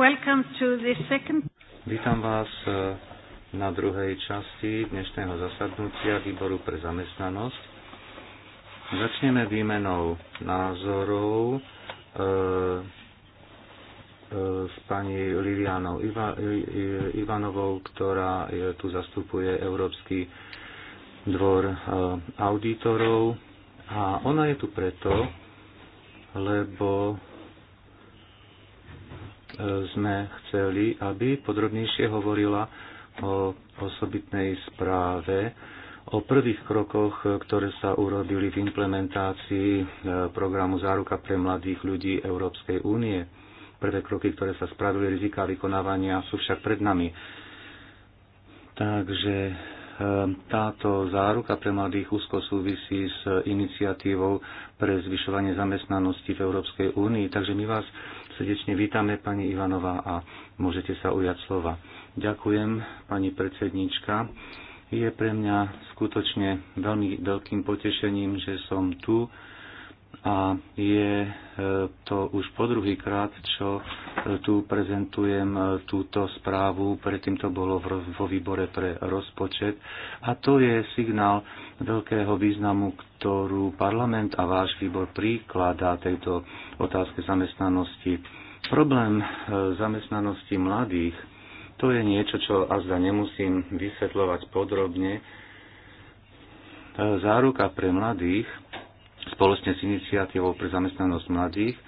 Welcome to the second... Vítam vás eh, na druhej časti dnešného zasadnutia Výboru pre zamestnanosť. Začneme výmenou názorov e, e, s pani Lilianou Iva, I, Ivanovou, ktorá je, tu zastupuje Európsky dvor e, auditorov. A ona je tu preto, lebo sme chceli, aby podrobnejšie hovorila o osobitnej správe, o prvých krokoch, ktoré sa urobili v implementácii e, programu Záruka pre mladých ľudí Európskej únie. Prvé kroky, ktoré sa spravili, rizika vykonávania sú však pred nami. Takže e, táto záruka pre mladých úzko súvisí s iniciatívou pre zvyšovanie zamestnanosti v Európskej únii. Takže my vás Srdečne vítame pani Ivanová a môžete sa ujať slova. Ďakujem, pani predsednička. Je pre mňa skutočne veľmi veľkým potešením, že som tu a je e, to už po druhý krát, čo e, tu prezentujem e, túto správu, predtým to bolo vo výbore pre rozpočet a to je signál veľkého významu, ktorú parlament a váš výbor príkladá tejto otázke zamestnanosti. Problém zamestnanosti mladých to je niečo, čo azda nemusím vysvetľovať podrobne. Záruka pre mladých spoločne s iniciatívou pre zamestnanosť mladých. E,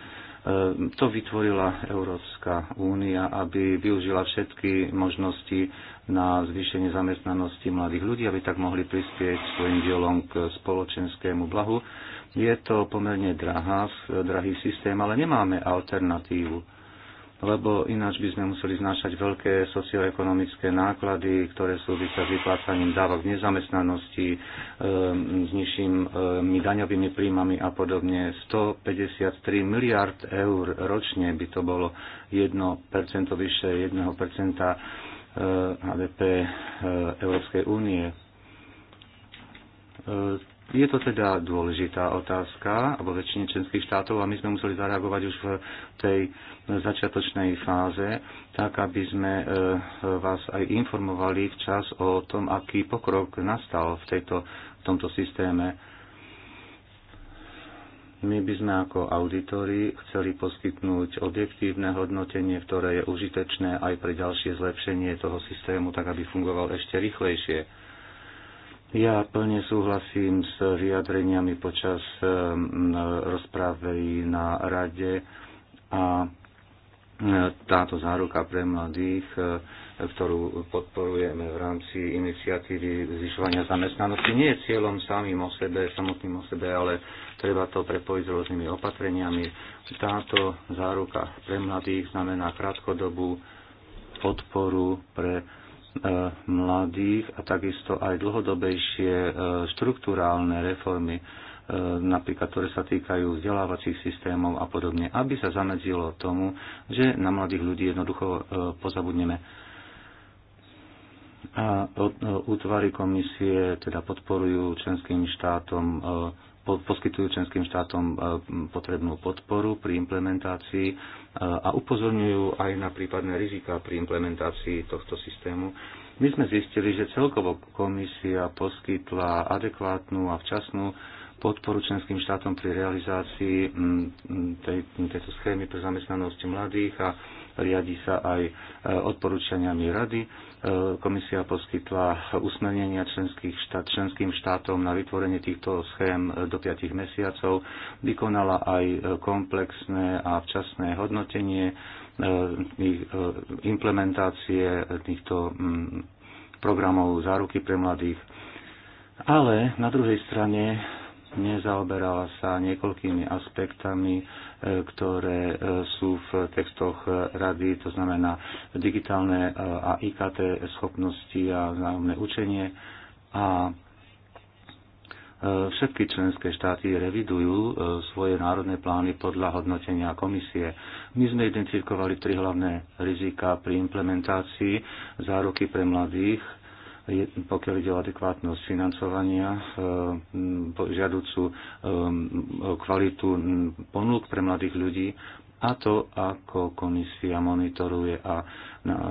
to vytvorila Európska únia, aby využila všetky možnosti na zvýšenie zamestnanosti mladých ľudí, aby tak mohli prispieť svojim dielom k spoločenskému blahu. Je to pomerne drahá, drahý systém, ale nemáme alternatívu lebo ináč by sme museli znášať veľké socioekonomické náklady, ktoré súvisia s vyplácaním dávok v nezamestnanosti, e, s nižšími e, daňovými príjmami a podobne. 153 miliard eur ročne by to bolo 1% vyššie 1% e, HDP Európskej únie je to teda dôležitá otázka vo väčšine členských štátov a my sme museli zareagovať už v tej začiatočnej fáze, tak aby sme e, vás aj informovali včas o tom, aký pokrok nastal v, tejto, v tomto systéme. My by sme ako auditori chceli poskytnúť objektívne hodnotenie, ktoré je užitečné aj pre ďalšie zlepšenie toho systému, tak aby fungoval ešte rýchlejšie. Ja plne súhlasím s vyjadreniami počas rozprávy na rade a e, táto záruka pre mladých, e, ktorú podporujeme v rámci iniciatívy zvyšovania zamestnanosti, nie je cieľom samým o sebe, samotným o sebe, ale treba to prepojiť s rôznymi opatreniami. Táto záruka pre mladých znamená krátkodobú podporu pre E, mladých a takisto aj dlhodobejšie e, štruktúrálne reformy, e, napríklad ktoré sa týkajú vzdelávacích systémov a podobne, aby sa zamedzilo tomu, že na mladých ľudí jednoducho pozabudneme. A útvary komisie teda podporujú členským štátom poskytujú členským štátom e, potrebnú podporu pri implementácii e, a upozorňujú aj na prípadné rizika pri implementácii tohto systému. My sme zistili, že celkovo komisia poskytla adekvátnu a včasnú podporu členským štátom pri realizácii tej, tejto schémy pre zamestnanosť mladých a riadi sa aj e, odporúčaniami rady Komisia poskytla usmernenia členských štát, členským štátom na vytvorenie týchto schém do 5 mesiacov, vykonala aj e, komplexné a včasné hodnotenie e, e, implementácie týchto mm, programov záruky pre mladých. Ale na druhej strane nezaoberala sa niekoľkými aspektami ktoré e, sú v textoch rady, to znamená digitálne e, a IKT schopnosti a vzájomné učenie. A e, Všetky členské štáty revidujú svoje národné plány podľa hodnotenia komisie. My sme identifikovali tri hlavné rizika pri implementácii záruky pre mladých pokiaľ ide o adekvátnosť financovania, eh, žiaducu eh, kvalitu ponúk pre mladých ľudí a to, ako komisia monitoruje a na, eh,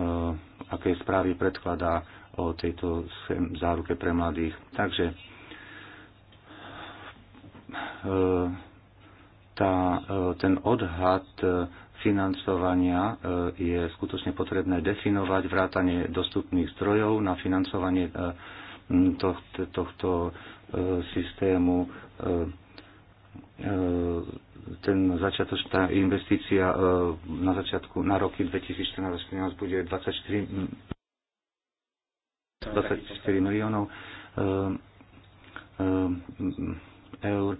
aké správy predkladá o tejto záruke pre mladých. Takže tá, ten odhad financovania e, je skutočne potrebné definovať vrátanie dostupných zdrojov na financovanie e, tohto, tohto e, systému. Ten začiatočná investícia na začiatku na roky 2014 bude 24 24 miliónov eur.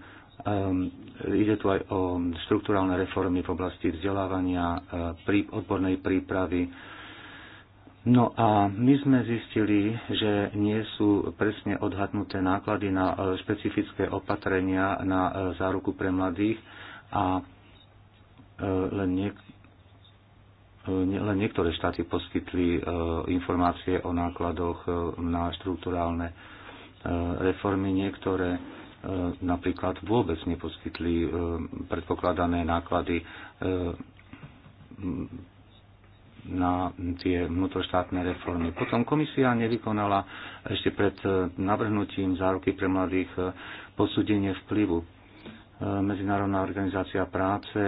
Ehm, ide tu aj o štruktúralne reformy v oblasti vzdelávania, e, odbornej prípravy. No a my sme zistili, že nie sú presne odhadnuté náklady na e, špecifické opatrenia na e, záruku pre mladých a len, niek- len niektoré štáty poskytli informácie o nákladoch na štruktúrálne reformy, niektoré E, napríklad vôbec neposkytli e, predpokladané náklady e, na tie vnútroštátne reformy. Potom komisia nevykonala ešte pred navrhnutím záruky pre mladých posúdenie vplyvu. Medzinárodná organizácia práce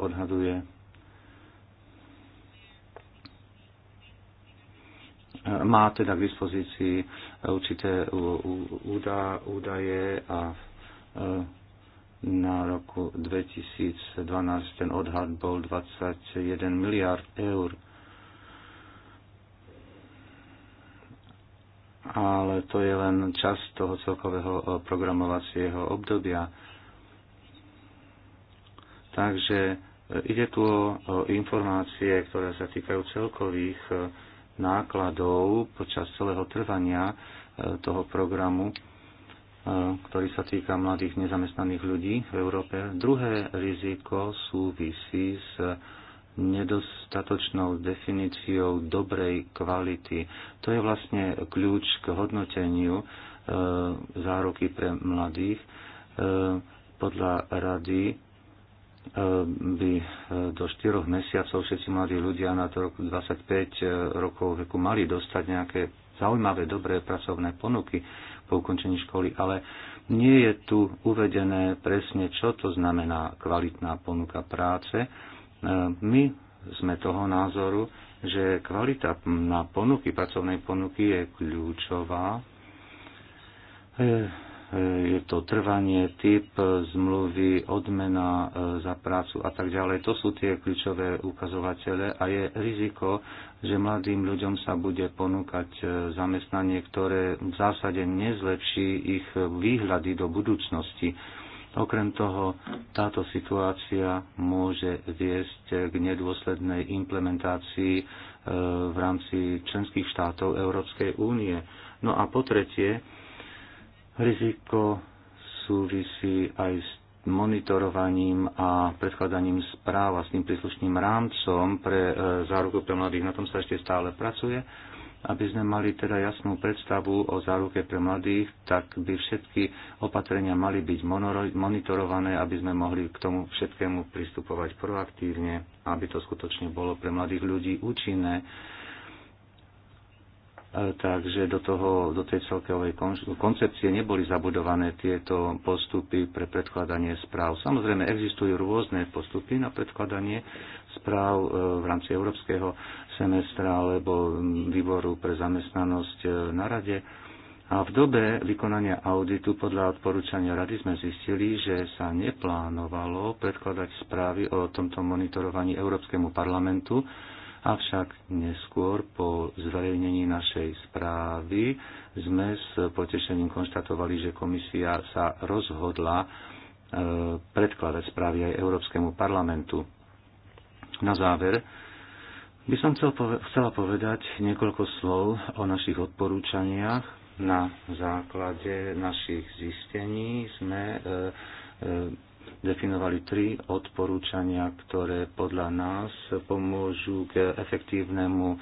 odhaduje má teda k dispozícii e, určité údaje a e, na roku 2012 ten odhad bol 21 miliard eur. Ale to je len čas toho celkového e, programovacieho obdobia. Takže ide tu o informácie, ktoré sa týkajú celkových nákladov počas celého trvania e, toho programu, e, ktorý sa týka mladých nezamestnaných ľudí v Európe. Druhé riziko súvisí s nedostatočnou definíciou dobrej kvality. To je vlastne kľúč k hodnoteniu e, záruky pre mladých. E, podľa rady by eh, do 4 mesiacov všetci mladí ľudia na to roku 25 eh, rokov veku mali dostať nejaké zaujímavé, dobré pracovné ponuky po ukončení školy, ale nie je tu uvedené presne, čo to znamená kvalitná ponuka práce. Eh, my sme toho názoru, že kvalita na ponuky, pracovnej ponuky je kľúčová je to trvanie, typ zmluvy, odmena e, za prácu a tak ďalej. To sú tie kľúčové ukazovatele a je riziko, že mladým ľuďom sa bude ponúkať e, zamestnanie, ktoré v zásade nezlepší ich výhľady do budúcnosti. Okrem toho, táto situácia môže viesť k nedôslednej implementácii e, v rámci členských štátov Európskej únie. No a po tretie, Riziko súvisí aj s monitorovaním a predkladaním správ a s tým príslušným rámcom pre e, záruku pre mladých. Na tom sa ešte stále pracuje. Aby sme mali teda jasnú predstavu o záruke pre mladých, tak by všetky opatrenia mali byť monitorované, aby sme mohli k tomu všetkému pristupovať proaktívne, aby to skutočne bolo pre mladých ľudí účinné takže do, toho, do tej celkovej koncepcie neboli zabudované tieto postupy pre predkladanie správ. Samozrejme, existujú rôzne postupy na predkladanie správ e, v rámci európskeho semestra alebo výboru pre zamestnanosť e, na rade. A v dobe vykonania auditu podľa odporúčania rady sme zistili, že sa neplánovalo predkladať správy o tomto monitorovaní Európskemu parlamentu, Avšak neskôr po zverejnení našej správy sme s potešením konštatovali, že komisia sa rozhodla e, predkladať správy aj Európskemu parlamentu. Na záver by som chcel pove- chcela povedať niekoľko slov o našich odporúčaniach. Na základe našich zistení sme e, e, definovali tri odporúčania, ktoré podľa nás pomôžu k efektívnemu e,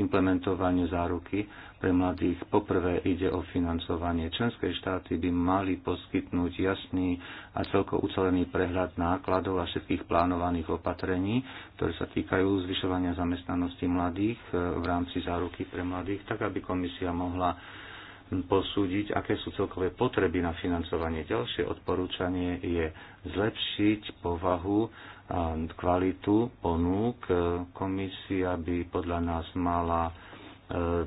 implementovaniu záruky pre mladých. Poprvé ide o financovanie. Členské štáty by mali poskytnúť jasný a celko ucelený prehľad nákladov a všetkých plánovaných opatrení, ktoré sa týkajú zvyšovania zamestnanosti mladých e, v rámci záruky pre mladých, tak aby komisia mohla posúdiť, aké sú celkové potreby na financovanie. Ďalšie odporúčanie je zlepšiť povahu a kvalitu ponúk. Komisia by podľa nás mala e,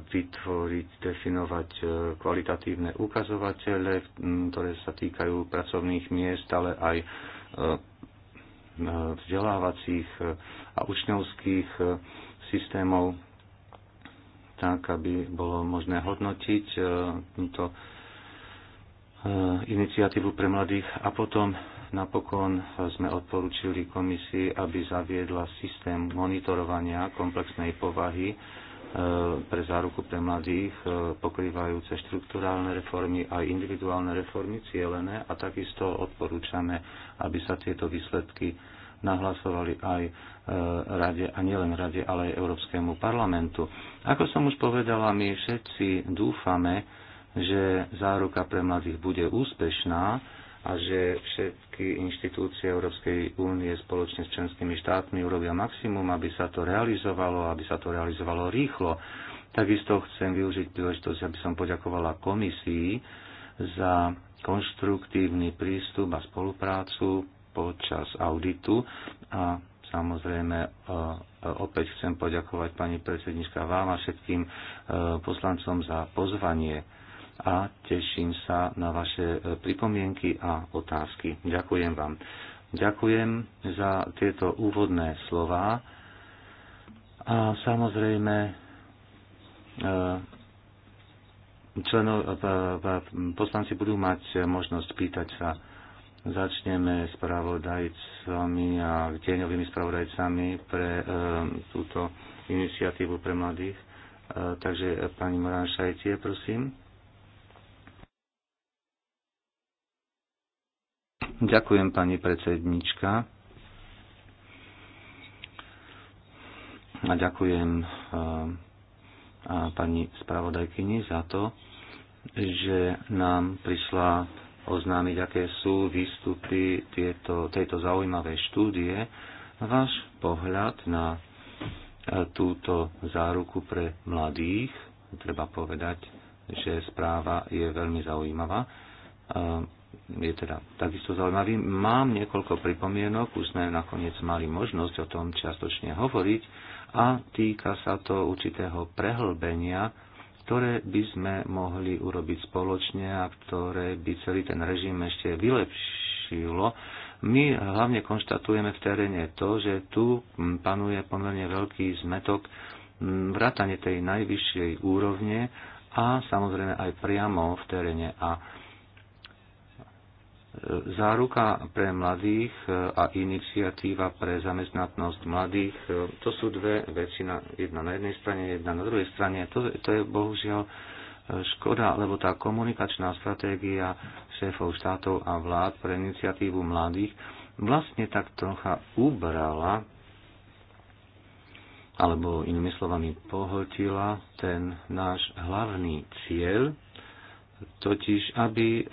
vytvoriť, definovať e, kvalitatívne ukazovatele, ktoré sa týkajú pracovných miest, ale aj e, vzdelávacích a učňovských systémov tak, aby bolo možné hodnotiť e, túto e, iniciatívu pre mladých a potom napokon sme odporúčili komisii, aby zaviedla systém monitorovania komplexnej povahy e, pre záruku pre mladých, pokrývajúce štruktúrálne reformy a individuálne reformy cieľené a takisto odporúčame, aby sa tieto výsledky nahlasovali aj e, rade, a nielen rade, ale aj Európskemu parlamentu. Ako som už povedala, my všetci dúfame, že záruka pre mladých bude úspešná a že všetky inštitúcie Európskej únie spoločne s členskými štátmi urobia maximum, aby sa to realizovalo, aby sa to realizovalo rýchlo. Takisto chcem využiť príležitosť, aby som poďakovala komisii za konštruktívny prístup a spoluprácu počas auditu a samozrejme e, e, opäť chcem poďakovať pani predsednička vám a všetkým e, poslancom za pozvanie a teším sa na vaše pripomienky a otázky. Ďakujem vám. Ďakujem za tieto úvodné slova a samozrejme členov, poslanci budú mať možnosť pýtať sa Začneme spravodajcami a tieňovými spravodajcami pre e, túto iniciatívu pre mladých. E, takže e, pani Morán Šajcie, prosím. Ďakujem, pani predsednička. A ďakujem e, a pani spravodajkyni za to, že nám prišla oznámiť, aké sú výstupy tieto, tejto zaujímavej štúdie. Váš pohľad na e, túto záruku pre mladých, treba povedať, že správa je veľmi zaujímavá. E, je teda takisto zaujímavý. Mám niekoľko pripomienok, už sme nakoniec mali možnosť o tom čiastočne hovoriť a týka sa to určitého prehlbenia ktoré by sme mohli urobiť spoločne a ktoré by celý ten režim ešte vylepšilo. My hlavne konštatujeme v teréne to, že tu panuje pomerne veľký zmetok vrátane tej najvyššej úrovne a samozrejme aj priamo v teréne. A Záruka pre mladých e, a iniciatíva pre zamestnatnosť mladých, e, to sú dve veci, jedna na jednej strane, jedna na druhej strane. To, to je bohužiaľ e, škoda, lebo tá komunikačná stratégia šéfov štátov a vlád pre iniciatívu mladých vlastne tak trocha ubrala alebo inými slovami pohltila ten náš hlavný cieľ, totiž aby e,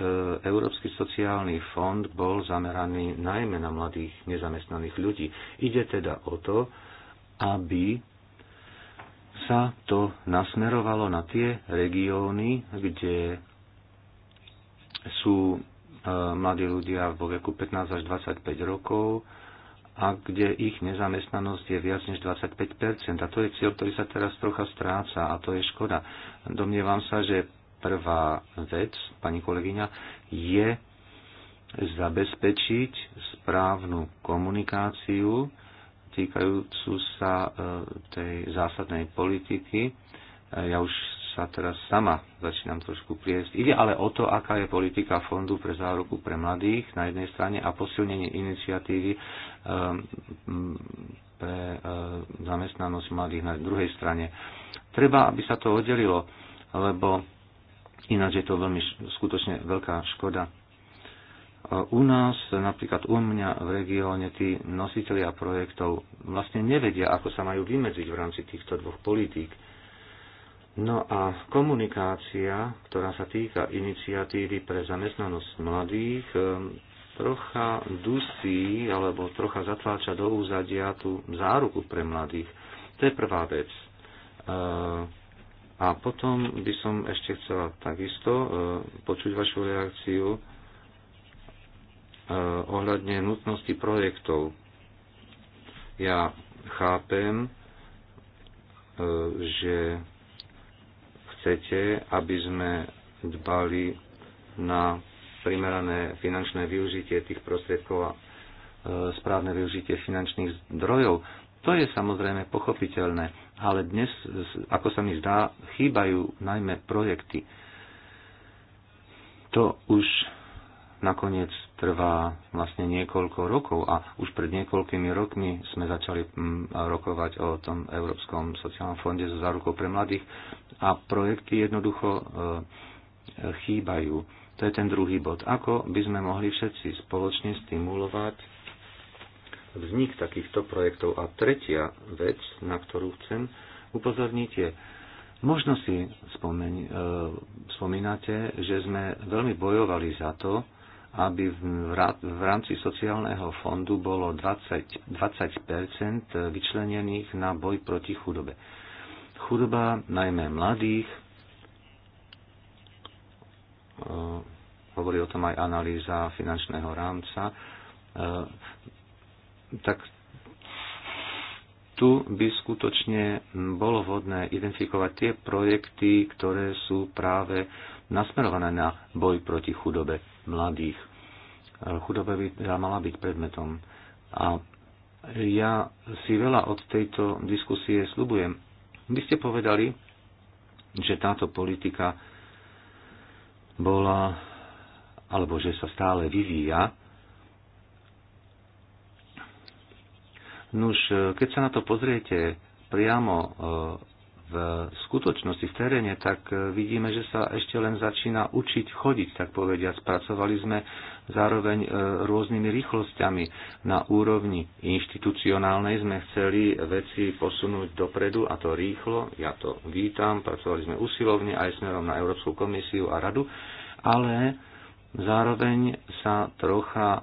Európsky sociálny fond bol zameraný najmä na mladých nezamestnaných ľudí. Ide teda o to, aby sa to nasmerovalo na tie regióny, kde sú e, mladí ľudia vo veku 15 až 25 rokov a kde ich nezamestnanosť je viac než 25 A to je cieľ, ktorý sa teraz trocha stráca a to je škoda. Domnievam sa, že Prvá vec, pani kolegyňa, je zabezpečiť správnu komunikáciu týkajúcu sa e, tej zásadnej politiky. E, ja už sa teraz sama začínam trošku priesť. Ide ale o to, aká je politika Fondu pre záruku pre mladých na jednej strane a posilnenie iniciatívy e, pre zamestnanosť mladých na druhej strane. Treba, aby sa to oddelilo, lebo Ináč je to veľmi skutočne veľká škoda. U nás, napríklad u mňa v regióne, tí nositeľia projektov vlastne nevedia, ako sa majú vymedziť v rámci týchto dvoch politík. No a komunikácia, ktorá sa týka iniciatívy pre zamestnanosť mladých, e, trocha dusí alebo trocha zatláča do úzadia tú záruku pre mladých. To je prvá vec e, a potom by som ešte chcela takisto e, počuť vašu reakciu e, ohľadne nutnosti projektov. Ja chápem, e, že chcete, aby sme dbali na primerané finančné využitie tých prostriedkov a správne využitie finančných zdrojov. To je samozrejme pochopiteľné ale dnes, ako sa mi zdá, chýbajú najmä projekty. To už nakoniec trvá vlastne niekoľko rokov a už pred niekoľkými rokmi sme začali mm, rokovať o tom Európskom sociálnom fonde so zárukou pre mladých a projekty jednoducho e, chýbajú. To je ten druhý bod. Ako by sme mohli všetci spoločne stimulovať vznik takýchto projektov. A tretia vec, na ktorú chcem upozorniť, je, možno si spomeň, e, spomínate, že sme veľmi bojovali za to, aby v rámci sociálneho fondu bolo 20, 20 vyčlenených na boj proti chudobe. Chudoba najmä mladých, e, hovorí o tom aj analýza finančného rámca, e, tak tu by skutočne bolo vhodné identifikovať tie projekty, ktoré sú práve nasmerované na boj proti chudobe mladých. Chudoba by teda mala byť predmetom. A ja si veľa od tejto diskusie slubujem. Vy ste povedali, že táto politika bola, alebo že sa stále vyvíja Nuž, e, keď sa na to pozriete priamo e, v skutočnosti, v teréne, tak e, vidíme, že sa ešte len začína učiť chodiť, tak povediať. Spracovali sme zároveň rôznymi rýchlosťami. Na úrovni inštitucionálnej sme chceli veci posunúť dopredu a to rýchlo. Ja to vítam, pracovali sme usilovne aj smerom na Európsku komisiu a radu, ale zároveň sa trocha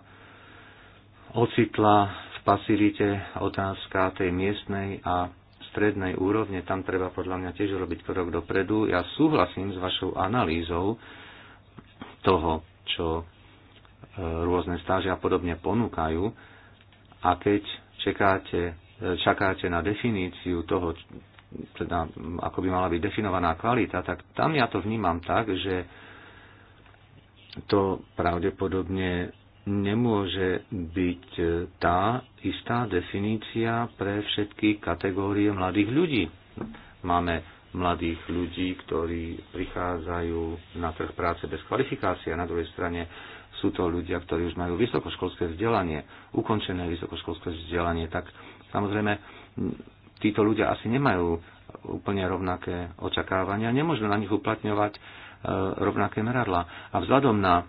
ocitla pasivite, otázka tej miestnej a strednej úrovne, tam treba podľa mňa tiež robiť krok dopredu. Ja súhlasím s vašou analýzou toho, čo e, rôzne stáže a podobne ponúkajú. A keď čakáte, e, čakáte na definíciu toho, teda, ako by mala byť definovaná kvalita, tak tam ja to vnímam tak, že to pravdepodobne nemôže byť e, tá istá definícia pre všetky kategórie mladých ľudí. Máme mladých ľudí, ktorí prichádzajú na trh práce bez kvalifikácie a na druhej strane sú to ľudia, ktorí už majú vysokoškolské vzdelanie, ukončené vysokoškolské vzdelanie, tak samozrejme títo ľudia asi nemajú úplne rovnaké očakávania, nemôžeme na nich uplatňovať e, rovnaké meradla. A vzhľadom na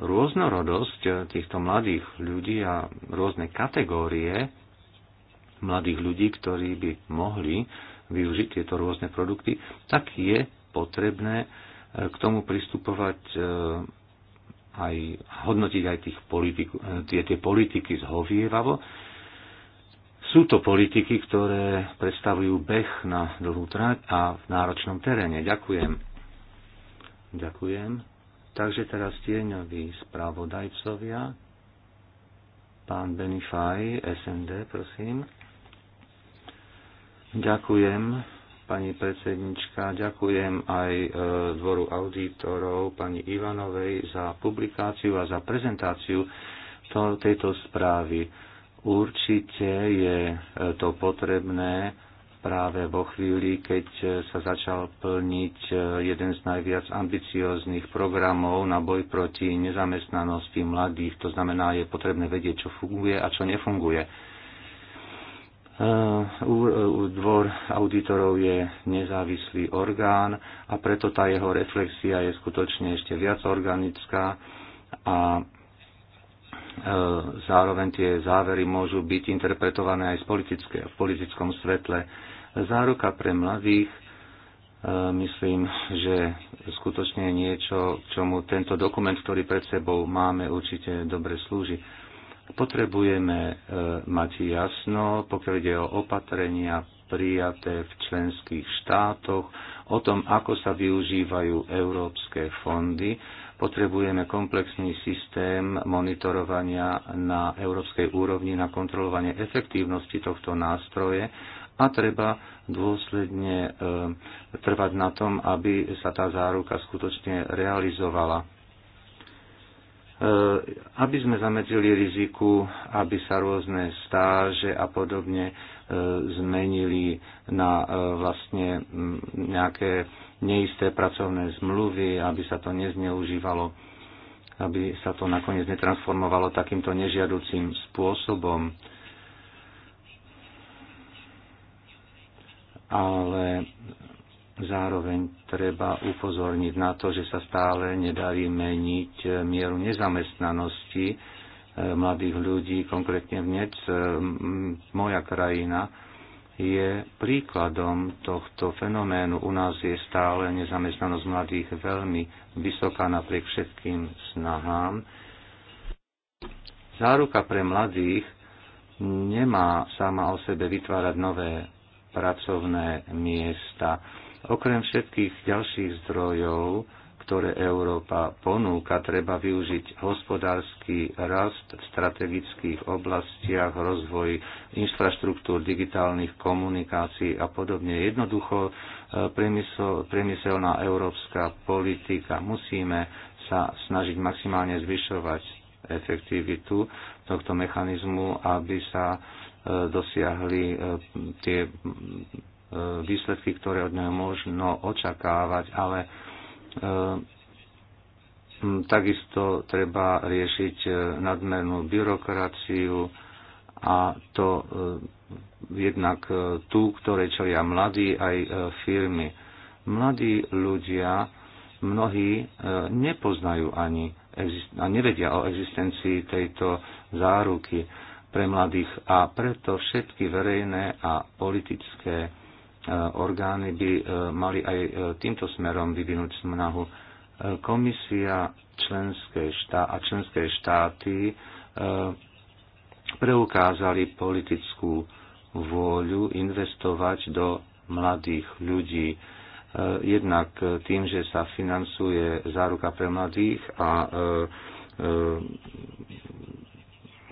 rôznorodosť týchto mladých ľudí a rôzne kategórie mladých ľudí, ktorí by mohli využiť tieto rôzne produkty, tak je potrebné e, k tomu pristupovať e, aj hodnotiť aj tých politik, e, tie, tie politiky zhovievavo. Sú to politiky, ktoré predstavujú beh na dlhú trať a v náročnom teréne. Ďakujem. Ďakujem. Takže teraz tieňoví spravodajcovia. Pán Benifaj, SND, prosím. Ďakujem, pani predsednička, ďakujem aj e, dvoru auditorov, pani Ivanovej, za publikáciu a za prezentáciu to, tejto správy. Určite je e, to potrebné práve vo chvíli, keď sa začal plniť eh, jeden z najviac ambicióznych programov na boj proti nezamestnanosti mladých. To znamená, je potrebné vedieť, čo funguje a čo nefunguje. Eh, dvor auditorov je nezávislý orgán a preto tá jeho reflexia je skutočne ešte viac organická a eh, zároveň tie závery môžu byť interpretované aj v politickom svetle. Záruka pre mladých, e, myslím, že skutočne niečo, čomu tento dokument, ktorý pred sebou máme, určite dobre slúži. Potrebujeme e, mať jasno, pokiaľ ide o opatrenia prijaté v členských štátoch, o tom, ako sa využívajú európske fondy. Potrebujeme komplexný systém monitorovania na európskej úrovni na kontrolovanie efektívnosti tohto nástroje a treba dôsledne e, trvať na tom, aby sa tá záruka skutočne realizovala. E, aby sme zamedzili riziku, aby sa rôzne stáže a podobne e, zmenili na vlastne nejaké neisté pracovné zmluvy, aby sa to nezneužívalo, aby sa to nakoniec netransformovalo takýmto nežiaducím spôsobom ale zároveň treba upozorniť na to, že sa stále nedarí meniť mieru nezamestnanosti eh, mladých ľudí, konkrétne v NEC. Eh, moja krajina je príkladom tohto fenoménu. U nás je stále nezamestnanosť mladých veľmi vysoká napriek všetkým snahám. Záruka pre mladých nemá sama o sebe vytvárať nové pracovné miesta. Okrem všetkých ďalších zdrojov, ktoré Európa ponúka, treba využiť hospodársky rast v strategických oblastiach, rozvoj infraštruktúr digitálnych komunikácií a podobne. Jednoducho e, priemyselná európska politika. Musíme sa snažiť maximálne zvyšovať efektivitu tohto mechanizmu, aby sa e, dosiahli e, tie e, výsledky, ktoré od neho možno očakávať, ale takisto treba riešiť nadmernú byrokraciu a to jednak tú, ktoré čelia mladí aj firmy. Mladí ľudia mnohí nepoznajú ani a nevedia o existencii tejto záruky pre mladých a preto všetky verejné a politické e, orgány by e, mali aj e, týmto smerom vyvinúť snahu. Komisia členské štá- a členské štáty preukázali politickú vôľu investovať do mladých ľudí Eh, jednak eh, tým, že sa financuje záruka pre mladých a eh,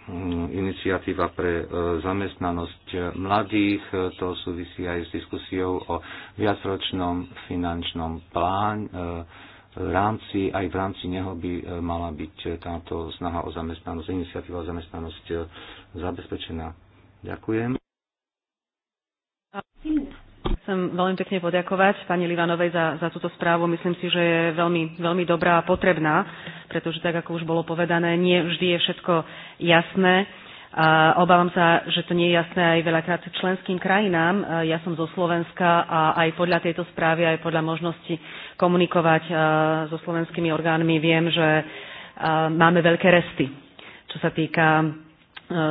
mm, iniciatíva pre zamestnanosť mladých. To súvisí aj s diskusiou o viacročnom finančnom plán. V rámci, aj v rámci neho by mala byť táto snaha o zamestnanosť, iniciatíva o zamestnanosť zabezpečená. Ďakujem. Chcem veľmi pekne poďakovať pani Livanovej za, za túto správu. Myslím si, že je veľmi, veľmi dobrá a potrebná, pretože tak, ako už bolo povedané, nie vždy je všetko jasné. A obávam sa, že to nie je jasné aj veľakrát členským krajinám. Ja som zo Slovenska a aj podľa tejto správy, aj podľa možnosti komunikovať so slovenskými orgánmi viem, že máme veľké resty, čo sa týka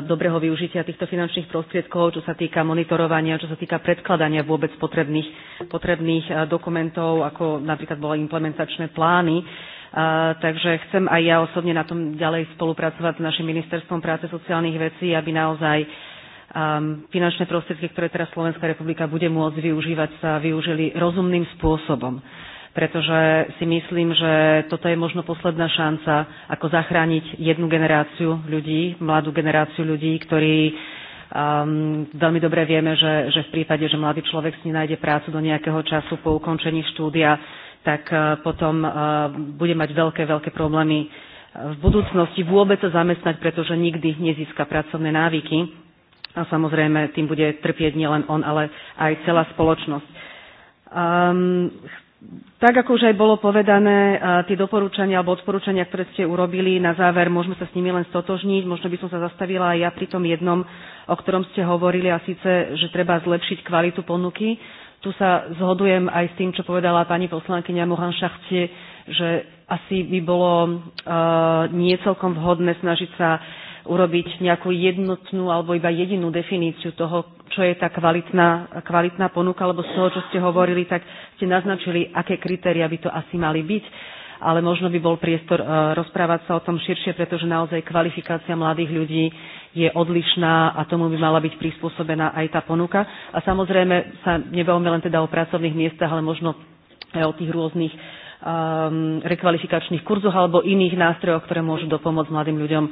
dobrého využitia týchto finančných prostriedkov, čo sa týka monitorovania, čo sa týka predkladania vôbec potrebných, potrebných eh, dokumentov, ako napríklad boli implementačné plány. A, eh, takže chcem aj ja osobne na tom ďalej spolupracovať s našim ministerstvom práce sociálnych vecí, aby naozaj um, finančné prostriedky, ktoré teraz Slovenská republika bude môcť využívať, sa využili rozumným spôsobom pretože si myslím, že toto je možno posledná šanca, ako zachrániť jednu generáciu ľudí, mladú generáciu ľudí, ktorí Um, veľmi dobre vieme, že, že v prípade, že mladý človek si nájde prácu do nejakého času po ukončení štúdia, tak uh, potom uh, bude mať veľké, veľké problémy uh, v budúcnosti vôbec sa zamestnať, pretože nikdy nezíska pracovné návyky. A samozrejme, tým bude trpieť nielen on, ale aj celá spoločnosť. Um, tak, ako už aj bolo povedané, e, tie doporúčania alebo odporúčania, ktoré ste urobili na záver, môžeme sa s nimi len stotožniť. Možno by som sa zastavila aj ja pri tom jednom, o ktorom ste hovorili, a síce, že treba zlepšiť kvalitu ponuky. Tu sa zhodujem aj s tým, čo povedala pani poslankyňa Mohan Šachtie, že asi by bolo uh, nie celkom vhodné snažiť sa urobiť nejakú jednotnú alebo iba jedinú definíciu toho, čo je tá kvalitná, kvalitná ponuka, lebo z toho, čo ste hovorili, tak ste naznačili, aké kritéria by to asi mali byť ale možno by bol priestor e, rozprávať sa o tom širšie, pretože naozaj kvalifikácia mladých ľudí je odlišná a tomu by mala byť prispôsobená aj tá ponuka. A samozrejme sa nebavíme len teda o pracovných miestach, ale možno aj o tých rôznych um, rekvalifikačných kurzoch alebo iných nástrojoch, ktoré môžu dopomôcť mladým ľuďom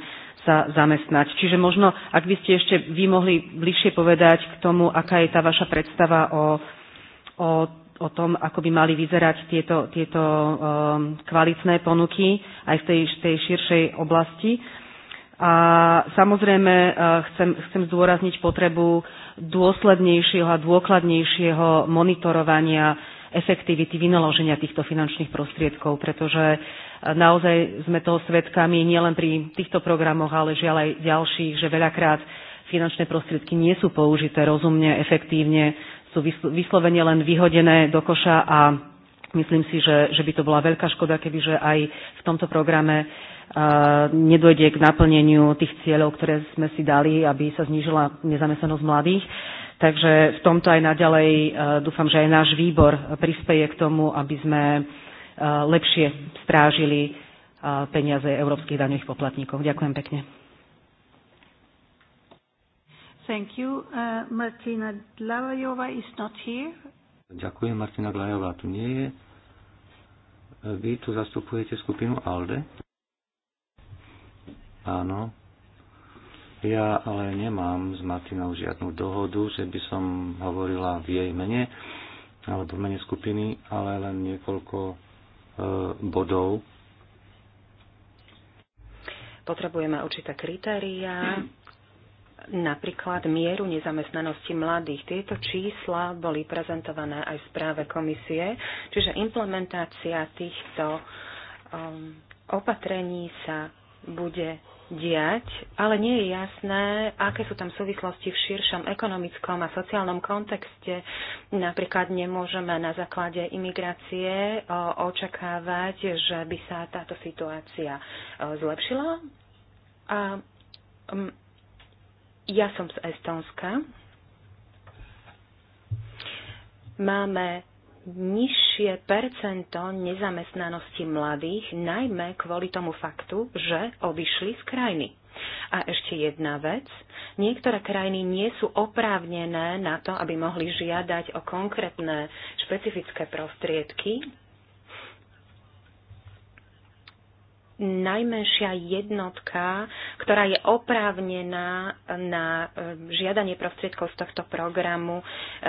sa zamestnať. Čiže možno, ak by ste ešte vy mohli bližšie povedať k tomu, aká je tá vaša predstava o, o, o tom, ako by mali vyzerať tieto, tieto um, kvalitné ponuky aj v tej, tej širšej oblasti. A samozrejme uh, chcem, chcem zdôrazniť potrebu dôslednejšieho a dôkladnejšieho monitorovania efektivity vynaloženia týchto finančných prostriedkov, pretože e, naozaj sme toho svedkami nielen pri týchto programoch, ale žiaľ aj ďalších, že veľakrát finančné prostriedky nie sú použité rozumne, efektívne, sú vyslovene len vyhodené do koša a myslím si, že, že by to bola veľká škoda, kebyže aj v tomto programe e, nedojde k naplneniu tých cieľov, ktoré sme si dali, aby sa znížila nezamestnanosť mladých. Takže v tomto aj naďalej e, dúfam, že aj náš výbor e, prispeje k tomu, aby sme e, lepšie strážili peniaze európskych daňových poplatníkov. Ďakujem pekne. Thank you. Uh, Martina is not here. Ďakujem, Martina Glajová tu nie je. Vy tu zastupujete skupinu ALDE? Áno. Ja ale nemám s Martinou žiadnu dohodu, že by som hovorila v jej mene alebo v mene skupiny, ale len niekoľko e, bodov. Potrebujeme určité kritériá, napríklad mieru nezamestnanosti mladých. Tieto čísla boli prezentované aj v správe komisie, čiže implementácia týchto um, opatrení sa bude diať, ale nie je jasné, aké sú tam súvislosti v širšom ekonomickom a sociálnom kontexte. Napríklad nemôžeme na základe imigrácie očakávať, že by sa táto situácia zlepšila. A ja som z Estónska. Máme nižšie percento nezamestnanosti mladých, najmä kvôli tomu faktu, že odišli z krajiny. A ešte jedna vec. Niektoré krajiny nie sú oprávnené na to, aby mohli žiadať o konkrétne špecifické prostriedky. Najmenšia jednotka, ktorá je oprávnená na e, žiadanie prostriedkov z tohto programu, e,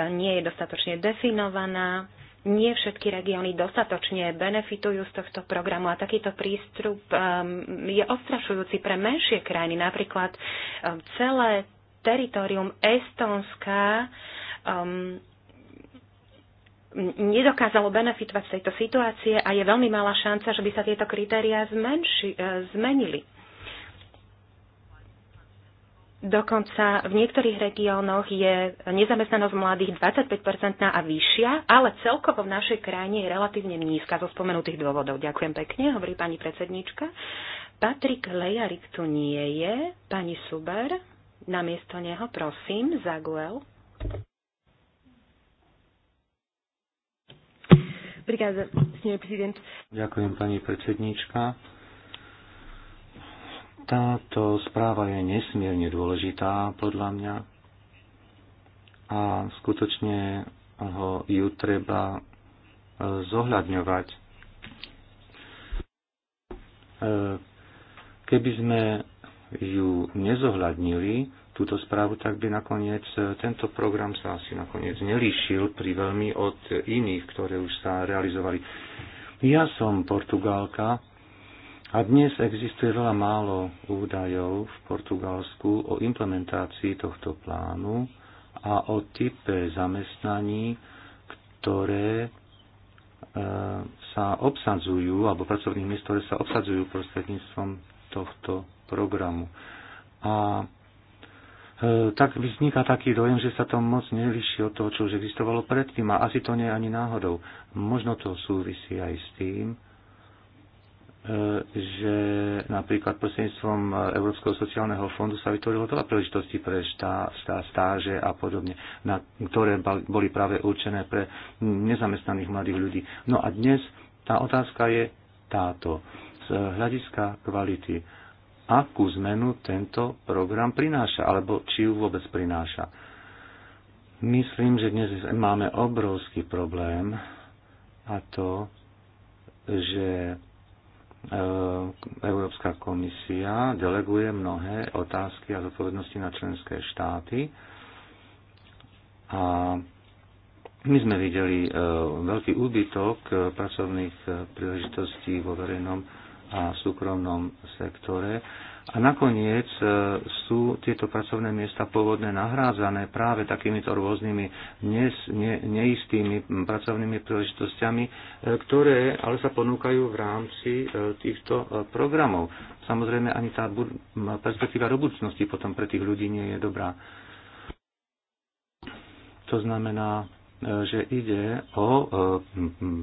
nie je dostatočne definovaná nie všetky regióny dostatočne benefitujú z tohto programu a takýto prístup um, je odstrašujúci pre menšie krajiny. Napríklad um, celé teritorium Estónska um, nedokázalo benefitovať z tejto situácie a je veľmi malá šanca, že by sa tieto kritéria zmenši, eh, zmenili. Dokonca v niektorých regiónoch je nezamestnanosť mladých 25-percentná a vyššia, ale celkovo v našej krajine je relatívne nízka zo spomenutých dôvodov. Ďakujem pekne, hovorí pani predsednička. Patrik Lejarik tu nie je. Pani Suber, namiesto neho prosím, Zaguel. Ďakujem, pani predsednička. Táto správa je nesmierne dôležitá, podľa mňa. A skutočne ho ju treba e, zohľadňovať. E, keby sme ju nezohľadnili, túto správu, tak by nakoniec e, tento program sa asi nakoniec nelíšil pri veľmi od iných, ktoré už sa realizovali. Ja som Portugálka a dnes existuje veľa málo údajov v Portugalsku o implementácii tohto plánu a o type zamestnaní, ktoré e, sa obsadzujú, alebo pracovných miest, ktoré sa obsadzujú prostredníctvom tohto programu. A e, tak vzniká taký dojem, že sa to moc nevyšší od toho, čo už existovalo predtým a asi to nie je ani náhodou. Možno to súvisí aj s tým, E, že napríklad prostredníctvom Európskeho sociálneho fondu sa vytvorilo veľa príležitostí pre štá, štá, stáže a podobne, na, ktoré boli práve určené pre nezamestnaných mladých ľudí. No a dnes tá otázka je táto. Z hľadiska kvality, akú zmenu tento program prináša, alebo či ju vôbec prináša. Myslím, že dnes máme obrovský problém a to, že E, Európska komisia deleguje mnohé otázky a zodpovednosti na členské štáty a my sme videli e, veľký úbytok e, pracovných príležitostí vo verejnom a súkromnom sektore a nakoniec e, sú tieto pracovné miesta pôvodne nahrádzané práve takýmito rôznymi ne, ne, neistými pracovnými príležitosťami, e, ktoré ale sa ponúkajú v rámci e, týchto programov. Samozrejme, ani tá perspektíva do budúcnosti potom pre tých ľudí nie je dobrá. To znamená, že ide o e,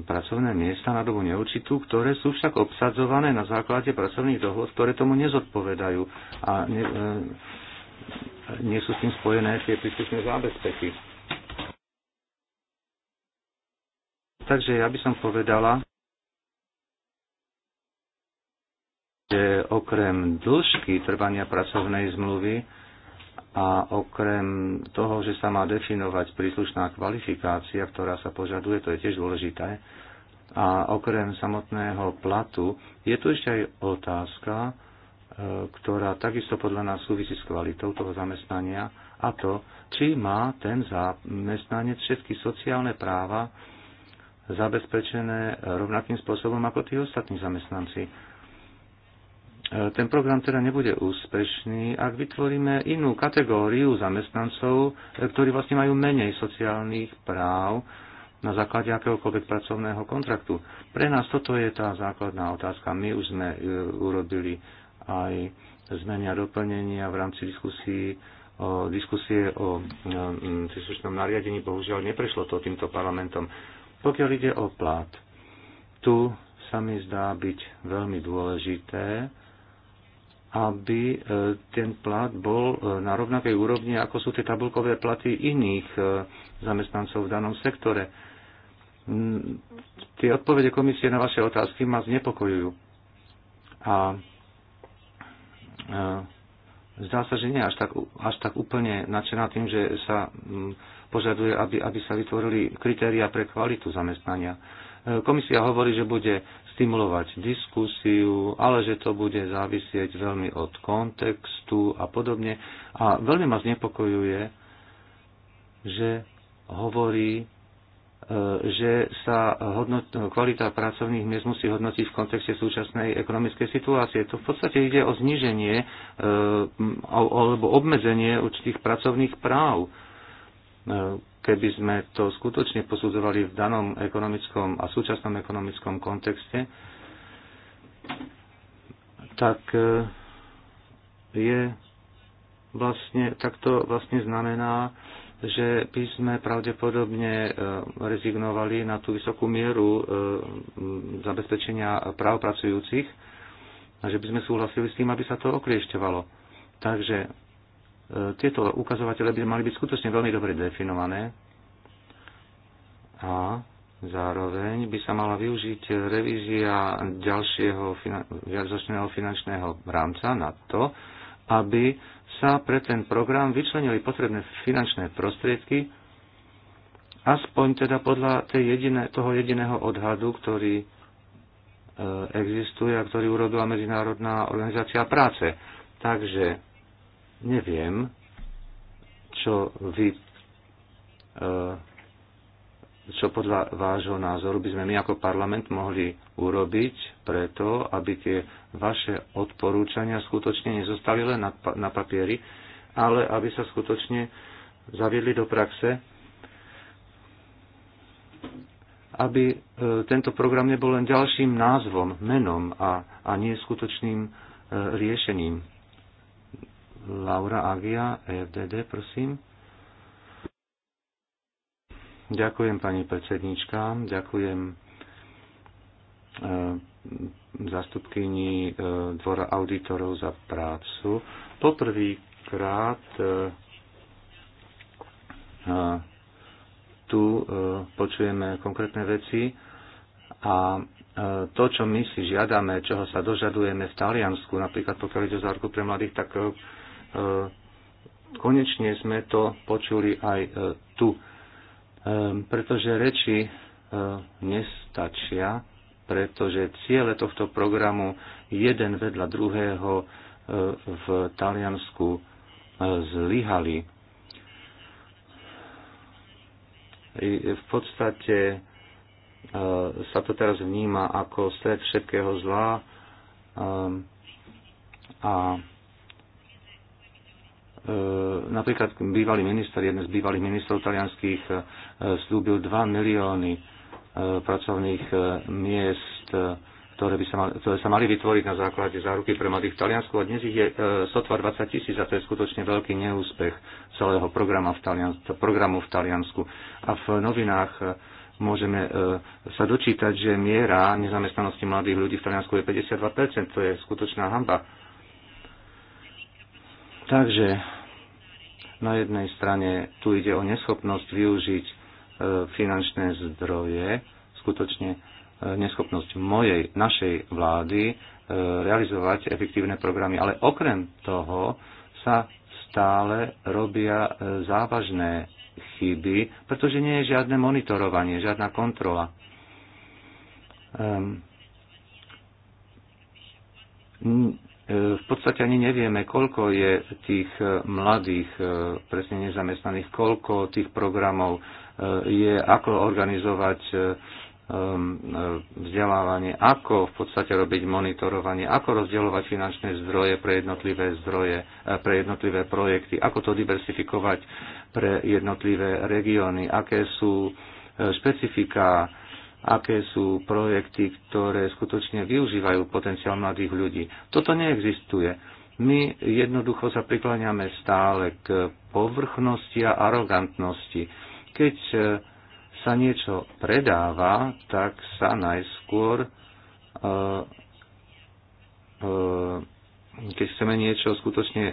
pracovné miesta na dobu neurčitú, ktoré sú však obsadzované na základe pracovných dohod, ktoré tomu nezodpovedajú a nie, e, nie sú s tým spojené tie príslušné zábezpeky. Takže ja by som povedala, že okrem dĺžky trvania pracovnej zmluvy a okrem toho, že sa má definovať príslušná kvalifikácia, ktorá sa požaduje, to je tiež dôležité. A okrem samotného platu je tu ešte aj otázka, e, ktorá takisto podľa nás súvisí s kvalitou toho zamestnania a to, či má ten zamestnanec všetky sociálne práva zabezpečené rovnakým spôsobom ako tí ostatní zamestnanci. E, ten program teda nebude úspešný, ak vytvoríme inú kategóriu zamestnancov, e, ktorí vlastne majú menej sociálnych práv na základe akéhokoľvek pracovného kontraktu. Pre nás toto je tá základná otázka. My už sme e, urobili aj zmeny a doplnenia v rámci diskusí o, diskusie o príslušnom nariadení. Bohužiaľ neprešlo to týmto parlamentom. Pokiaľ ide o plat, tu sa mi zdá byť veľmi dôležité, aby e, ten plat bol e, na rovnakej úrovni, ako sú tie tabulkové platy iných e, zamestnancov v danom sektore. Tie odpovede komisie na vaše otázky ma znepokojujú. A zdá sa, že nie až tak, až tak úplne nadšená tým, že sa požaduje, aby, aby sa vytvorili kritéria pre kvalitu zamestnania. Komisia hovorí, že bude stimulovať diskusiu, ale že to bude závisieť veľmi od kontextu a podobne. A veľmi ma znepokojuje, že hovorí, e, že sa hodnot, kvalita pracovných miest musí hodnotiť v kontexte súčasnej ekonomickej situácie. To v podstate ide o zníženie e, alebo obmedzenie určitých pracovných práv keby sme to skutočne posudzovali v danom ekonomickom a súčasnom ekonomickom kontexte, tak e, je vlastne, tak to vlastne znamená, že by sme pravdepodobne e, rezignovali na tú vysokú mieru e, zabezpečenia práv pracujúcich a že by sme súhlasili s tým, aby sa to okliešťovalo. Takže tieto ukazovatele by mali byť skutočne veľmi dobre definované a zároveň by sa mala využiť revízia ďalšieho viacročného finančného rámca na to, aby sa pre ten program vyčlenili potrebné finančné prostriedky, aspoň teda podľa tej jedine, toho jediného odhadu, ktorý e, existuje a ktorý urobila Medzinárodná organizácia práce. Takže Neviem, čo vy e, čo podľa vášho názoru by sme my ako parlament mohli urobiť preto, aby tie vaše odporúčania skutočne nezostali len na, na papieri, ale aby sa skutočne zaviedli do praxe, aby e, tento program nebol len ďalším názvom, menom a, a nie skutočným e, riešením. Laura Agia, EFDD, prosím. Ďakujem, pani predsednička. Ďakujem eh, zastupkyni eh, Dvora auditorov za prácu. Poprvýkrát eh, tu počujeme konkrétne veci a to, čo my si žiadame, čoho sa dožadujeme v Taliansku, napríklad pokiaľ ide o zárku pre mladých, tak E, konečne sme to počuli aj e, tu, e, pretože reči nestačia, pretože ciele tohto programu jeden vedľa druhého v Taliansku zlyhali. V podstate sa to teraz vníma ako stred všetkého zla a E, napríklad bývalý minister, jeden z bývalých ministrov talianských e, slúbil 2 milióny e, pracovných miest, ktoré, by sa mali, ktoré sa mali vytvoriť na základe záruky pre mladých v Taliansku a dnes ich je sotva 20 tisíc a to je skutočne veľký neúspech celého programu v, Taliansku, programu v Taliansku. A v novinách môžeme sa dočítať, že miera nezamestnanosti mladých ľudí v Taliansku je 52%, to je skutočná hamba. Takže na jednej strane tu ide o neschopnosť využiť e, finančné zdroje, skutočne e, neschopnosť mojej, našej vlády e, realizovať efektívne programy. Ale okrem toho sa stále robia závažné chyby, pretože nie je žiadne monitorovanie, žiadna kontrola. Um, v podstate ani nevieme, koľko je tých e, mladých e, presne nezamestnaných, koľko tých programov e, je, ako organizovať vzdelávanie, ako v podstate robiť monitorovanie, ako rozdielovať finančné zdroje pre jednotlivé zdroje, pre jednotlivé projekty, ako to diversifikovať pre jednotlivé regióny, aké sú špecifiká aké sú projekty, ktoré skutočne využívajú potenciál mladých ľudí. Toto neexistuje. My jednoducho sa prikláňame stále k povrchnosti a arogantnosti. Keď e, sa niečo predáva, tak sa najskôr, e, e, keď chceme niečo skutočne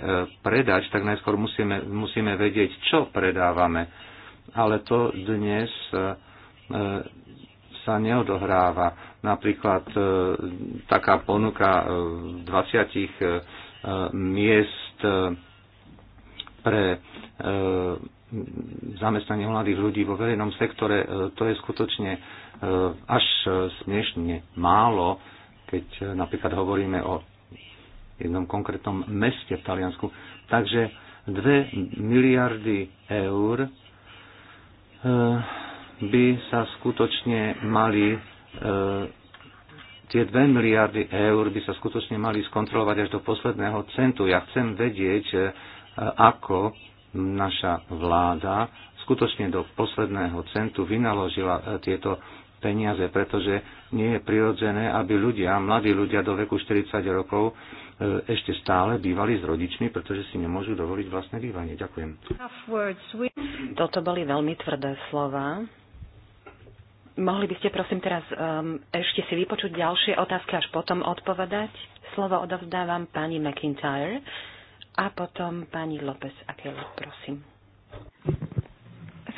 predať, tak najskôr musíme, musíme vedieť, čo predávame. Ale to dnes sa neodohráva. Napríklad e, taká ponuka 20 e, e, miest pre zamestnanie mladých ľudí vo verejnom sektore, to je skutočne až smiešne málo, keď napríklad hovoríme o jednom konkrétnom meste v Taliansku. Takže 2 miliardy eur by sa skutočne mali e, tie 2 miliardy eur by sa skutočne mali skontrolovať až do posledného centu. Ja chcem vedieť, e, ako naša vláda skutočne do posledného centu vynaložila e, tieto peniaze, pretože nie je prirodzené, aby ľudia, mladí ľudia do veku 40 rokov ešte stále bývali s rodičmi, pretože si nemôžu dovoliť vlastné bývanie. Ďakujem. Toto boli veľmi tvrdé slova Mohli by ste prosím teraz um, ešte si vypočuť ďalšie otázky, až potom odpovedať. Slovo odovzdávam pani McIntyre a potom pani López Akelo, prosím.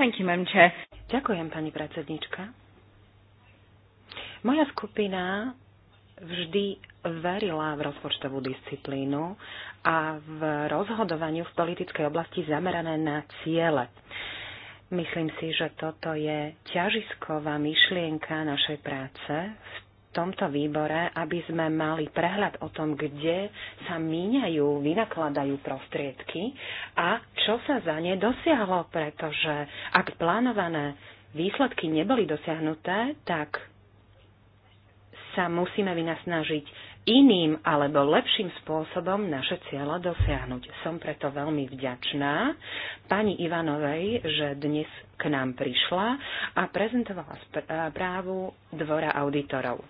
Thank you, Madam Chair. Ďakujem, pani predsednička. Moja skupina vždy verila v rozpočtovú disciplínu a v rozhodovaniu v politickej oblasti zamerané na ciele. Uh, Myslím si, že toto je ťažisková myšlienka našej práce v tomto výbore, aby sme mali prehľad o tom, kde sa míňajú, vynakladajú prostriedky a čo sa za ne dosiahlo, pretože ak plánované výsledky neboli dosiahnuté, tak sa musíme vynasnažiť iným alebo lepším spôsobom naše cieľa dosiahnuť. Som preto veľmi vďačná pani Ivanovej, že dnes k nám prišla a prezentovala správu Dvora auditorov.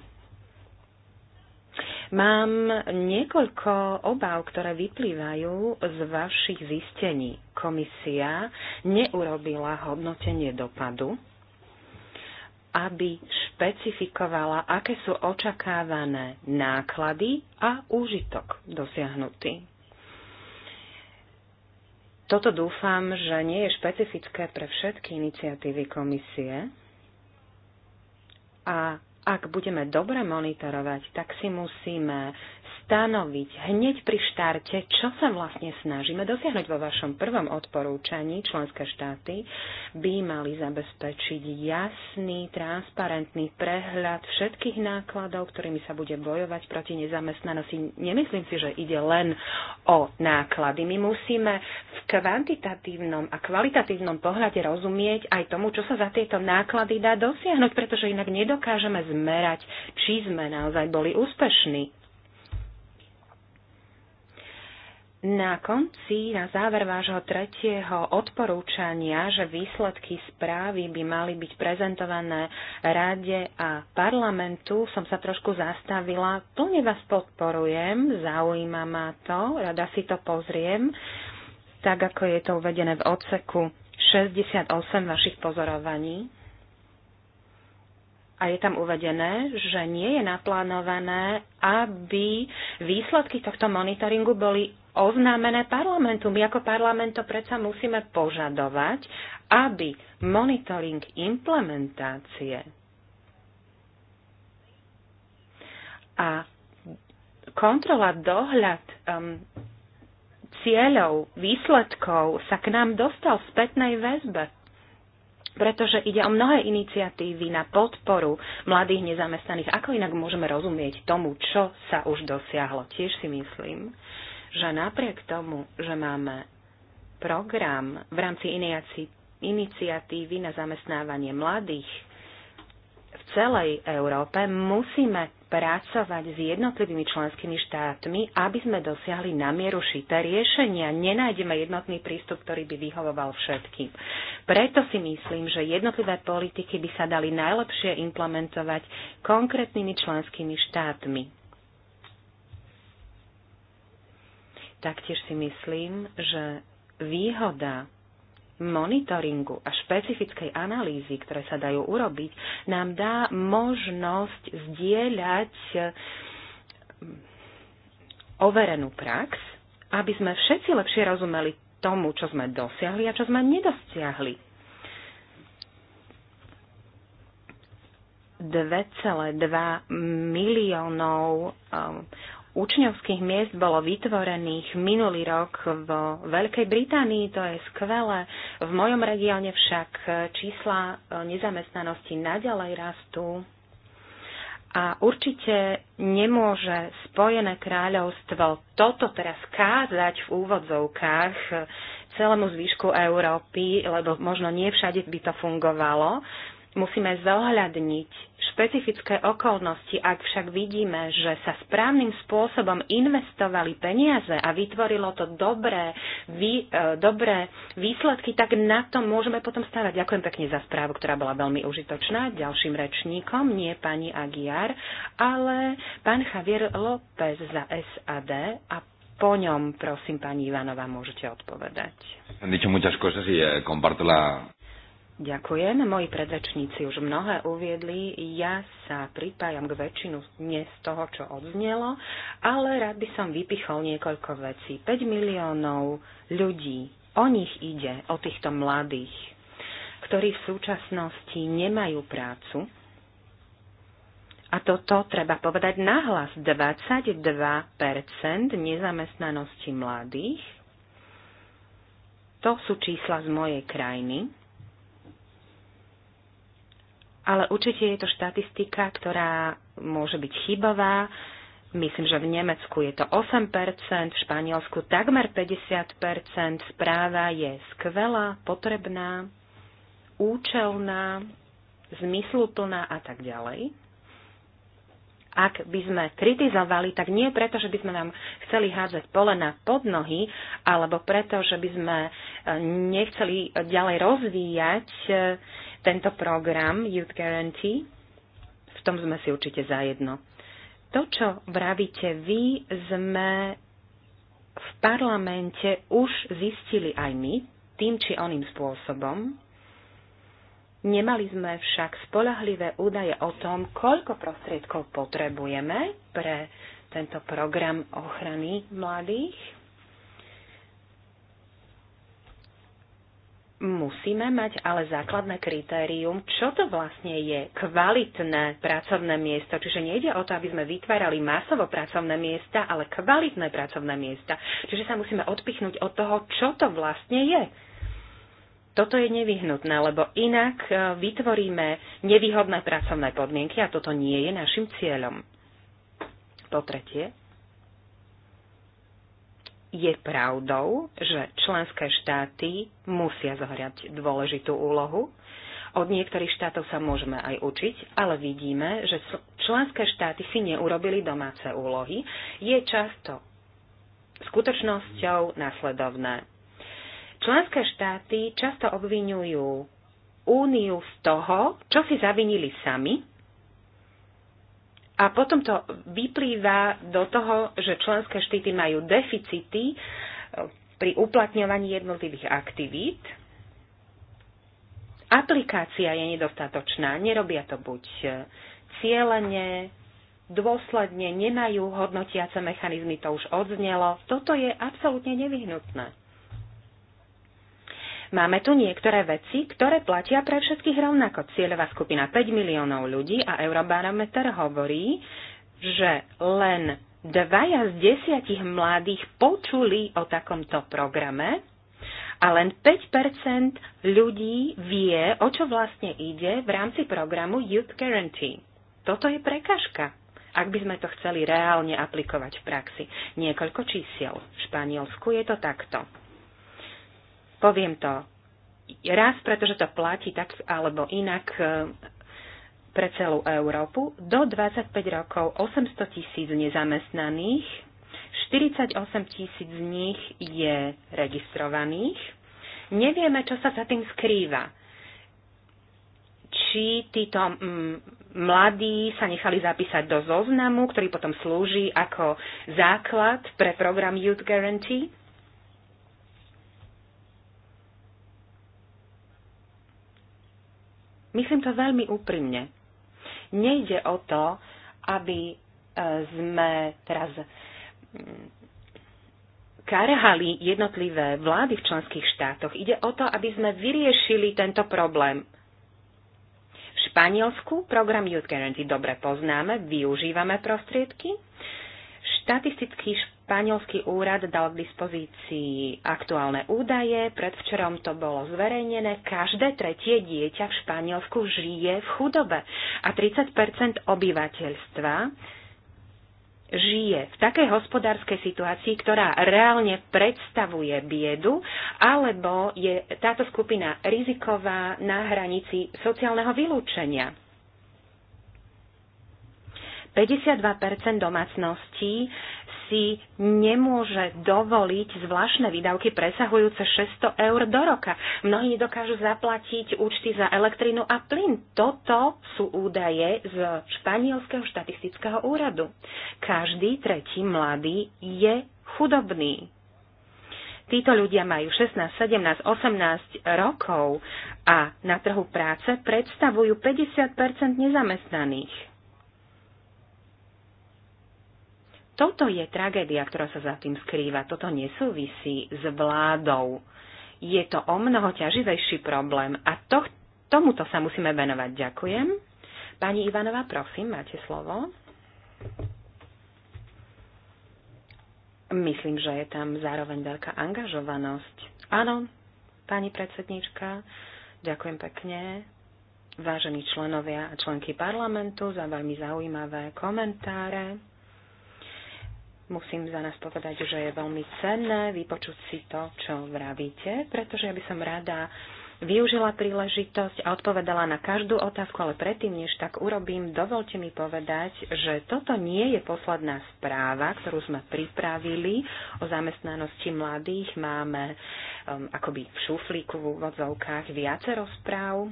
Mám niekoľko obav, ktoré vyplývajú z vašich zistení. Komisia neurobila hodnotenie dopadu aby špecifikovala, aké sú očakávané náklady a úžitok dosiahnutý. Toto dúfam, že nie je špecifické pre všetky iniciatívy komisie a ak budeme dobre monitorovať, tak si musíme stanoviť hneď pri štarte, čo sa vlastne snažíme dosiahnuť vo vašom prvom odporúčaní. Členské štáty by mali zabezpečiť jasný, transparentný prehľad všetkých nákladov, ktorými sa bude bojovať proti nezamestnanosti. Nemyslím si, že ide len o náklady. My musíme v kvantitatívnom a kvalitatívnom pohľade rozumieť aj tomu, čo sa za tieto náklady dá dosiahnuť, pretože inak nedokážeme zmerať, či sme naozaj boli úspešní. na konci, na záver vášho tretieho odporúčania, že výsledky správy by mali byť prezentované rade a parlamentu, som sa trošku zastavila. Plne vás podporujem, zaujíma ma to, rada si to pozriem, tak ako je to uvedené v odseku 68 vašich pozorovaní. A je tam uvedené, že nie je naplánované, aby výsledky tohto monitoringu boli oznámené parlamentu. My ako parlament to predsa musíme požadovať, aby monitoring implementácie a kontrola, dohľad um, cieľov, výsledkov sa k nám dostal v spätnej väzbe pretože ide o mnohé iniciatívy na podporu mladých nezamestnaných. Ako inak môžeme rozumieť tomu, čo sa už dosiahlo? Tiež si myslím, že napriek tomu, že máme program v rámci iniciatívy na zamestnávanie mladých v celej Európe, musíme pracovať s jednotlivými členskými štátmi, aby sme dosiahli na mieru šité riešenia. Nenájdeme jednotný prístup, ktorý by vyhovoval všetkým. Preto si myslím, že jednotlivé politiky by sa dali najlepšie implementovať konkrétnymi členskými štátmi. Taktiež si myslím, že výhoda monitoringu a špecifickej analýzy, ktoré sa dajú urobiť, nám dá možnosť zdieľať mm, overenú prax, aby sme všetci lepšie rozumeli tomu, čo sme dosiahli a čo sme nedosiahli. 2,2 miliónov um, učňovských miest bolo vytvorených minulý rok vo Veľkej Británii, to je skvelé. V mojom regióne však čísla eh, nezamestnanosti naďalej rastú. A určite nemôže Spojené kráľovstvo toto teraz kázať v úvodzovkách eh, celému zvyšku Európy, lebo možno nie všade by to fungovalo musíme zohľadniť špecifické okolnosti, ak však vidíme, že sa správnym spôsobom investovali peniaze a vytvorilo to dobré, vý, e, dobré výsledky, tak na to môžeme potom stavať. Ďakujem pekne za správu, ktorá bola veľmi užitočná. Ďalším rečníkom nie pani Agiar, ale pán Javier López za SAD a po ňom, prosím, pani Ivanová, môžete odpovedať. Han dicho muchas cosas y eh, comparto la... Ďakujem. Moji predrečníci už mnohé uviedli. Ja sa pripájam k väčšinu z toho, čo odznelo, ale rád by som vypichol niekoľko vecí. 5 miliónov ľudí, o nich ide, o týchto mladých, ktorí v súčasnosti nemajú prácu. A toto treba povedať nahlas. 22% nezamestnanosti mladých. To sú čísla z mojej krajiny ale určite je to štatistika, ktorá môže byť chybová. Myslím, že v Nemecku je to 8%, v Španielsku takmer 50%. Správa je skvelá, potrebná, účelná, zmysluplná a tak ďalej. Ak by sme kritizovali, tak nie preto, že by sme nám chceli hádzať polena pod nohy, alebo preto, že by sme eh, nechceli ďalej rozvíjať eh, tento program Youth Guarantee, v tom sme si určite zajedno. To, čo vravíte vy, sme v parlamente už zistili aj my, tým či oným spôsobom. Nemali sme však spolahlivé údaje o tom, koľko prostriedkov potrebujeme pre tento program ochrany mladých musíme mať ale základné kritérium, čo to vlastne je kvalitné pracovné miesto. Čiže nejde o to, aby sme vytvárali masovo pracovné miesta, ale kvalitné pracovné miesta. Čiže sa musíme odpichnúť od toho, čo to vlastne je. Toto je nevyhnutné, lebo inak e, vytvoríme nevýhodné pracovné podmienky a toto nie je našim cieľom. Po tretie, je pravdou, že členské štáty musia zohrať dôležitú úlohu. Od niektorých štátov sa môžeme aj učiť, ale vidíme, že členské štáty si neurobili domáce úlohy. Je často skutočnosťou následovné. Členské štáty často obvinujú úniu z toho, čo si zavinili sami a potom to vyplýva do toho, že členské štíty majú deficity e, pri uplatňovaní jednotlivých aktivít. Aplikácia je nedostatočná, nerobia to buď e, cieľene, dôsledne, nemajú hodnotiace mechanizmy, to už odznelo. Toto je absolútne nevyhnutné. Máme tu niektoré veci, ktoré platia pre všetkých rovnako. Cieľová skupina 5 miliónov ľudí a Eurobarometer hovorí, že len dvaja z desiatich mladých počuli o takomto programe a len 5 ľudí vie, o čo vlastne ide v rámci programu Youth Guarantee. Toto je prekažka ak by sme to chceli reálne aplikovať v praxi. Niekoľko čísiel. V Španielsku je to takto poviem to raz, pretože to platí tak alebo inak e, pre celú Európu. Do 25 rokov 800 tisíc nezamestnaných, 48 tisíc z nich je registrovaných. Nevieme, čo sa za tým skrýva. Či títo mladí sa nechali zapísať do zoznamu, ktorý potom slúži ako základ pre program Youth Guarantee, Myslím to veľmi úprimne. Nejde o to, aby e, sme teraz karhali jednotlivé vlády v členských štátoch. Ide o to, aby sme vyriešili tento problém. V Španielsku program Youth Guarantee dobre poznáme, využívame prostriedky. Štatistický španielský úrad dal k dispozícii aktuálne údaje, predvčerom to bolo zverejnené, každé tretie dieťa v Španielsku žije v chudobe a 30 obyvateľstva žije v takej hospodárskej situácii, ktorá reálne predstavuje biedu, alebo je táto skupina riziková na hranici sociálneho vylúčenia. 52 domácností si nemôže dovoliť zvláštne výdavky presahujúce 600 eur do roka. Mnohí dokážu zaplatiť účty za elektrínu a plyn. Toto sú údaje z Španielského štatistického úradu. Každý tretí mladý je chudobný. Títo ľudia majú 16, 17, 18 rokov a na trhu práce predstavujú 50 nezamestnaných. Toto je tragédia, ktorá sa za tým skrýva. Toto nesúvisí s vládou. Je to o mnoho ťaživejší problém a to, tomuto sa musíme venovať. Ďakujem. Pani Ivanová, prosím, máte slovo. Myslím, že je tam zároveň veľká angažovanosť. Áno, pani predsednička, ďakujem pekne vážení členovia a členky parlamentu za veľmi zaujímavé komentáre musím za nás povedať, že je veľmi cenné vypočuť si to, čo vravíte, pretože ja by som rada využila príležitosť a odpovedala na každú otázku, ale predtým, než tak urobím, dovolte mi povedať, že toto nie je posledná správa, ktorú sme pripravili o zamestnanosti mladých. Máme um, akoby v šuflíku v úvodzovkách viacero správ.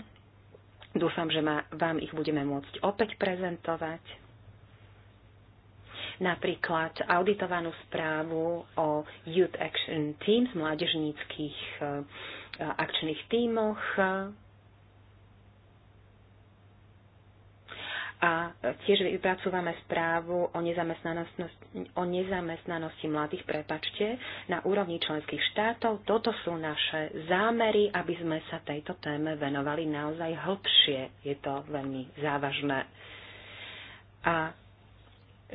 Dúfam, že ma, vám ich budeme môcť opäť prezentovať napríklad auditovanú správu o Youth Action Teams, mládežníckých eh, akčných tímoch. A tiež vypracúvame správu o nezamestnanosti, o nezamestnanosti mladých, prepačte, na úrovni členských štátov. Toto sú naše zámery, aby sme sa tejto téme venovali naozaj hlbšie. Je to veľmi závažné. A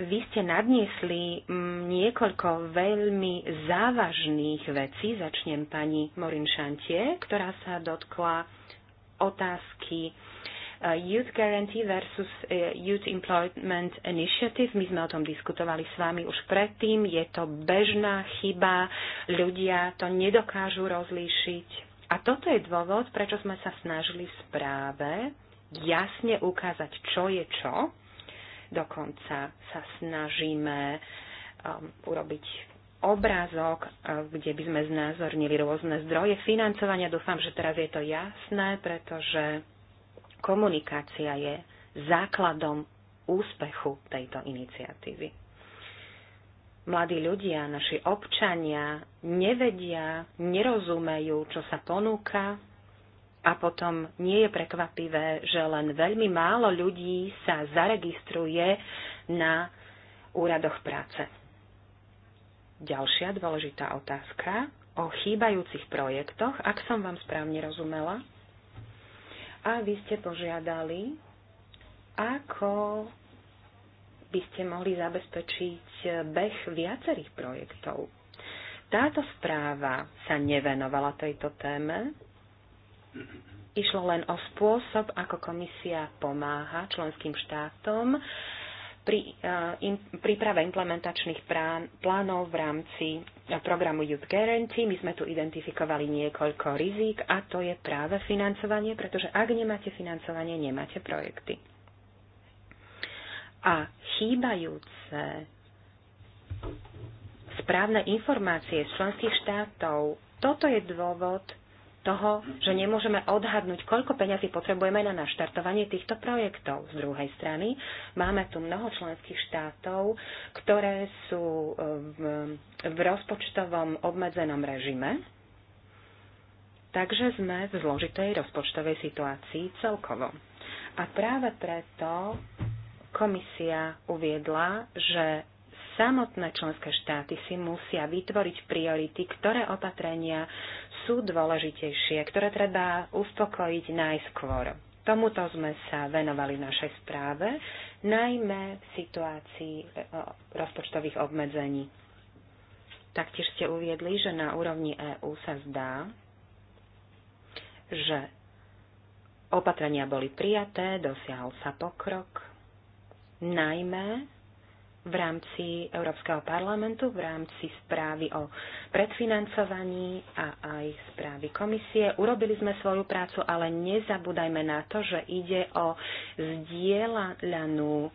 vy ste nadniesli mm, niekoľko veľmi závažných vecí. Začnem pani Morin Šantie, ktorá sa dotkla otázky eh, Youth Guarantee versus eh, Youth Employment Initiative. My sme o tom diskutovali s vami už predtým. Je to bežná chyba. Ľudia to nedokážu rozlíšiť. A toto je dôvod, prečo sme sa snažili v správe jasne ukázať, čo je čo Dokonca sa snažíme um, urobiť obrázok, uh, kde by sme znázornili rôzne zdroje financovania. Dúfam, že teraz je to jasné, pretože komunikácia je základom úspechu tejto iniciatívy. Mladí ľudia, naši občania nevedia, nerozumejú, čo sa ponúka a potom nie je prekvapivé, že len veľmi málo ľudí sa zaregistruje na úradoch práce. Ďalšia dôležitá otázka o chýbajúcich projektoch, ak som vám správne rozumela. A vy ste požiadali, ako by ste mohli zabezpečiť beh viacerých projektov. Táto správa sa nevenovala tejto téme, Išlo len o spôsob, ako komisia pomáha členským štátom pri eh, im, príprave implementačných prán, plánov v rámci eh, programu Youth Guarantee. My sme tu identifikovali niekoľko rizík a to je práve financovanie, pretože ak nemáte financovanie, nemáte projekty. A chýbajúce správne informácie z členských štátov, toto je dôvod, toho, že nemôžeme odhadnúť, koľko peňazí potrebujeme na naštartovanie týchto projektov. Z druhej strany máme tu mnoho členských štátov, ktoré sú eh, v, v rozpočtovom obmedzenom režime, takže sme v zložitej rozpočtovej situácii celkovo. A práve preto komisia uviedla, že samotné členské štáty si musia vytvoriť priority, ktoré opatrenia sú dôležitejšie, ktoré treba uspokojiť najskôr. Tomuto sme sa venovali v našej správe, najmä v situácii e, rozpočtových obmedzení. Taktiež ste uviedli, že na úrovni EÚ sa zdá, že opatrenia boli prijaté, dosiahol sa pokrok, najmä v rámci Európskeho parlamentu, v rámci správy o predfinancovaní a aj správy komisie. Urobili sme svoju prácu, ale nezabúdajme na to, že ide o zdieľanú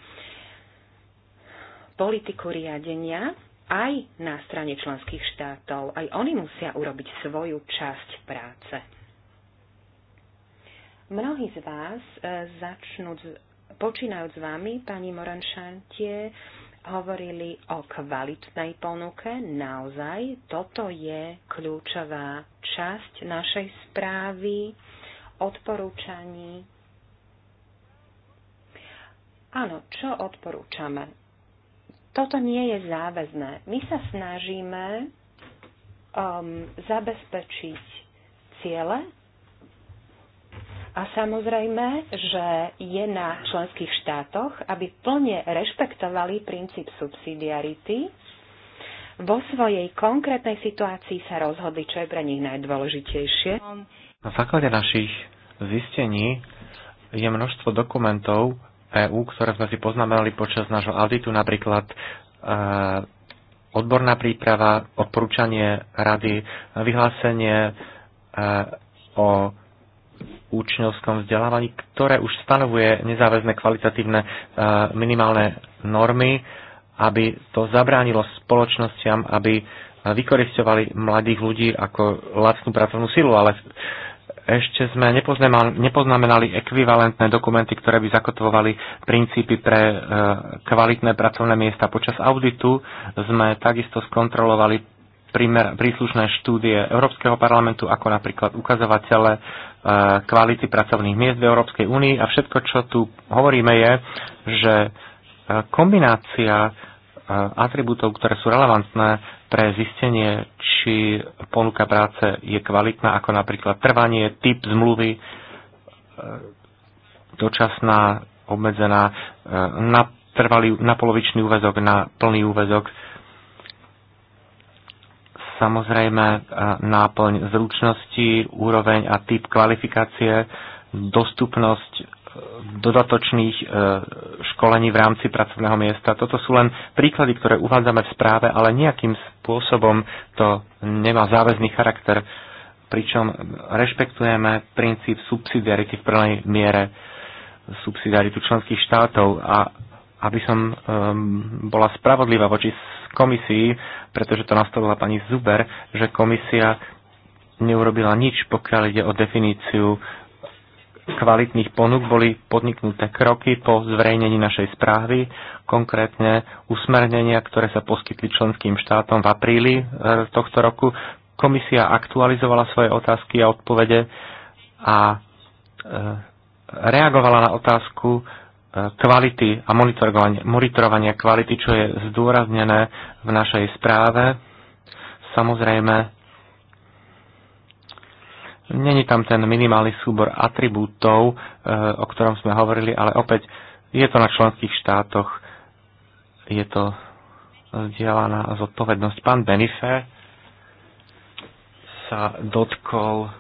politiku riadenia aj na strane členských štátov. Aj oni musia urobiť svoju časť práce. Mnohí z vás eh, začnú, počínajúc s vami, pani Moranšantie, hovorili o kvalitnej ponuke. Naozaj, toto je kľúčová časť našej správy, odporúčaní. Áno, čo odporúčame? Toto nie je záväzné. My sa snažíme um, zabezpečiť ciele a samozrejme, že je na členských štátoch, aby plne rešpektovali princíp subsidiarity, vo svojej konkrétnej situácii sa rozhodli, čo je pre nich najdôležitejšie. Na základe našich zistení je množstvo dokumentov EÚ, ktoré sme si poznamenali počas nášho auditu, napríklad e, odborná príprava, odporúčanie rady, vyhlásenie e, o učňovskom vzdelávaní, ktoré už stanovuje nezáväzne kvalitatívne e, minimálne normy, aby to zabránilo spoločnostiam, aby e, vykoristovali mladých ľudí ako lacnú pracovnú silu, ale ešte sme nepoznamenali ekvivalentné dokumenty, ktoré by zakotvovali princípy pre e, kvalitné pracovné miesta. Počas auditu sme takisto skontrolovali príslušné štúdie Európskeho parlamentu, ako napríklad ukazovatele kvality pracovných miest v Európskej únii a všetko, čo tu hovoríme, je, že e, kombinácia e, atribútov, ktoré sú relevantné pre zistenie, či ponuka práce je kvalitná, ako napríklad trvanie, typ zmluvy, e, dočasná, obmedzená, na, trvalý, na polovičný úvezok, na plný úvezok, Samozrejme, e, náplň zručnosti, úroveň a typ kvalifikácie, dostupnosť e, dodatočných e, školení v rámci pracovného miesta. Toto sú len príklady, ktoré uvádzame v správe, ale nejakým spôsobom to nemá záväzný charakter, pričom rešpektujeme princíp subsidiarity v plnej miere subsidiaritu členských štátov a aby som um, bola spravodlivá voči komisii, pretože to nastavila pani Zuber, že komisia neurobila nič, pokiaľ ide o definíciu kvalitných ponúk. Boli podniknuté kroky po zverejnení našej správy, konkrétne usmernenia, ktoré sa poskytli členským štátom v apríli e, tohto roku. Komisia aktualizovala svoje otázky a odpovede a e, reagovala na otázku, E, kvality a monitorovania, monitorovania kvality, čo je zdôraznené v našej správe. Samozrejme, není tam ten minimálny súbor atribútov, e, o ktorom sme hovorili, ale opäť je to na členských štátoch, je to vzdielaná zodpovednosť. Pán Benife sa dotkol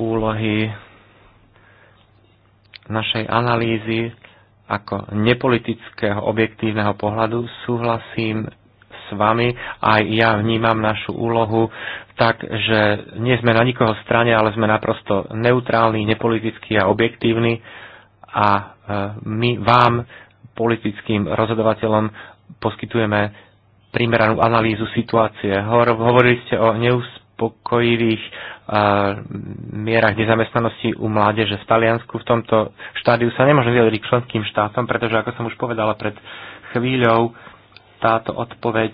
úlohy našej analýzy ako nepolitického objektívneho pohľadu súhlasím s vami. Aj ja vnímam našu úlohu tak, že nie sme na nikoho strane, ale sme naprosto neutrálni, nepolitickí a objektívni a e, my vám, politickým rozhodovateľom, poskytujeme primeranú analýzu situácie. Hovorili ste o neúspešnosti uspokojivých mierach nezamestnanosti u mládeže v Taliansku. V tomto štádiu sa nemôžem vyjadriť členským štátom, pretože, ako som už povedala pred chvíľou, táto odpoveď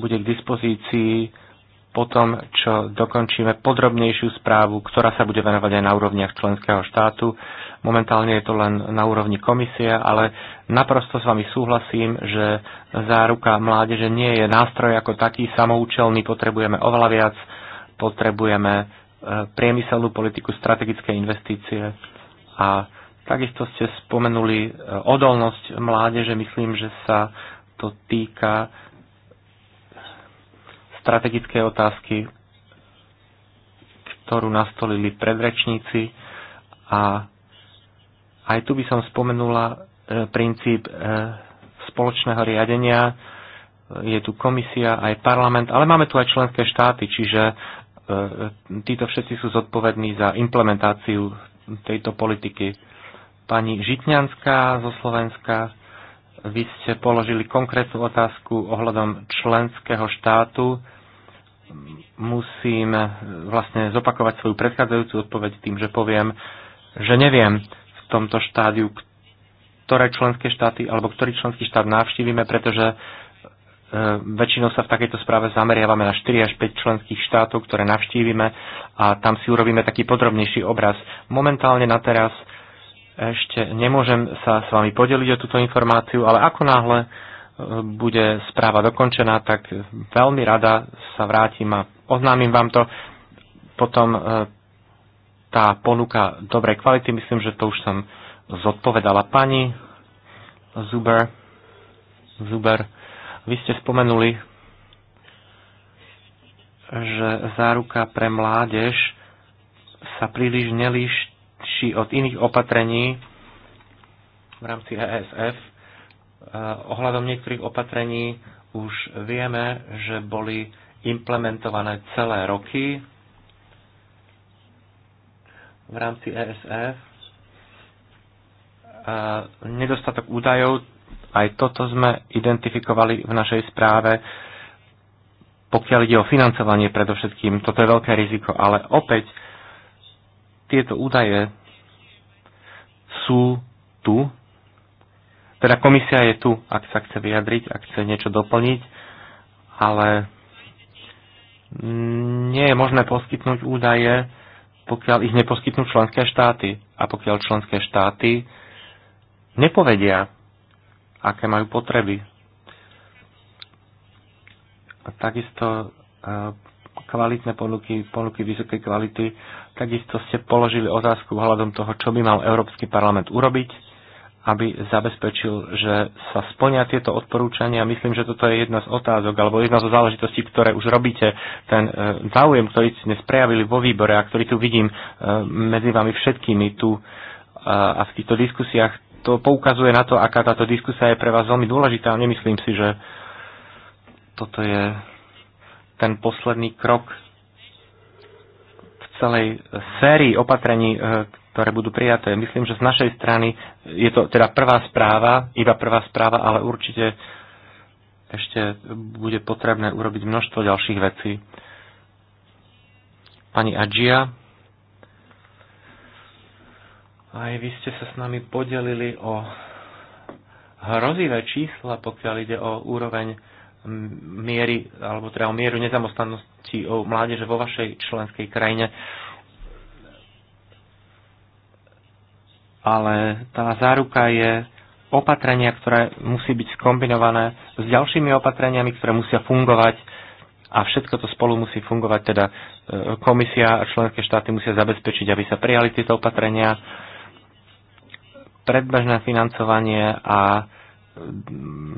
bude k dispozícii po tom, čo dokončíme podrobnejšiu správu, ktorá sa bude venovať aj na úrovniach členského štátu. Uh, Momentálne je to len na úrovni komisie, ale naprosto s vami súhlasím, že záruka mládeže nie je nástroj ako taký samoučelný, potrebujeme oveľa viac, potrebujeme e, priemyselnú politiku, strategické investície a takisto ste spomenuli e, odolnosť mládeže, myslím, že sa to týka strategické otázky, ktorú nastolili predrečníci a aj tu by som spomenula e, princíp e, spoločného riadenia. E, je tu komisia, aj parlament, ale máme tu aj členské štáty, čiže títo všetci sú zodpovední za implementáciu tejto politiky. Pani Žitňanská zo Slovenska, vy ste položili konkrétnu otázku ohľadom členského štátu. Musím vlastne zopakovať svoju predchádzajúcu odpoveď tým, že poviem, že neviem tomto štádiu, ktoré členské štáty alebo ktorý členský štát navštívime, pretože e, väčšinou sa v takejto správe zameriavame na 4 až 5 členských štátov, ktoré navštívime a tam si urobíme taký podrobnejší obraz. Momentálne na teraz ešte nemôžem sa s vami podeliť o túto informáciu, ale ako náhle e, bude správa dokončená, tak veľmi rada sa vrátim a oznámim vám to. Potom e, tá ponuka dobrej kvality. Myslím, že to už som zodpovedala pani Zuber. Zuber, vy ste spomenuli, že záruka pre mládež sa príliš nelíši od iných opatrení v rámci ESF. Eh, ohľadom niektorých opatrení už vieme, že boli implementované celé roky v rámci ESF a nedostatok údajov, aj toto sme identifikovali v našej správe, pokiaľ ide o financovanie predovšetkým, toto je veľké riziko, ale opäť tieto údaje sú tu, teda komisia je tu, ak sa chce vyjadriť, ak chce niečo doplniť, ale nie je možné poskytnúť údaje, pokiaľ ich neposkytnú členské štáty a pokiaľ členské štáty nepovedia, aké majú potreby. A takisto e, kvalitné ponuky, ponuky vysokej kvality, takisto ste položili otázku ohľadom toho, čo by mal Európsky parlament urobiť aby zabezpečil, že sa splňa tieto odporúčania. Myslím, že toto je jedna z otázok alebo jedna zo záležitostí, ktoré už robíte. Ten e, záujem, ktorý ste dnes prejavili vo výbore a ktorý tu vidím e, medzi vami všetkými tu e, a v týchto diskusiách, to poukazuje na to, aká táto diskusia je pre vás veľmi dôležitá. Nemyslím si, že toto je ten posledný krok v celej sérii opatrení, ktoré budú prijaté. Myslím, že z našej strany je to teda prvá správa, iba prvá správa, ale určite ešte bude potrebné urobiť množstvo ďalších vecí. Pani Adžia, aj vy ste sa s nami podelili o hrozivé čísla, pokiaľ ide o úroveň miery, alebo teda o mieru nezamostnanosti o mládeže vo vašej členskej krajine. Uh, ale tá záruka je opatrenia, ktoré musí byť skombinované s ďalšími opatreniami, ktoré musia fungovať a všetko to spolu musí fungovať, teda e, komisia a členské štáty musia zabezpečiť, aby sa prijali tieto opatrenia, predbežné financovanie a mm,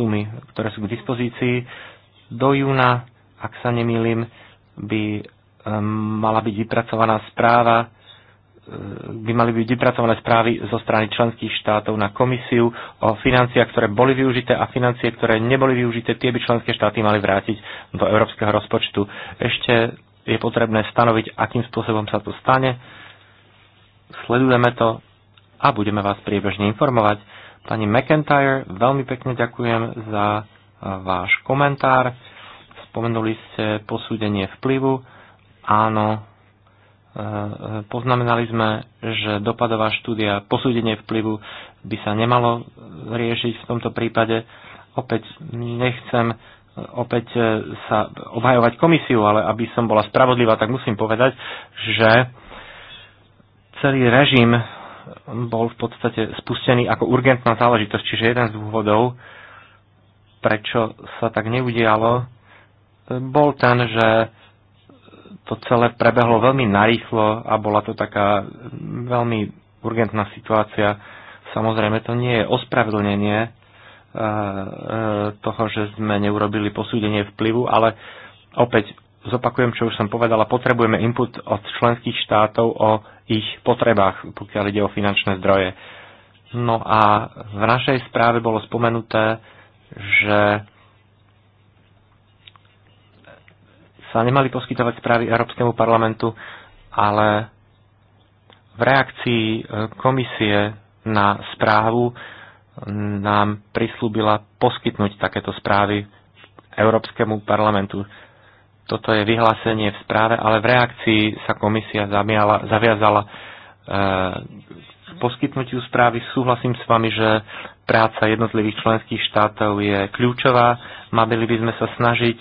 sumy, ktoré sú k dispozícii. Do júna, ak sa nemýlim, by e, mala byť vypracovaná správa by mali byť vypracované správy zo strany členských štátov na komisiu o financiách, ktoré boli využité a financie, ktoré neboli využité, tie by členské štáty mali vrátiť do európskeho rozpočtu. Ešte je potrebné stanoviť, akým spôsobom sa to stane. Sledujeme to a budeme vás priebežne informovať. Pani McIntyre, veľmi pekne ďakujem za e, váš komentár. Spomenuli ste posúdenie vplyvu. Áno, Poznamenali sme, že dopadová štúdia posúdenie vplyvu by sa nemalo riešiť v tomto prípade. Opäť nechcem opäť e, sa obhajovať komisiu, ale aby som bola spravodlivá, tak musím povedať, že celý režim bol v podstate spustený ako urgentná záležitosť, čiže jeden z dôvodov, prečo sa tak neudialo, e, bol ten, že to celé prebehlo veľmi narýchlo a bola to taká veľmi urgentná situácia. Samozrejme, to nie je ospravedlnenie e, e, toho, že sme neurobili posúdenie vplyvu, ale opäť zopakujem, čo už som povedala, potrebujeme input od členských štátov o ich potrebách, pokiaľ ide o finančné zdroje. No a v našej správe bolo spomenuté, že sa nemali poskytovať správy Európskemu parlamentu, ale v reakcii e, komisie na správu nám prislúbila poskytnúť takéto správy Európskemu parlamentu. Toto je vyhlásenie v správe, ale v reakcii sa komisia zamiala, zaviazala e, k poskytnutiu správy. Súhlasím s vami, že práca jednotlivých členských štátov je kľúčová. Mali by sme sa snažiť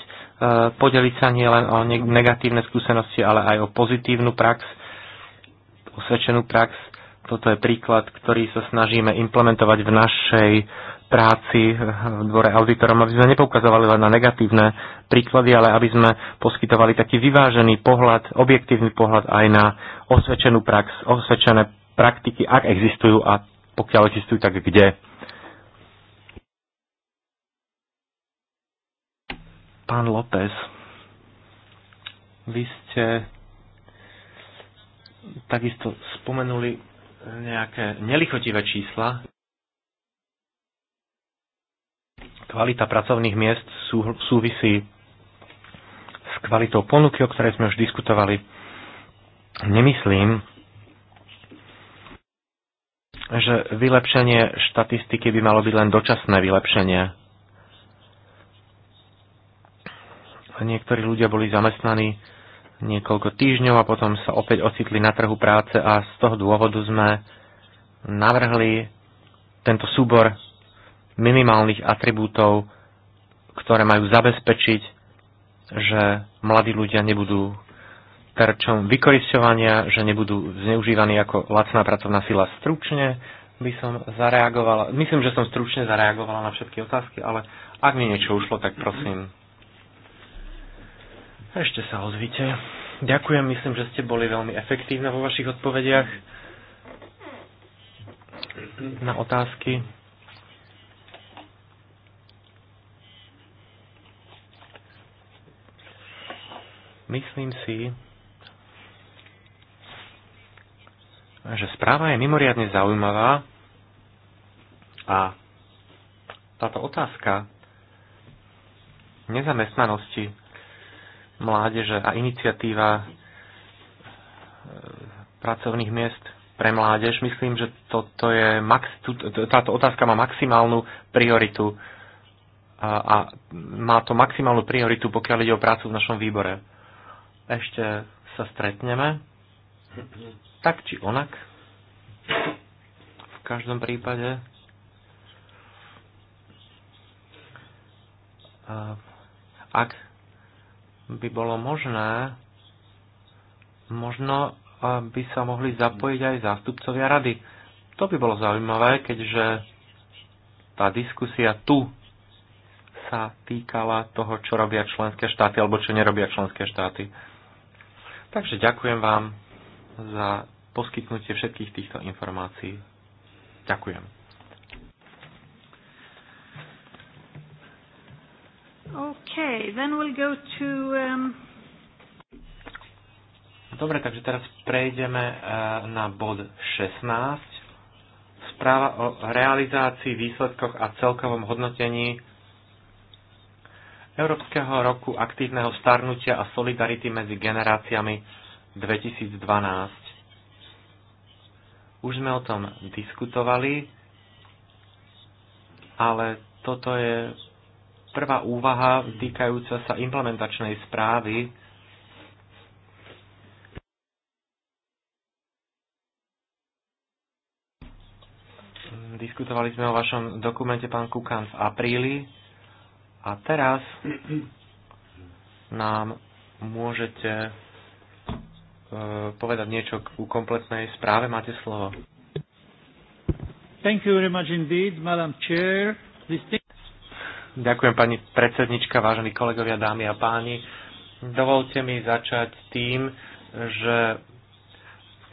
podeliť sa nielen o negatívne skúsenosti, ale aj o pozitívnu prax, osvedčenú prax. Toto je príklad, ktorý sa snažíme implementovať v našej práci v dvore auditorom, aby sme nepoukazovali len na negatívne príklady, ale aby sme poskytovali taký vyvážený pohľad, objektívny pohľad aj na osvedčenú prax, osvedčené praktiky, ak existujú a pokiaľ existujú, tak kde. Pán López, vy ste takisto spomenuli nejaké nelichotivé čísla. Kvalita pracovných miest sú, súvisí s kvalitou ponuky, o ktorej sme už diskutovali. Nemyslím, že vylepšenie štatistiky by malo byť len dočasné vylepšenie niektorí ľudia boli zamestnaní niekoľko týždňov a potom sa opäť ocitli na trhu práce a z toho dôvodu sme navrhli tento súbor minimálnych atribútov, ktoré majú zabezpečiť, že mladí ľudia nebudú terčom vykoristovania, že nebudú zneužívaní ako lacná pracovná sila. Stručne by som zareagovala, myslím, že som stručne zareagovala na všetky otázky, ale ak mi niečo ušlo, tak prosím. Ešte sa ozvite. Ďakujem, myslím, že ste boli veľmi efektívne vo vašich odpovediach na otázky. Myslím si, že správa je mimoriadne zaujímavá a táto otázka nezamestnanosti mládeže a iniciatíva e, pracovných miest pre mládež. Myslím, že toto je max, táto otázka má maximálnu prioritu a, a má to maximálnu prioritu, pokiaľ ide o prácu v našom výbore. Ešte sa stretneme. Tak či onak. V každom prípade. Ak by bolo možné, možno eh, by sa mohli zapojiť aj zástupcovia rady. To by bolo zaujímavé, keďže tá diskusia tu sa týkala toho, čo robia členské štáty alebo čo nerobia členské štáty. Takže ďakujem vám za poskytnutie všetkých týchto informácií. Ďakujem. Okay, then we'll go to... Um... Dobre, takže teraz prejdeme eh, na bod 16. Správa o realizácii, výsledkoch a celkovom hodnotení Európskeho roku aktívneho starnutia a solidarity medzi generáciami 2012. Už sme o tom diskutovali, ale toto je Prvá úvaha týkajúca sa implementačnej správy Diskutovali sme o vašom dokumente, pán Kukan, v apríli a teraz nám môžete e, povedať niečo k kompletnej správe. Máte slovo. Thank you very much indeed, Madam Chair. Ďakujem pani predsednička, vážení kolegovia, dámy a páni. Dovolte mi začať tým, že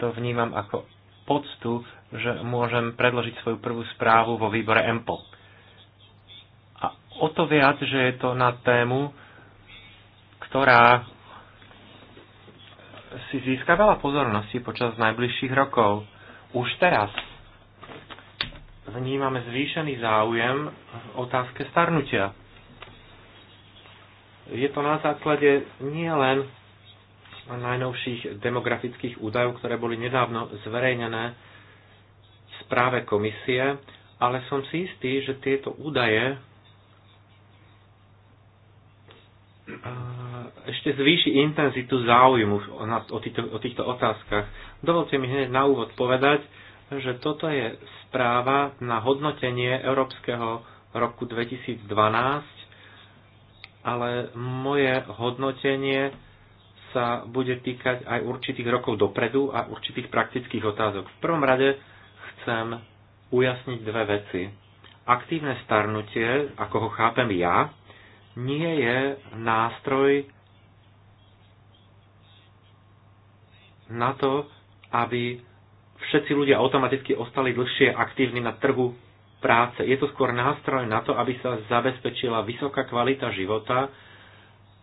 to vnímam ako poctu, že môžem predložiť svoju prvú správu vo výbore EMPO. A o to viac, že je to na tému, ktorá si získa veľa pozornosti počas najbližších rokov. Už teraz vnímame zvýšený záujem v otázke starnutia. Je to na základe nielen najnovších demografických údajov, ktoré boli nedávno zverejnené v správe komisie, ale som si istý, že tieto údaje ešte zvýši intenzitu záujmu o týchto otázkach. Dovolte mi hneď na úvod povedať, že toto je správa na hodnotenie Európskeho roku 2012, ale moje hodnotenie sa bude týkať aj určitých rokov dopredu a určitých praktických otázok. V prvom rade chcem ujasniť dve veci. Aktívne starnutie, ako ho chápem ja, nie je nástroj na to, aby všetci ľudia automaticky ostali dlhšie aktívni na trhu práce. Je to skôr nástroj na to, aby sa zabezpečila vysoká kvalita života,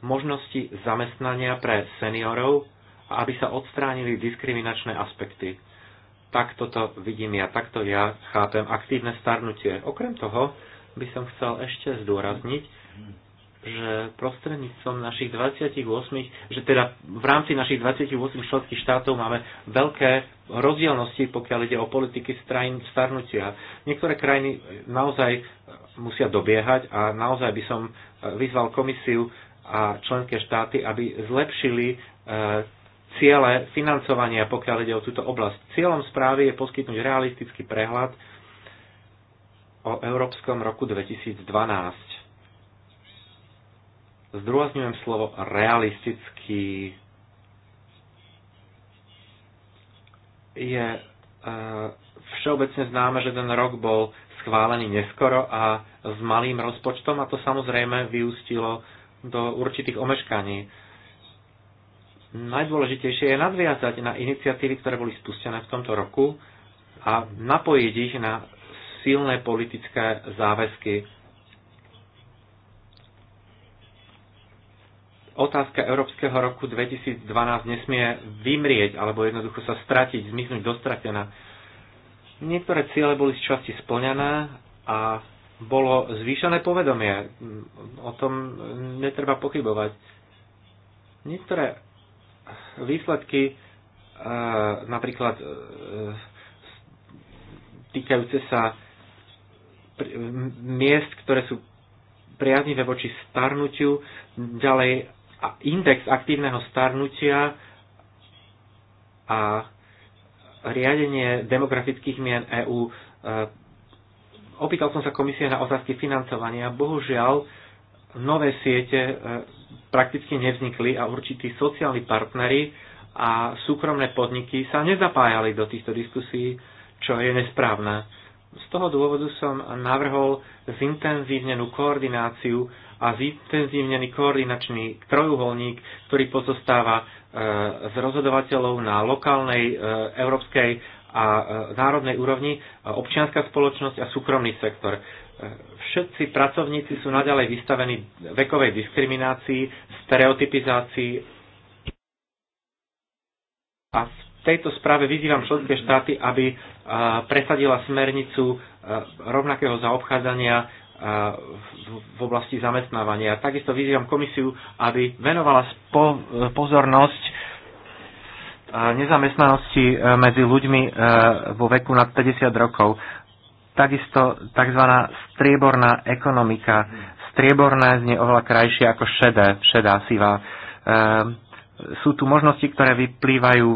možnosti zamestnania pre seniorov a aby sa odstránili diskriminačné aspekty. Tak toto vidím ja, takto ja chápem aktívne starnutie. Okrem toho by som chcel ešte zdôrazniť, že prostredníctvom našich 28, že teda v rámci našich 28 členských štátov máme veľké rozdielnosti, pokiaľ ide o politiky strajn starnutia. Niektoré krajiny naozaj musia dobiehať a naozaj by som eh, vyzval komisiu a členské štáty, aby zlepšili eh, ciele financovania, pokiaľ ide o túto oblasť. Cieľom správy je poskytnúť realistický prehľad o Európskom roku 2012 Zdôrazňujem slovo realistický. Je e, všeobecne známe, že ten rok bol schválený neskoro a s malým rozpočtom a to samozrejme vyústilo do určitých omeškaní. Najdôležitejšie je nadviazať na iniciatívy, ktoré boli spustené v tomto roku a napojiť ich na silné politické záväzky. otázka Európskeho roku 2012 nesmie vymrieť alebo jednoducho sa stratiť, zmiznúť dostratená. Niektoré ciele boli z časti splňané a bolo zvýšené povedomie. O tom netreba pochybovať. Niektoré výsledky, e, napríklad e, týkajúce sa miest, ktoré sú priaznivé voči starnutiu, ďalej index aktívneho starnutia a riadenie demografických mien EÚ. E, opýtal som sa komisie na otázky financovania. Bohužiaľ, nové siete e, prakticky nevznikli a určití sociálni partnery a súkromné podniky sa nezapájali do týchto diskusí, čo je nesprávne. Z toho dôvodu som navrhol zintenzívnenú koordináciu a zintenzívnený koordinačný trojuholník, ktorý pozostáva e, z rozhodovateľov na lokálnej, e, európskej a e, národnej úrovni, občianská spoločnosť a súkromný sektor. Všetci pracovníci sú naďalej vystavení vekovej diskriminácii, stereotypizácii a v tejto správe vyzývam členské štáty, aby presadila smernicu rovnakého zaobchádzania v oblasti zamestnávania. Takisto vyzývam komisiu, aby venovala e, pozornosť e, nezamestnanosti e, medzi ľuďmi vo veku nad 50 rokov. Takisto tzv. strieborná ekonomika. Strieborné znie oveľa krajšie ako šedé, šedá sivá. Sú tu možnosti, ktoré vyplývajú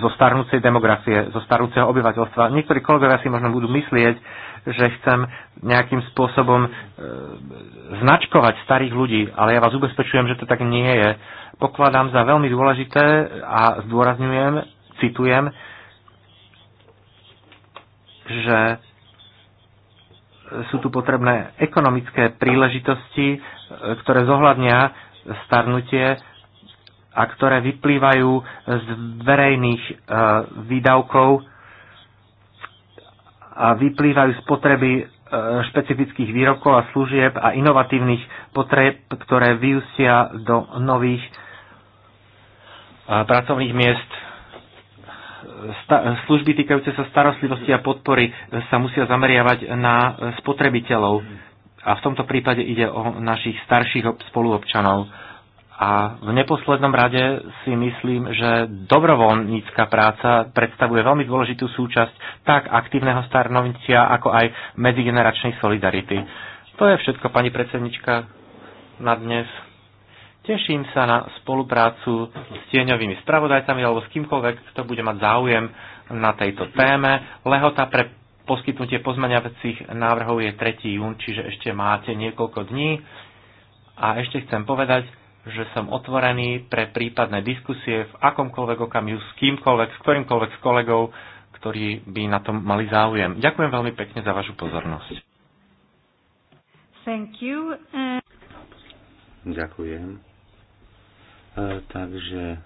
zo starnúcej demografie, zo starúceho obyvateľstva. Niektorí kolegovia si možno budú myslieť, že chcem nejakým spôsobom e, značkovať starých ľudí, ale ja vás ubezpečujem, že to tak nie je. Pokladám za veľmi dôležité a zdôrazňujem, citujem, že sú tu potrebné ekonomické príležitosti, e, ktoré zohľadnia starnutie a ktoré vyplývajú z verejných e, výdavkov a vyplývajú z potreby e, špecifických výrokov a služieb a inovatívnych potreb, ktoré vyústia do nových e, pracovných miest. Služby týkajúce sa starostlivosti a podpory e, sa musia zameriavať na spotrebiteľov a v tomto prípade ide o našich starších spoluobčanov a v neposlednom rade si myslím, že dobrovoľnícka práca predstavuje veľmi dôležitú súčasť tak aktívneho starnovnicia, ako aj medzigeneračnej solidarity. To je všetko, pani predsednička, na dnes. Teším sa na spoluprácu s tieňovými spravodajcami alebo s kýmkoľvek, kto bude mať záujem na tejto téme. Lehota pre poskytnutie pozmeňavacích návrhov je 3. jún, čiže ešte máte niekoľko dní. A ešte chcem povedať, že som otvorený pre prípadné diskusie v akomkoľvek okamihu s kýmkoľvek, s ktorýmkoľvek z kolegov, ktorí by na tom mali záujem. Ďakujem veľmi pekne za vašu pozornosť. Thank you. Ďakujem. E, takže e,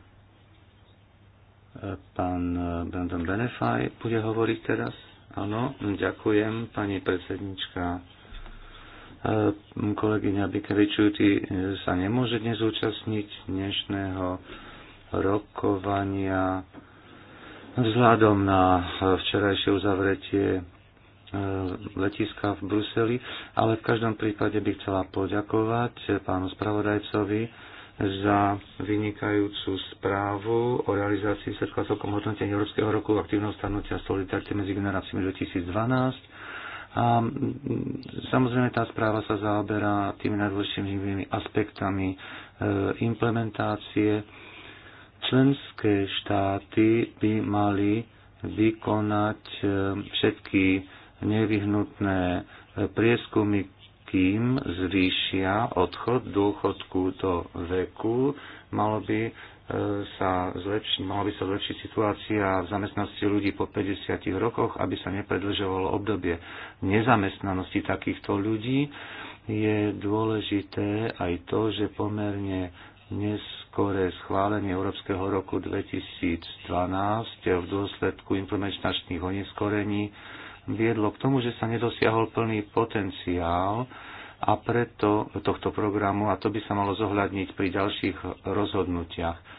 pán e, Brandon Benefaj bude hovoriť teraz. Áno, ďakujem, pani predsednička. Kolegyňa Bikevičúti e, sa nemôže dnes účastniť dnešného rokovania vzhľadom na e, včerajšie uzavretie e, letiska v Bruseli, ale v každom prípade by chcela poďakovať pánu spravodajcovi za vynikajúcu správu o realizácii výsledkov celkom Európskeho roku aktívneho starnutia solidarity medzi generáciami 2012 a samozrejme tá správa sa zaoberá tými najdôležitými aspektami e, implementácie. Členské štáty by mali vykonať e, všetky nevyhnutné e, prieskumy, kým zvýšia odchod dôchodku do veku. Malo by sa zlepši, mala by sa zlepšiť situácia v zamestnanosti ľudí po 50 rokoch, aby sa nepredlžovalo obdobie nezamestnanosti takýchto ľudí. Je dôležité aj to, že pomerne neskoré schválenie Európskeho roku 2012 v dôsledku implementačných oneskorení viedlo k tomu, že sa nedosiahol plný potenciál a preto tohto programu a to by sa malo zohľadniť pri ďalších rozhodnutiach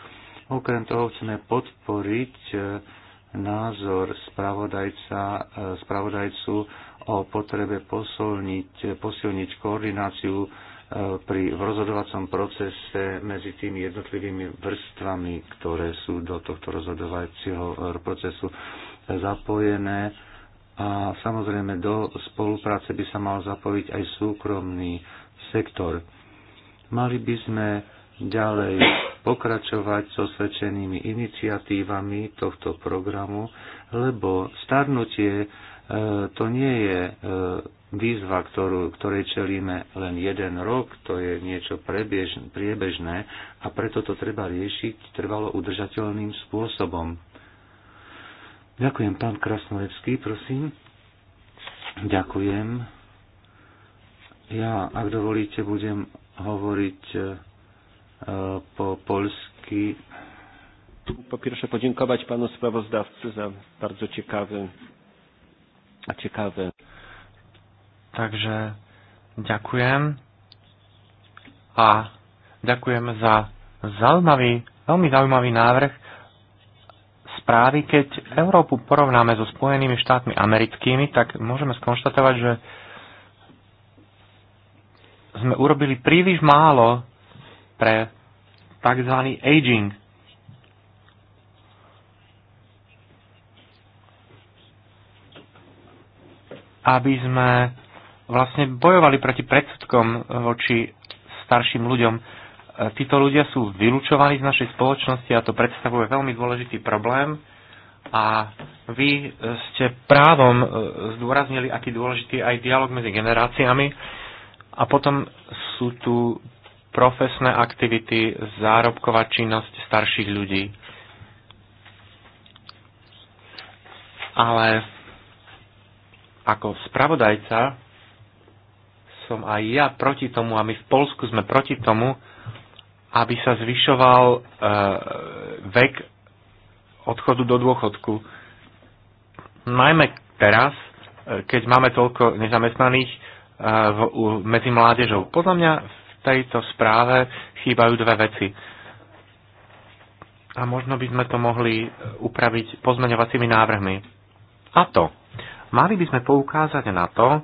Okrem toho chceme podporiť e, názor spravodajca, e, spravodajcu o potrebe posilniť, posilniť koordináciu e, pri, v rozhodovacom procese medzi tými jednotlivými vrstvami, ktoré sú do tohto rozhodovacieho procesu zapojené. A samozrejme do spolupráce by sa mal zapojiť aj súkromný sektor. Mali by sme ďalej pokračovať so svedčenými iniciatívami tohto programu, lebo starnutie e, to nie je e, výzva, ktorú, ktorej čelíme len jeden rok, to je niečo prebiež, priebežné a preto to treba riešiť trvalo udržateľným spôsobom. Ďakujem, pán Krasnolevský, prosím. Ďakujem. Ja, ak dovolíte, budem hovoriť e, E, po polsky. Po pierwsze podziękować panu sprawozdawcy za bardzo ciekawy ciekawy. Także dziękuję. a ďakujem za zaujímavý, veľmi zaujímavý návrh správy. Keď Európu porovnáme so Spojenými štátmi americkými, tak môžeme skonštatovať, že sme urobili príliš málo pre tzv. aging. Aby sme vlastne bojovali proti predsudkom voči starším ľuďom. E, títo ľudia sú vylúčovaní z našej spoločnosti a to predstavuje veľmi dôležitý problém. A vy ste právom e, zdôraznili, aký dôležitý aj dialog medzi generáciami. A potom sú tu profesné aktivity, zárobková činnosť starších ľudí. Ale ako spravodajca som aj ja proti tomu, a my v Polsku sme proti tomu, aby sa zvyšoval e, vek odchodu do dôchodku. Najmä teraz, e, keď máme toľko nezamestnaných e, v, u, medzi mládežou. Podľa mňa tejto správe chýbajú dve veci. A možno by sme to mohli upraviť pozmeňovacími návrhmi. A to, mali by sme poukázať na to,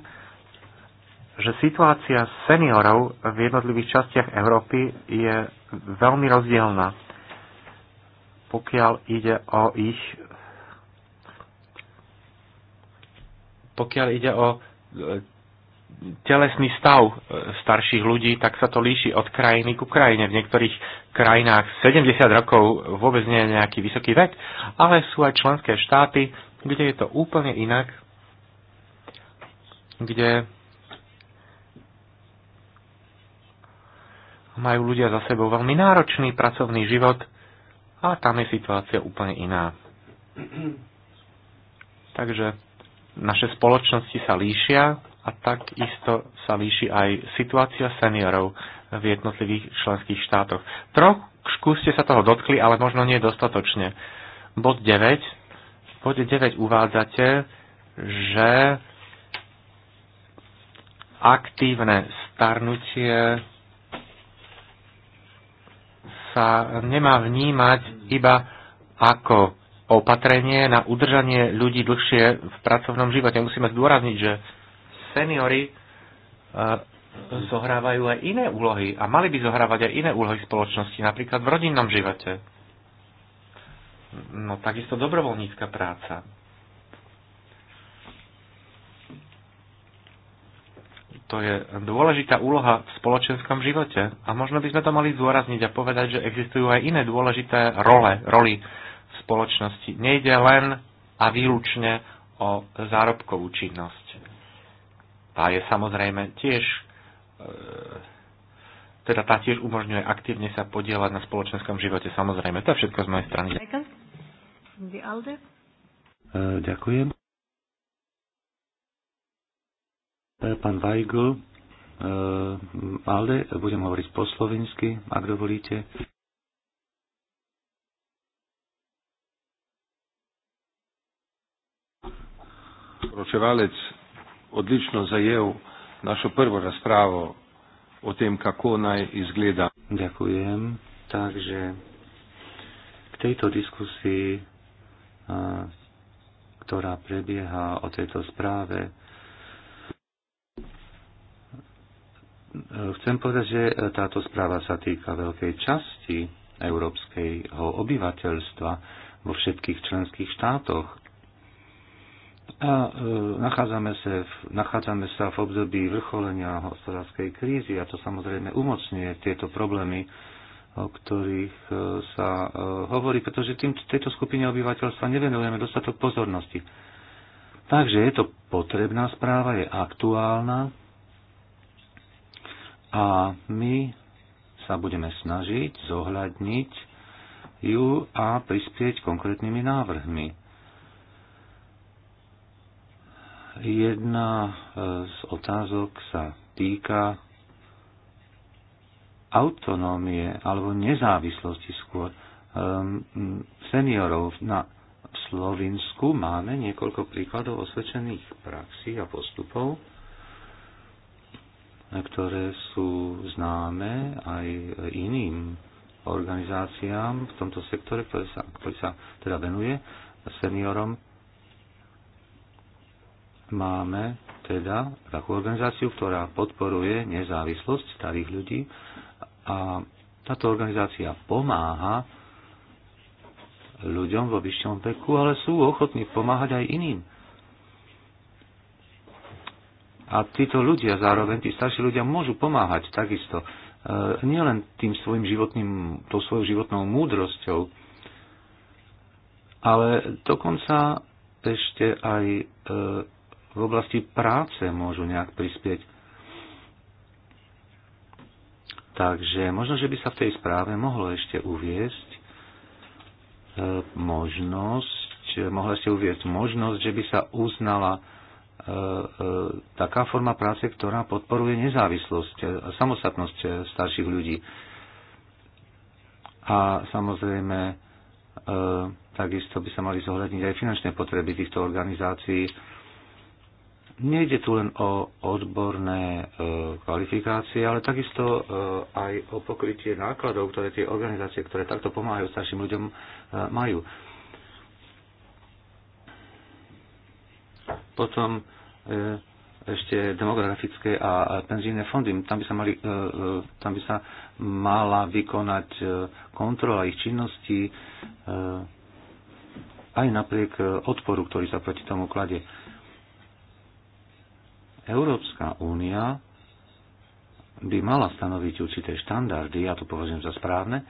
že situácia seniorov v jednotlivých častiach Európy je veľmi rozdielna, pokiaľ ide o ich pokiaľ ide o telesný stav e, starších ľudí, tak sa to líši od krajiny ku krajine. V niektorých krajinách 70 rokov vôbec nie je nejaký vysoký vek, ale sú aj členské štáty, kde je to úplne inak, kde majú ľudia za sebou veľmi náročný pracovný život a tam je situácia úplne iná. Takže naše spoločnosti sa líšia a takisto sa líši aj situácia seniorov v jednotlivých členských štátoch. Trošku ste sa toho dotkli, ale možno nie dostatočne. Bod 9. V bode 9 uvádzate, že aktívne starnutie sa nemá vnímať iba ako opatrenie na udržanie ľudí dlhšie v pracovnom živote. Musíme zdôrazniť, že seniory eh, zohrávajú aj iné úlohy a mali by zohrávať aj iné úlohy v spoločnosti, napríklad v rodinnom živote. No takisto dobrovoľnícka práca. To je dôležitá úloha v spoločenskom živote a možno by sme to mali zdôrazniť a povedať, že existujú aj iné dôležité role, roli v spoločnosti. Nejde len a výlučne o zárobkovú činnosť tá je samozrejme tiež e, teda tá tiež umožňuje aktívne sa podielať na spoločenskom živote, samozrejme. To je všetko z mojej strany. E, ďakujem. E, pán Weigl, Alde, budem hovoriť po slovensky, ak dovolíte. Poročevalec odlično zajel našo prvo razpravo o tem, kako naj izgleda. Ďakujem. Takže k tejto diskusii, ktorá prebieha o tejto správe, chcem povedať, že táto správa sa týka veľkej časti európskeho obyvateľstva vo všetkých členských štátoch. A e, nachádzame, sa v, nachádzame sa v období vrcholenia hospodárskej krízy a to samozrejme umocňuje tieto problémy, o ktorých e, sa e, hovorí, pretože tým, tejto skupine obyvateľstva nevenujeme dostatok pozornosti. Takže je to potrebná správa, je aktuálna a my sa budeme snažiť zohľadniť ju a prispieť konkrétnymi návrhmi. Jedna e, z otázok sa týka autonómie alebo nezávislosti skôr ehm, seniorov na Slovensku máme niekoľko príkladov osvedčených praxí a postupov, e, ktoré sú známe aj iným organizáciám v tomto sektore, ktoré sa, ktorý sa teda venuje seniorom. Máme teda takú organizáciu, ktorá podporuje nezávislosť starých ľudí a táto organizácia pomáha ľuďom vo vyššom veku, ale sú ochotní pomáhať aj iným. A títo ľudia, zároveň tí starší ľudia, môžu pomáhať takisto. E, nielen tým svojim životným, tou svojou životnou múdrosťou, ale dokonca ešte aj e, v oblasti práce môžu nejak prispieť. Takže možno, že by sa v tej správe mohlo ešte uviesť e, možnosť, mohla ste uviesť možnosť, že by sa uznala e, e, taká forma práce, ktorá podporuje nezávislosť a samostatnosť starších ľudí. A samozrejme, takisto by sa mali zohľadniť aj finančné potreby týchto organizácií, Nejde tu len o odborné e, kvalifikácie, ale takisto e, aj o pokrytie nákladov, ktoré tie organizácie, ktoré takto pomáhajú starším ľuďom, e, majú. Potom ešte demografické a penzijné fondy. Tam by sa, mali, tam by sa mala vykonať kontrola ich činností aj napriek odporu, ktorý sa proti tomu kladie. Európska únia by mala stanoviť určité štandardy, ja to považujem za správne,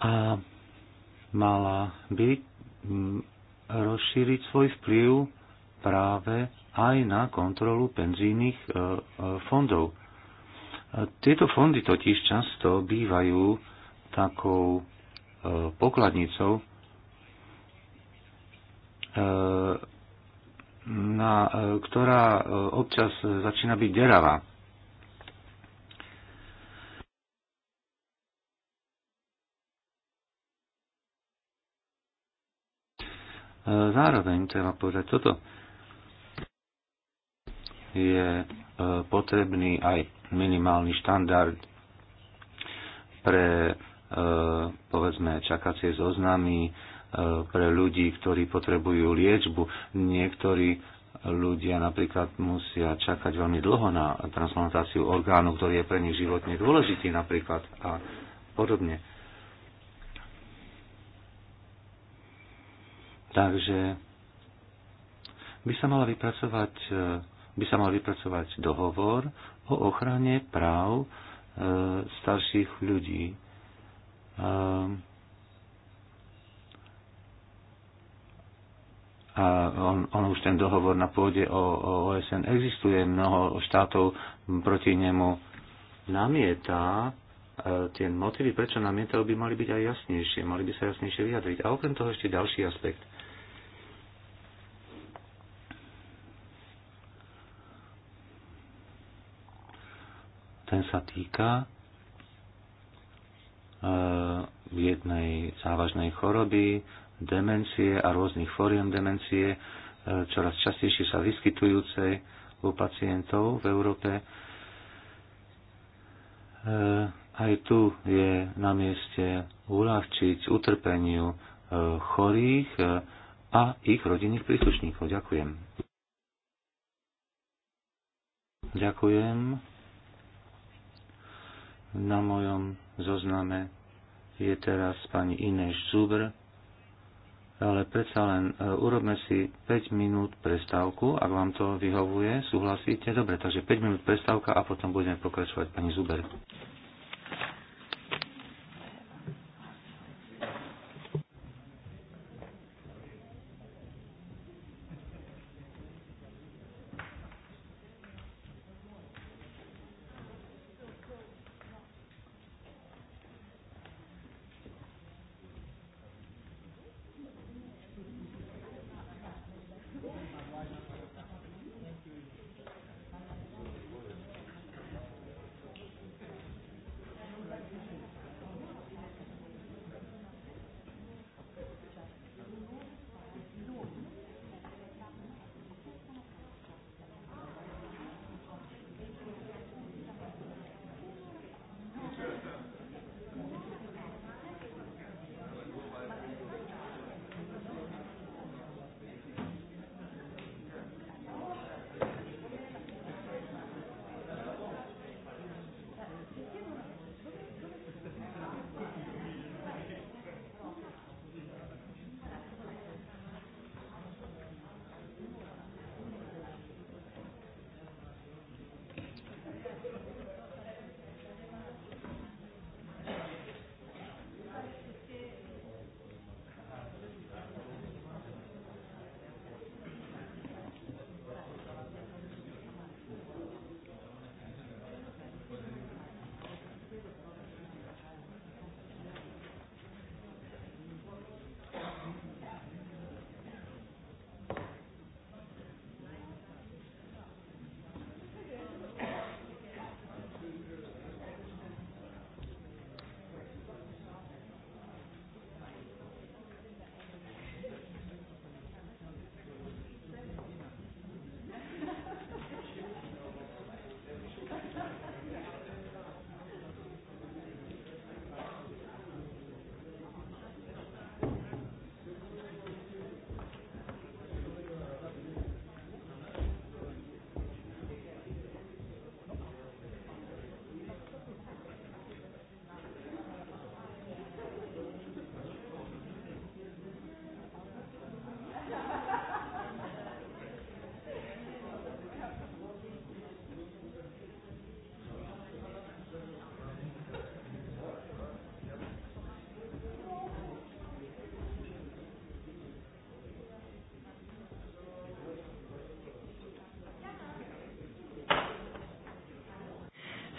a mala by mm, rozšíriť svoj vplyv práve aj na kontrolu penzijných e, e, fondov. E, tieto fondy totiž často bývajú takou pokladnicou na, e, ktorá e, občas e, začína byť deravá. Zároveň treba povedať toto. Je potrebný aj minimálny štandard pre povedzme čakacie zoznamy, E, pre ľudí, ktorí potrebujú liečbu. Niektorí ľudia napríklad musia čakať veľmi dlho na transplantáciu orgánu, ktorý je pre nich životne dôležitý napríklad a podobne. Takže by sa, mala vypracovať, e, by sa mal vypracovať dohovor o ochrane práv e, starších ľudí. E, on, on už ten dohovor na pôde o, o OSN existuje, mnoho štátov proti nemu namieta, e, tie motivy, prečo namietajú, by mali byť aj jasnejšie, mali by sa jasnejšie vyjadriť. A okrem toho ešte ďalší aspekt. Ten sa týka e, jednej závažnej choroby, demencie a rôznych fóriem demencie, e, čoraz častejšie sa vyskytujúcej u pacientov v Európe. E, aj tu je na mieste uľahčiť utrpeniu e, chorých a ich rodinných príslušníkov. Ďakujem. Ďakujem. Na mojom zozname je teraz pani Inéš Zuber ale predsa len e, urobme si 5 minút prestávku, ak vám to vyhovuje, súhlasíte. Dobre, takže 5 minút prestávka a potom budeme pokračovať pani Zuber.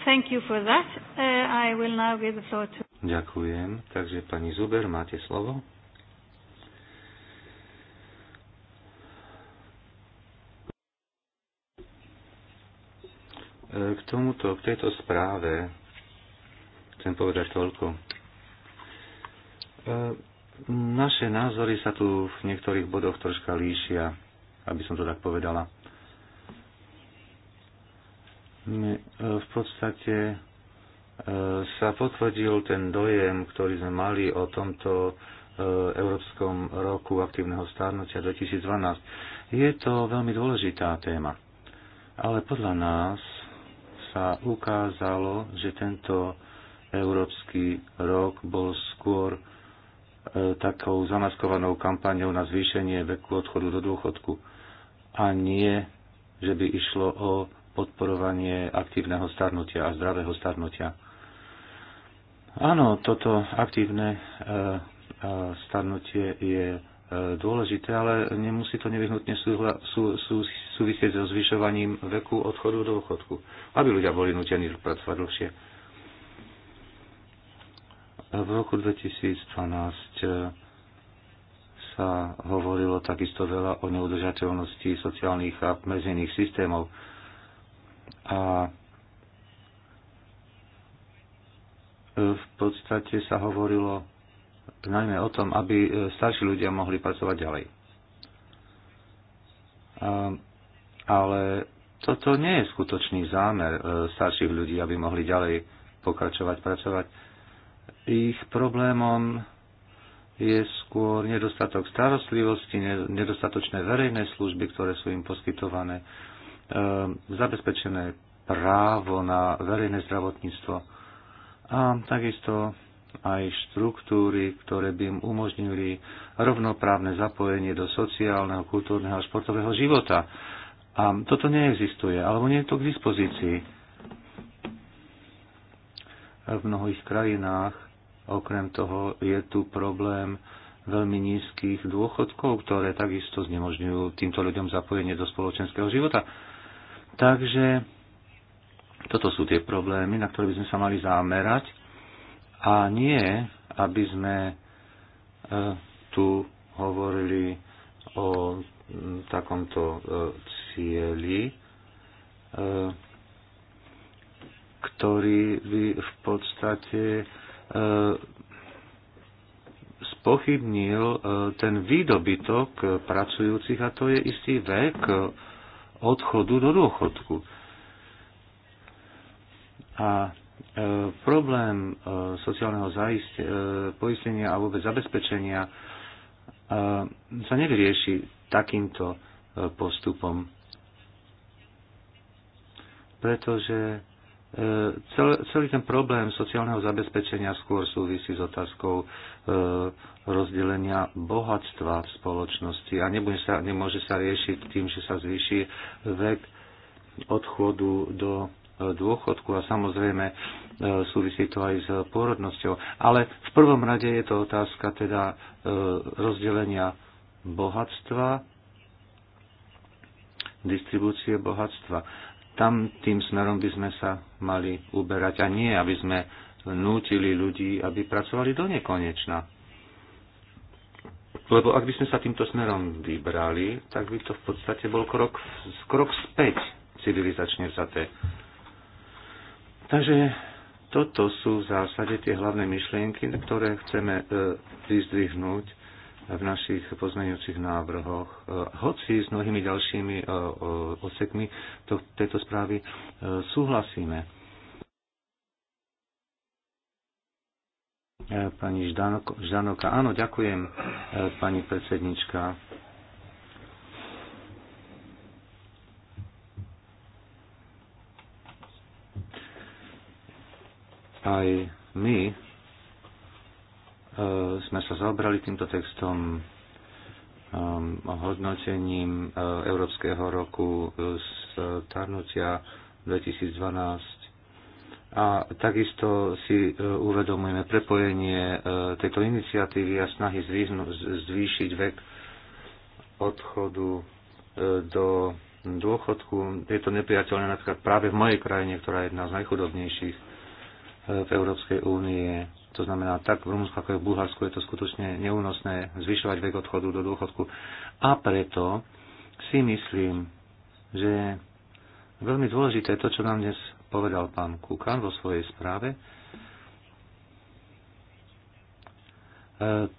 Thank you for that. Uh, I will now give the floor to... Ďakujem. Takže pani Zuber, máte slovo. E, k tomuto, k tejto správe chcem povedať toľko. E, naše názory sa tu v niektorých bodoch troška líšia, aby som to tak povedala. podstate e, sa potvrdil ten dojem, ktorý sme mali o tomto e, Európskom roku aktívneho stárnutia 2012. Je to veľmi dôležitá téma, ale podľa nás sa ukázalo, že tento Európsky rok bol skôr e, takou zamaskovanou kampaňou na zvýšenie veku odchodu do dôchodku a nie, že by išlo o podporovanie aktívneho starnutia a zdravého starnutia. Áno, toto aktívne e, e, starnutie je e, dôležité, ale nemusí to nevyhnutne súvisieť so zvyšovaním veku odchodu do dôchodku, aby ľudia boli nutení pracovať dlhšie. V roku 2012 sa hovorilo takisto veľa o neudržateľnosti sociálnych a medzených systémov. A v podstate sa hovorilo najmä o tom, aby e, starší ľudia mohli pracovať ďalej. Ale toto nie je skutočný zámer e, starších ľudí, aby mohli ďalej pokračovať, pracovať. Ich problémom je skôr nedostatok starostlivosti, nedostatočné verejné služby, ktoré sú im poskytované Ehm, zabezpečené právo na verejné zdravotníctvo a takisto aj štruktúry, ktoré by im umožnili rovnoprávne zapojenie do sociálneho, kultúrneho a športového života. A toto neexistuje, alebo nie je to k dispozícii. V mnohých krajinách, okrem toho, je tu problém veľmi nízkych dôchodkov, ktoré takisto znemožňujú týmto ľuďom zapojenie do spoločenského života. Takže toto sú tie problémy, na ktoré by sme sa mali zamerať a nie, aby sme e, tu hovorili o takomto e, cieli, e, ktorý by v podstate spochybnil ten výdobytok pracujúcich a to je istý vek odchodu do dôchodku. A e, problém e, sociálneho zaiste, e, poistenia a vôbec zabezpečenia e, sa nevyrieši takýmto e, postupom, pretože Cel, celý ten problém sociálneho zabezpečenia skôr súvisí s otázkou e, rozdelenia bohatstva v spoločnosti a nebude sa, nemôže sa riešiť tým, že sa zvýši vek odchodu do e, dôchodku a samozrejme e, súvisí to aj s pôrodnosťou. Ale v prvom rade je to otázka teda e, rozdelenia bohatstva, distribúcie bohatstva tam tým smerom by sme sa mali uberať a nie, aby sme nútili ľudí, aby pracovali do nekonečna. Lebo ak by sme sa týmto smerom vybrali, tak by to v podstate bol krok, krok späť civilizačne vzaté. Takže toto sú v zásade tie hlavné myšlienky, ktoré chceme e, vyzdvihnúť v našich pozmeňujúcich návrhoch. E, hoci s mnohými ďalšími e, e, osekmi to, tejto správy súhlasíme. Pani Ždanoka, áno, ďakujem, pani predsednička. Aj my Eh, sme sa zaobrali týmto textom ehm, hodnotením eh, Európskeho roku eh, z starnutia 2012 a takisto si uvedomujeme prepojenie tejto iniciatívy a snahy zvýšiť vek odchodu do dôchodku. Je to nepriateľné napríklad práve v mojej krajine, ktorá je jedna z najchudobnejších v Európskej únie to znamená, tak v Rumunsku ako aj v Bulharsku je to skutočne neúnosné zvyšovať vek odchodu do dôchodku. A preto si myslím, že je veľmi dôležité to, čo nám dnes povedal pán Kukan vo svojej správe. E,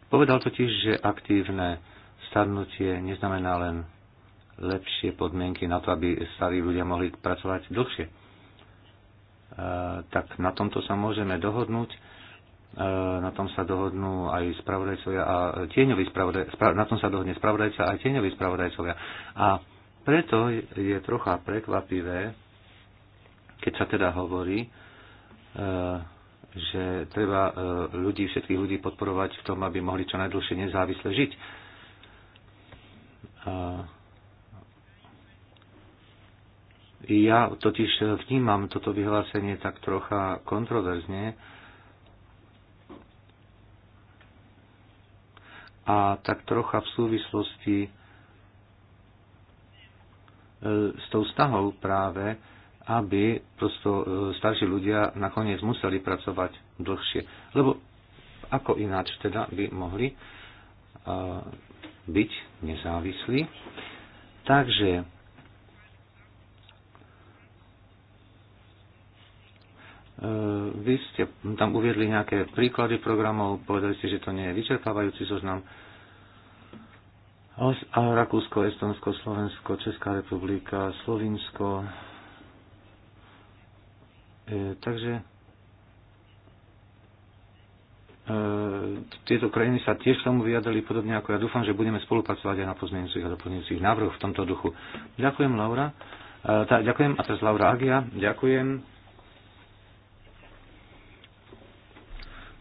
povedal totiž, že aktívne starnutie neznamená len lepšie podmienky na to, aby starí ľudia mohli pracovať dlhšie. E, tak na tomto sa môžeme dohodnúť E, na tom sa dohodnú aj spravodajcovia a tieňoví spravodajcovia, na tom sa dohodne spravodajca aj tieňoví spravodajcovia. A preto je trocha prekvapivé, keď sa teda hovorí, e, že treba e, ľudí, všetkých ľudí podporovať v tom, aby mohli čo najdlhšie nezávisle žiť. Ja totiž vnímam toto vyhlásenie tak trocha kontroverzne, a tak trocha v súvislosti e, s tou snahou práve, aby prosto e, starší ľudia nakoniec museli pracovať dlhšie. Lebo ako ináč teda by mohli e, byť nezávislí. Takže E, vy ste tam uviedli nejaké príklady programov, povedali ste, že to nie je vyčerpávajúci zoznam. A Rakúsko, Estonsko, Slovensko, Česká republika, Slovinsko. E, takže e, tieto krajiny sa tiež tomu vyjadali podobne ako ja. Dúfam, že budeme spolupracovať aj na pozmeňujúcich a doplňujúcich návrhoch v tomto duchu. Ďakujem, Laura. E, tá, ďakujem. A teraz Laura Agia. Ďakujem.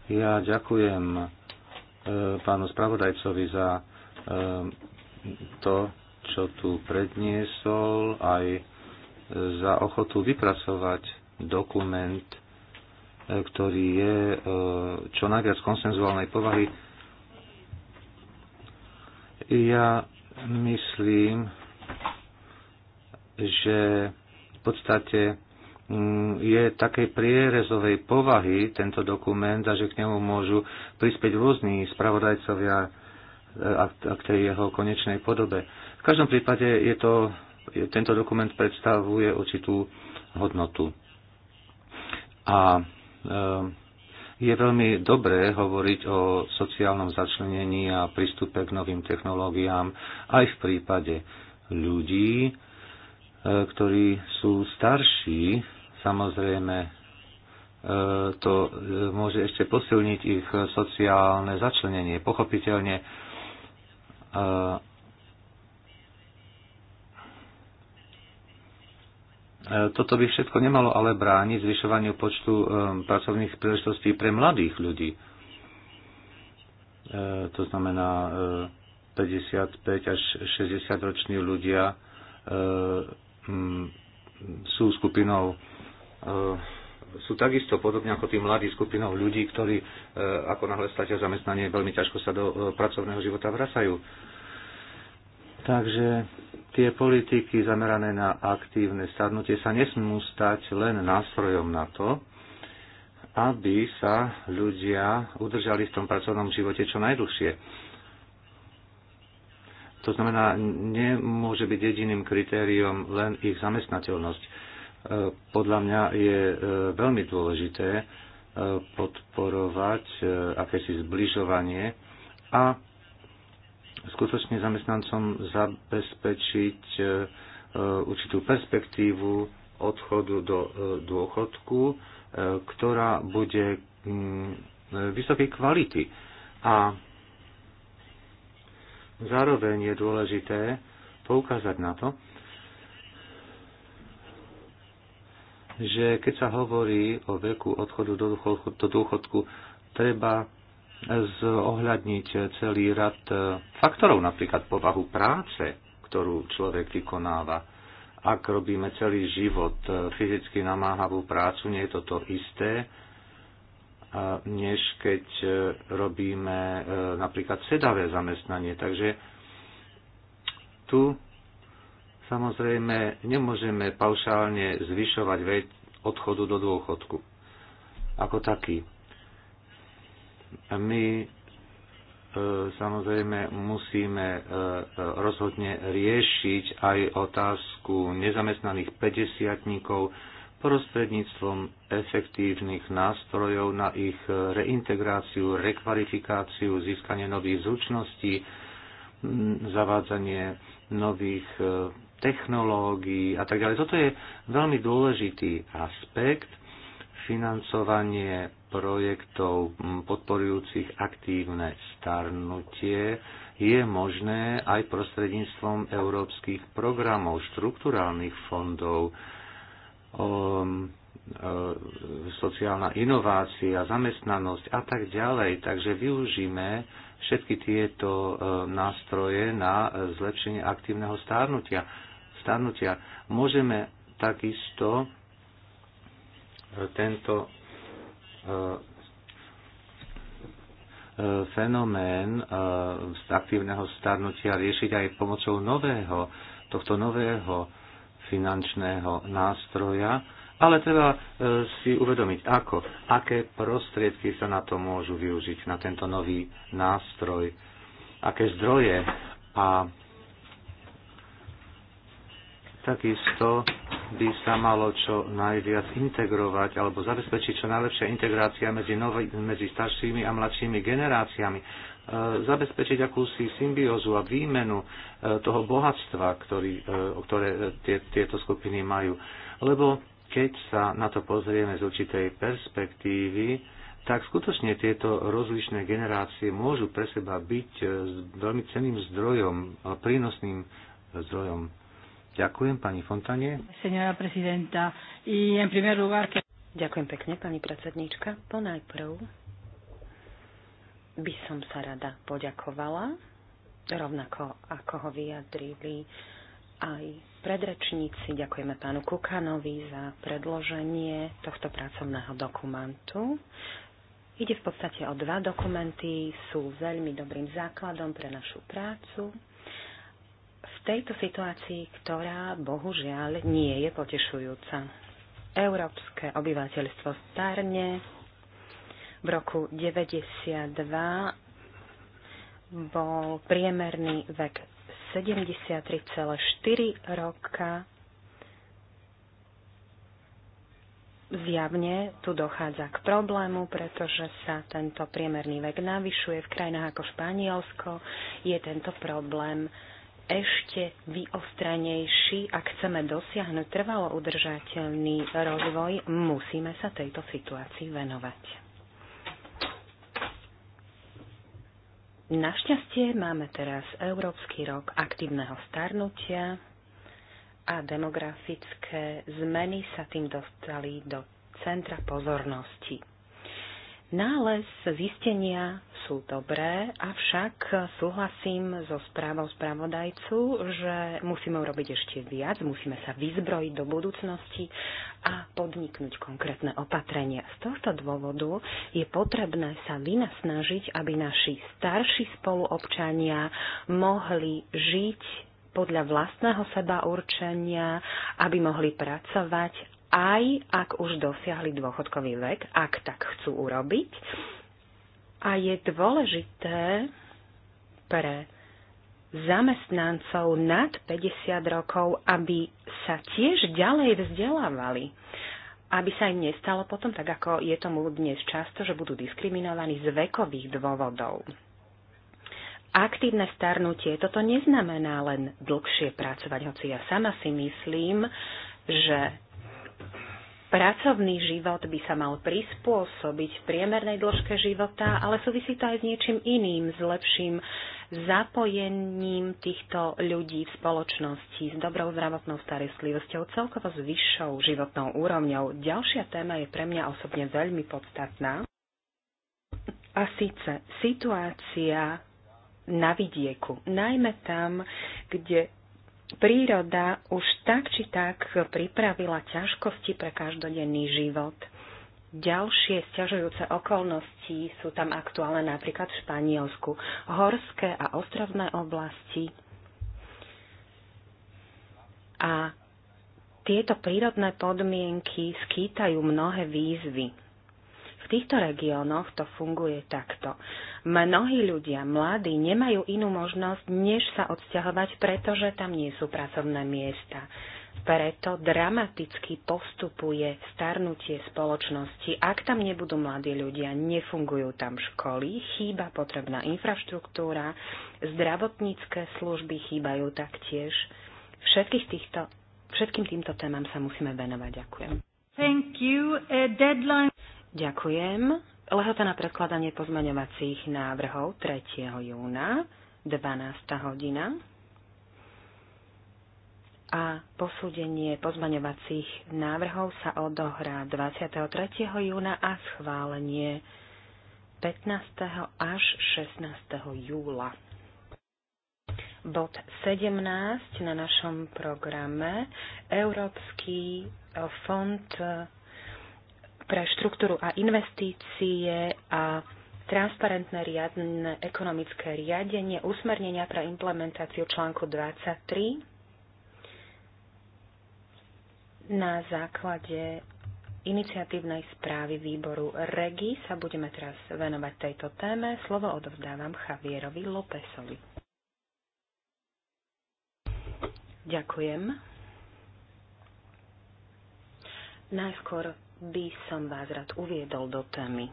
Ja ďakujem e, pánu spravodajcovi za e, to, čo tu predniesol, aj za ochotu vypracovať dokument, e, ktorý je čo najviac konsenzuálnej povahy. Ja myslím, že v podstate Mm, je takej prierezovej povahy tento dokument a že k nemu môžu prispieť rôzni spravodajcovia e, a k tej jeho konečnej podobe. V každom prípade je to, tento dokument predstavuje určitú hodnotu. A e, je veľmi dobré hovoriť o sociálnom začlenení a prístupe k novým technológiám aj v prípade ľudí, e, ktorí sú starší Samozrejme, e, to e, môže ešte posilniť ich sociálne začlenenie. Pochopiteľne, e, toto by všetko nemalo ale brániť zvyšovaniu počtu pracovných príležitostí pre mladých ľudí. To znamená 55 až 60 roční ľudia sú skupinou E, sú takisto podobne ako tí mladí skupinou ľudí, ktorí e, ako náhle stratia zamestnanie, veľmi ťažko sa do e, pracovného života vracajú. Takže tie politiky zamerané na aktívne starnutie sa nesmú stať len nástrojom na to, aby sa ľudia udržali v tom pracovnom živote čo najdlhšie. To znamená, nemôže byť jediným kritériom len ich zamestnateľnosť podľa mňa je e, veľmi dôležité e, podporovať e, akési zbližovanie a skutočne zamestnancom zabezpečiť určitú perspektívu odchodu do dôchodku, ktorá bude vysokej kvality. A zároveň je dôležité poukázať na to, že keď sa hovorí o veku odchodu do dôchodku, do dôchodku treba zohľadniť celý rad e, faktorov, napríklad povahu práce, ktorú človek vykonáva. Ak robíme celý život e, fyzicky namáhavú prácu, nie je to to isté, e, než keď robíme napríklad sedavé zamestnanie. Takže tu Samozrejme, nemôžeme paušálne zvyšovať vek odchodu do dôchodku ako taký. My e, samozrejme musíme e, rozhodne riešiť aj otázku nezamestnaných 50-tníkov prostredníctvom efektívnych nástrojov na ich reintegráciu, rekvalifikáciu, získanie nových zručností, zavádzanie nových e, technológií a tak ďalej. Toto je veľmi dôležitý aspekt financovanie projektov podporujúcich aktívne starnutie je možné aj prostredníctvom európskych programov, štruktúrálnych fondov, o, e, sociálna inovácia, zamestnanosť a tak ďalej. Takže využíme všetky tieto e, nástroje na e, zlepšenie aktívneho stárnutia starnutia. Môžeme takisto e, tento e, e, fenomén z aktívneho starnutia riešiť aj pomocou nového, tohto nového finančného nástroja, ale treba si uvedomiť, ako, aké prostriedky sa na to môžu využiť, na tento nový nástroj, aké zdroje a Takisto by sa malo čo najviac integrovať alebo zabezpečiť čo najlepšia integrácia medzi, novi, medzi staršími a mladšími generáciami. E, zabezpečiť akúsi symbiózu a výmenu e, toho bohatstva, ktorý, e, ktoré e, tie, tieto skupiny majú. Lebo keď sa na to pozrieme z určitej perspektívy, tak skutočne tieto rozlišné generácie môžu pre seba byť e, veľmi ceným zdrojom, prínosným zdrojom Ďakujem, pani fontane. Senora prezidenta, i en primer lugar... Que... Ďakujem pekne, pani predsedníčka. Ponajprv by som sa rada poďakovala, rovnako ako ho vyjadrili aj predrečníci. Ďakujeme pánu Kukanovi za predloženie tohto pracovného dokumentu. Ide v podstate o dva dokumenty, sú veľmi dobrým základom pre našu prácu tejto situácii, ktorá bohužiaľ nie je potešujúca. Európske obyvateľstvo starne. V roku 92 bol priemerný vek 73,4 roka. Zjavne tu dochádza k problému, pretože sa tento priemerný vek navyšuje. V krajinách ako Španielsko je tento problém uh, ešte vyostranejší, ak chceme dosiahnuť trvalo udržateľný rozvoj, musíme sa tejto situácii venovať. Našťastie máme teraz Európsky rok aktívneho starnutia a demografické zmeny sa tým dostali do centra pozornosti. Nález zistenia sú dobré, avšak súhlasím so správou spravodajcu, že musíme urobiť ešte viac, musíme sa vyzbrojiť do budúcnosti a podniknúť konkrétne opatrenia. Z tohto dôvodu je potrebné sa vynasnažiť, aby naši starší spoluobčania mohli žiť podľa vlastného seba určenia, aby mohli pracovať aj ak už dosiahli dôchodkový vek, ak tak chcú urobiť. A je dôležité pre zamestnancov nad 50 rokov, aby sa tiež ďalej vzdelávali. Aby sa im nestalo potom, tak ako je tomu dnes často, že budú diskriminovaní z vekových dôvodov. Aktívne starnutie toto neznamená len dlhšie pracovať, hoci ja sama si myslím, že Pracovný život by sa mal prispôsobiť v priemernej dĺžke života, ale súvisí to aj s niečím iným, s lepším zapojením týchto ľudí v spoločnosti, s dobrou zdravotnou starostlivosťou, celkovo s vyššou životnou úrovňou. Ďalšia téma je pre mňa osobne veľmi podstatná. A síce situácia na vidieku, najmä tam, kde príroda už tak či tak pripravila ťažkosti pre každodenný život. Ďalšie sťažujúce okolnosti sú tam aktuálne napríklad v Španielsku. Horské a ostrovné oblasti. A tieto prírodné podmienky skýtajú mnohé výzvy týchto regiónoch to funguje takto. Mnohí ľudia, mladí, nemajú inú možnosť, než sa odsťahovať, pretože tam nie sú pracovné miesta. Preto dramaticky postupuje starnutie spoločnosti. Ak tam nebudú mladí ľudia, nefungujú tam školy, chýba potrebná infraštruktúra, zdravotnícke služby chýbajú taktiež. Všetkých týchto, všetkým týmto témam sa musíme venovať. Ďakujem. Thank you. A deadline Ďakujem. Lehota na predkladanie pozmeňovacích návrhov 3. júna, 12. hodina. A posúdenie pozmaňovacích návrhov sa odohrá 23. júna a schválenie 15. až 16. júla. Bod 17 na našom programe Európsky fond pre štruktúru a investície a transparentné riadne ekonomické riadenie, usmernenia pre implementáciu článku 23. Na základe iniciatívnej správy výboru REGI sa budeme teraz venovať tejto téme. Slovo odovzdávam Javierovi Lópezovi. Ďakujem. Najskôr by som vás rád uviedol do témy.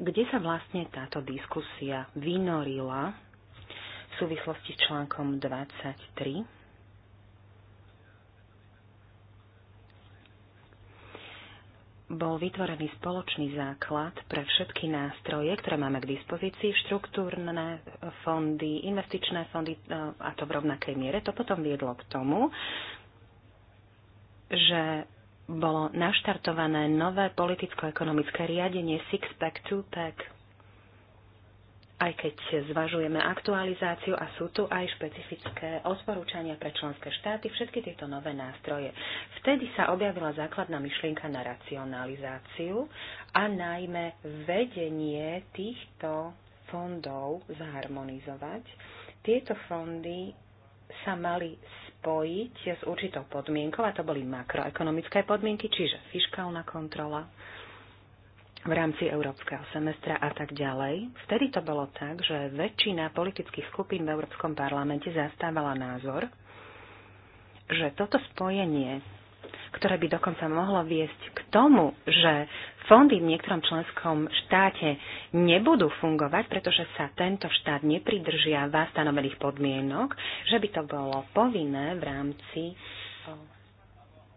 Kde sa vlastne táto diskusia vynorila v súvislosti s článkom 23 bol vytvorený spoločný základ pre všetky nástroje, ktoré máme k dispozícii, štruktúrne fondy, investičné fondy e, a to v rovnakej miere. To potom viedlo k tomu, že bolo naštartované nové politicko-ekonomické riadenie Six-Pack, Two-Pack, aj keď zvažujeme aktualizáciu a sú tu aj špecifické odporúčania pre členské štáty, všetky tieto nové nástroje. Vtedy sa objavila základná myšlienka na racionalizáciu a najmä vedenie týchto fondov zharmonizovať. Tieto fondy sa mali spojiť s určitou podmienkou, a to boli makroekonomické podmienky, čiže fiskálna kontrola v rámci európskeho semestra a tak ďalej. Vtedy to bolo tak, že väčšina politických skupín v Európskom parlamente zastávala názor, že toto spojenie ktoré by dokonca mohlo viesť k tomu, že fondy v niektorom členskom štáte nebudú fungovať, pretože sa tento štát nepridržiava stanovených podmienok, že by to bolo povinné v rámci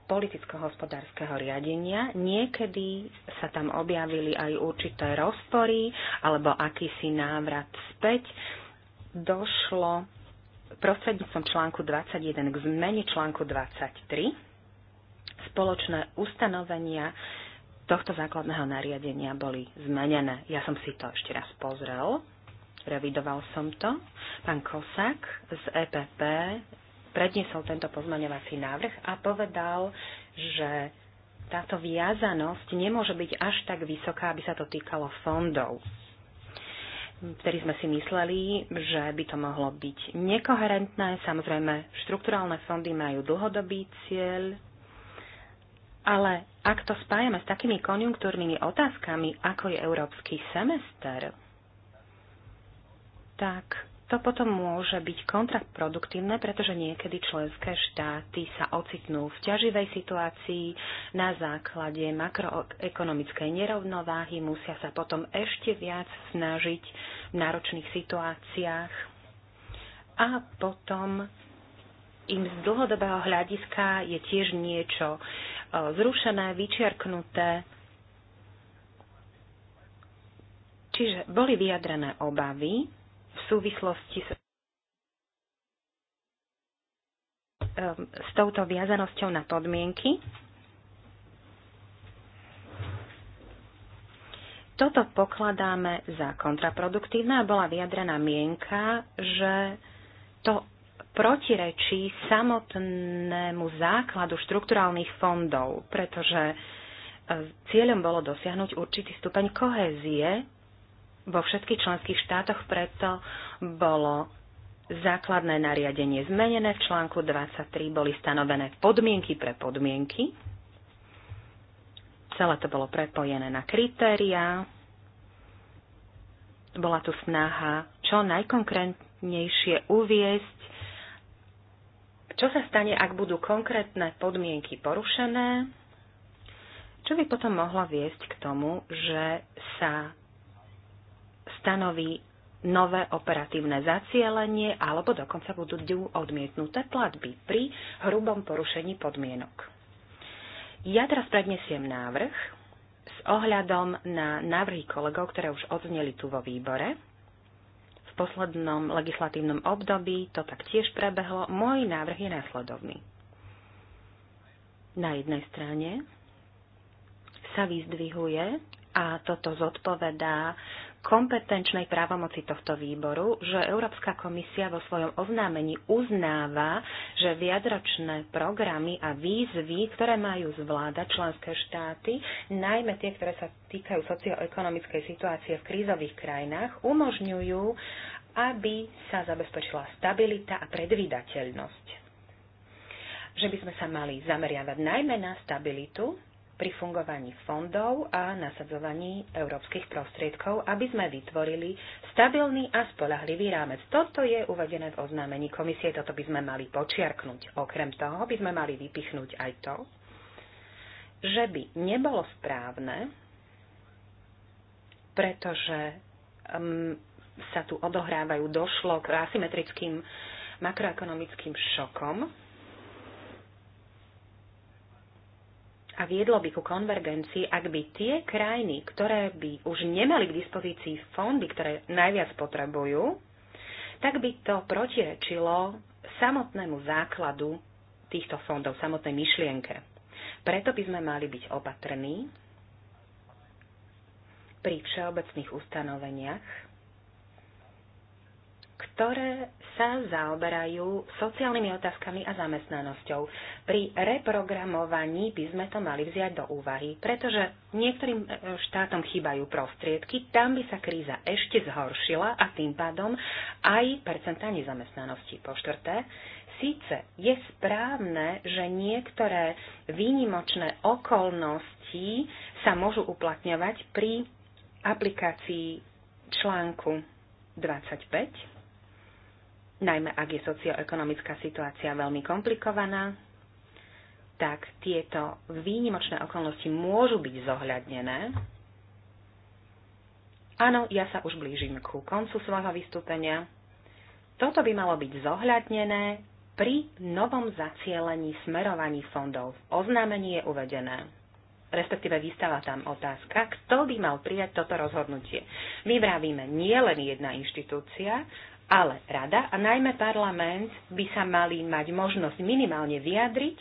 politicko-hospodárskeho riadenia. Niekedy sa tam objavili aj určité rozpory alebo akýsi návrat späť. Došlo prostredníctvom článku 21 k zmene článku 23 spoločné ustanovenia tohto základného nariadenia boli zmenené. Ja som si to ešte raz pozrel, revidoval som to. Pán Kosak z EPP predniesol tento pozmaňovací návrh a povedal, že táto viazanosť nemôže byť až tak vysoká, aby sa to týkalo fondov. Vtedy sme si mysleli, že by to mohlo byť nekoherentné. Samozrejme, štrukturálne fondy majú dlhodobý cieľ, ale ak to spájame s takými konjunktúrnymi otázkami, ako je európsky semester, tak to potom môže byť kontraproduktívne, pretože niekedy členské štáty sa ocitnú v ťaživej situácii na základe makroekonomickej nerovnováhy, musia sa potom ešte viac snažiť v náročných situáciách a potom im z dlhodobého hľadiska je tiež niečo zrušené, vyčiarknuté. Čiže boli vyjadrené obavy v súvislosti s, ehm, s touto viazanosťou na podmienky. Toto pokladáme za kontraproduktívne a bola vyjadrená mienka, že to protirečí samotnému základu štrukturálnych fondov, pretože e, cieľom bolo dosiahnuť určitý stupeň kohézie vo všetkých členských štátoch, preto bolo základné nariadenie zmenené. V článku 23 boli stanovené podmienky pre podmienky. Celé to bolo prepojené na kritériá. Bola tu snaha čo najkonkrétnejšie uviesť čo sa stane, ak budú konkrétne podmienky porušené? Čo by potom mohlo viesť k tomu, že sa stanoví nové operatívne zacielenie alebo dokonca budú odmietnuté platby pri hrubom porušení podmienok. Ja teraz prednesiem návrh s ohľadom na návrhy kolegov, ktoré už odzneli tu vo výbore poslednom legislatívnom období to tak tiež prebehlo. Môj návrh je následovný. Na jednej strane sa vyzdvihuje, a toto zodpovedá kompetenčnej právomoci tohto výboru, že Európska komisia vo svojom oznámení uznáva, že viadročné programy a výzvy, ktoré majú zvládať členské štáty, najmä tie, ktoré sa týkajú socioekonomickej situácie v krízových krajinách, umožňujú, aby sa zabezpečila stabilita a predvídateľnosť že by sme sa mali zameriavať najmä na stabilitu pri fungovaní fondov a nasadzovaní európskych prostriedkov, aby sme vytvorili stabilný a spolahlivý rámec. Toto je uvedené v oznámení komisie, toto by sme mali počiarknúť. Okrem toho by sme mali vypichnúť aj to, že by nebolo správne, pretože um, sa tu odohrávajú, došlo k asymetrickým makroekonomickým šokom, a viedlo by ku konvergencii, ak by tie krajiny, ktoré by už nemali k dispozícii fondy, ktoré najviac potrebujú, tak by to protirečilo samotnému základu týchto fondov, samotnej myšlienke. Preto by sme mali byť opatrní pri všeobecných ustanoveniach ktoré sa zaoberajú sociálnymi otázkami a zamestnanosťou. Pri reprogramovaní by sme to mali vziať do úvahy, pretože niektorým e, štátom chýbajú prostriedky, tam by sa kríza ešte zhoršila a tým pádom aj percentá nezamestnanosti. Po štvrté, síce je správne, že niektoré výnimočné okolnosti sa môžu uplatňovať pri aplikácii článku 25 najmä ak je socioekonomická situácia veľmi komplikovaná, tak tieto výnimočné okolnosti môžu byť zohľadnené. Áno, ja sa už blížim ku koncu svojho vystúpenia. Toto by malo byť zohľadnené pri novom zacielení smerovaní fondov. Oznámenie je uvedené, respektíve vystala tam otázka, kto by mal prijať toto rozhodnutie. My vravíme nie len jedna inštitúcia, ale rada a najmä parlament by sa mali mať možnosť minimálne vyjadriť.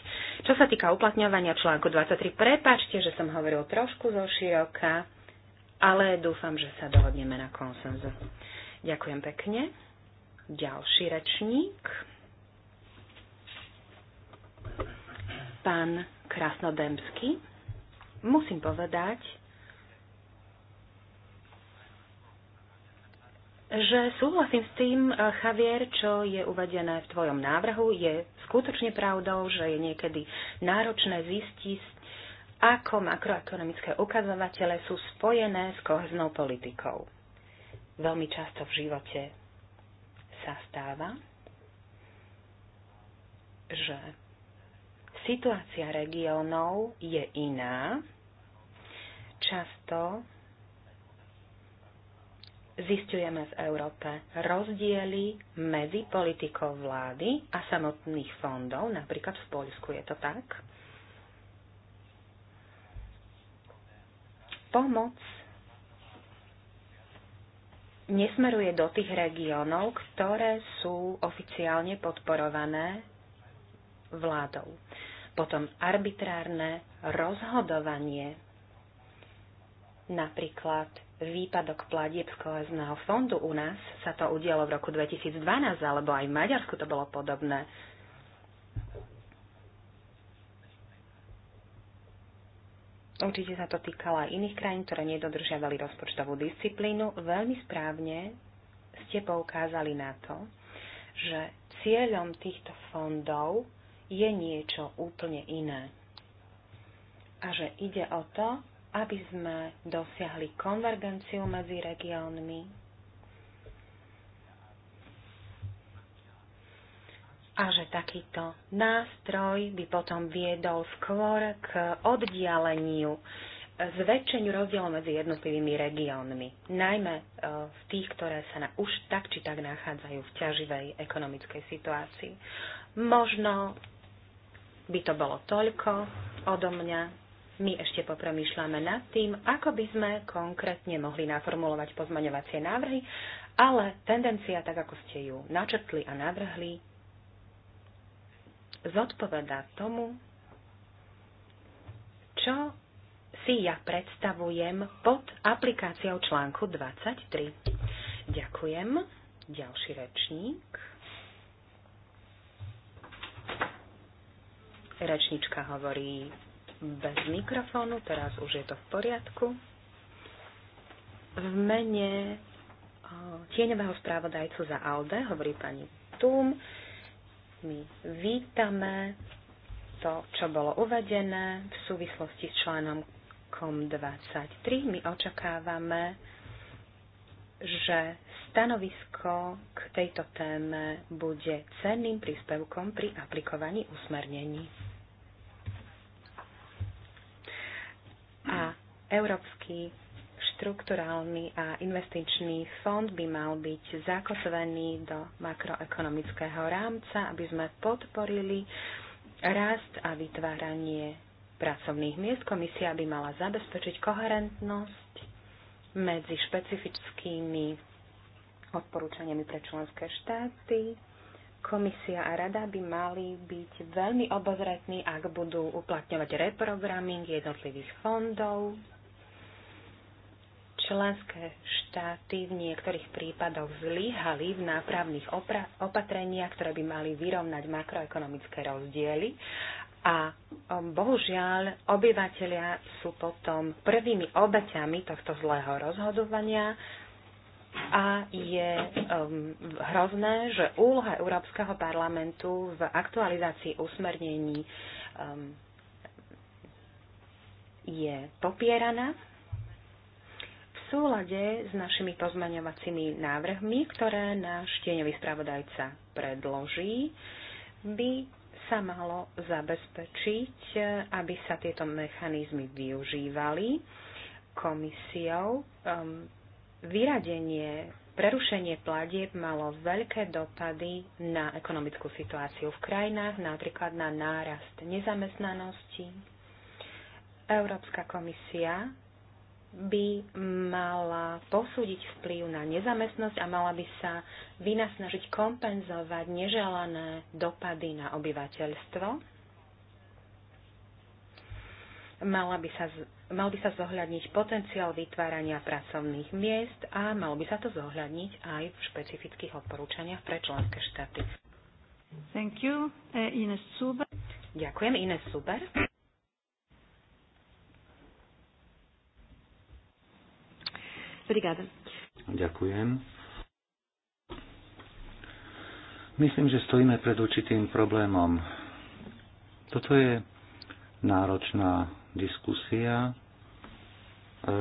Čo sa týka uplatňovania článku 23, prepačte, že som hovoril trošku zo široka, ale dúfam, že sa dohodneme na konsenzu. Ďakujem pekne. Ďalší rečník. Pán Krasnodemský. Musím povedať, že súhlasím s tým, eh, Javier, čo je uvedené v tvojom návrhu. Je skutočne pravdou, že je niekedy náročné zistiť, ako makroekonomické ukazovatele sú spojené s koheznou politikou. Veľmi často v živote sa stáva, že situácia regiónov je iná. Často zistujeme v Európe rozdiely medzi politikou vlády a samotných fondov, napríklad v Poľsku je to tak. Pomoc nesmeruje do tých regiónov, ktoré sú oficiálne podporované vládou. Potom arbitrárne rozhodovanie, napríklad výpadok platieb z kolezného fondu u nás sa to udialo v roku 2012, alebo aj v Maďarsku to bolo podobné. Určite sa to týkalo aj iných krajín, ktoré nedodržiavali rozpočtovú disciplínu. Veľmi správne ste poukázali na to, že cieľom týchto fondov je niečo úplne iné. A že ide o to, aby sme dosiahli konvergenciu medzi regiónmi, a že takýto nástroj by potom viedol skôr k oddialeniu, zväčšeniu rozdielu medzi jednotlivými regiónmi, najmä e, v tých, ktoré sa na, už tak či tak nachádzajú v ťaživej ekonomickej situácii. Možno by to bolo toľko odo mňa. My ešte popromýšľame nad tým, ako by sme konkrétne mohli naformulovať pozmaňovacie návrhy, ale tendencia, tak ako ste ju načrtli a navrhli, zodpovedá tomu, čo si ja predstavujem pod aplikáciou článku 23. Ďakujem. Ďalší rečník. Rečnička hovorí bez mikrofónu, teraz už je to v poriadku. V mene tieňového správodajcu za ALDE hovorí pani Tum. My vítame to, čo bolo uvedené v súvislosti s článom COM23. My očakávame, že stanovisko k tejto téme bude cenným príspevkom pri aplikovaní usmernení. A Európsky štrukturálny a investičný fond by mal byť zakotvený do makroekonomického rámca, aby sme podporili rast a vytváranie pracovných miest. Komisia by mala zabezpečiť koherentnosť medzi špecifickými odporúčaniami pre členské štáty Komisia a rada by mali byť veľmi obozretní, ak budú uplatňovať reprogramming jednotlivých fondov. Členské štáty v niektorých prípadoch zlyhali v nápravných opatreniach, ktoré by mali vyrovnať makroekonomické rozdiely a um, bohužiaľ obyvateľia sú potom prvými obeťami tohto zlého rozhodovania a je um, hrozné, že úloha Európskeho parlamentu v aktualizácii usmernení um, je popieraná v súlade s našimi pozmaňovacími návrhmi, ktoré náš tieňový spravodajca predloží, by sa malo zabezpečiť, aby sa tieto mechanizmy využívali komisiou. Um, vyradenie, prerušenie platieb malo veľké dopady na ekonomickú situáciu v krajinách, napríklad na nárast nezamestnanosti. Európska komisia by mala posúdiť vplyv na nezamestnosť a mala by sa vynasnažiť kompenzovať neželané dopady na obyvateľstvo mala by sa, mal by sa zohľadniť potenciál vytvárania pracovných miest a malo by sa to zohľadniť aj v špecifických odporúčaniach pre členské štáty. Thank you. E, Ines Suber. Ďakujem. Ines Suber. Brigáda. Ďakujem. Myslím, že stojíme pred určitým problémom. Toto je náročná diskusia. E,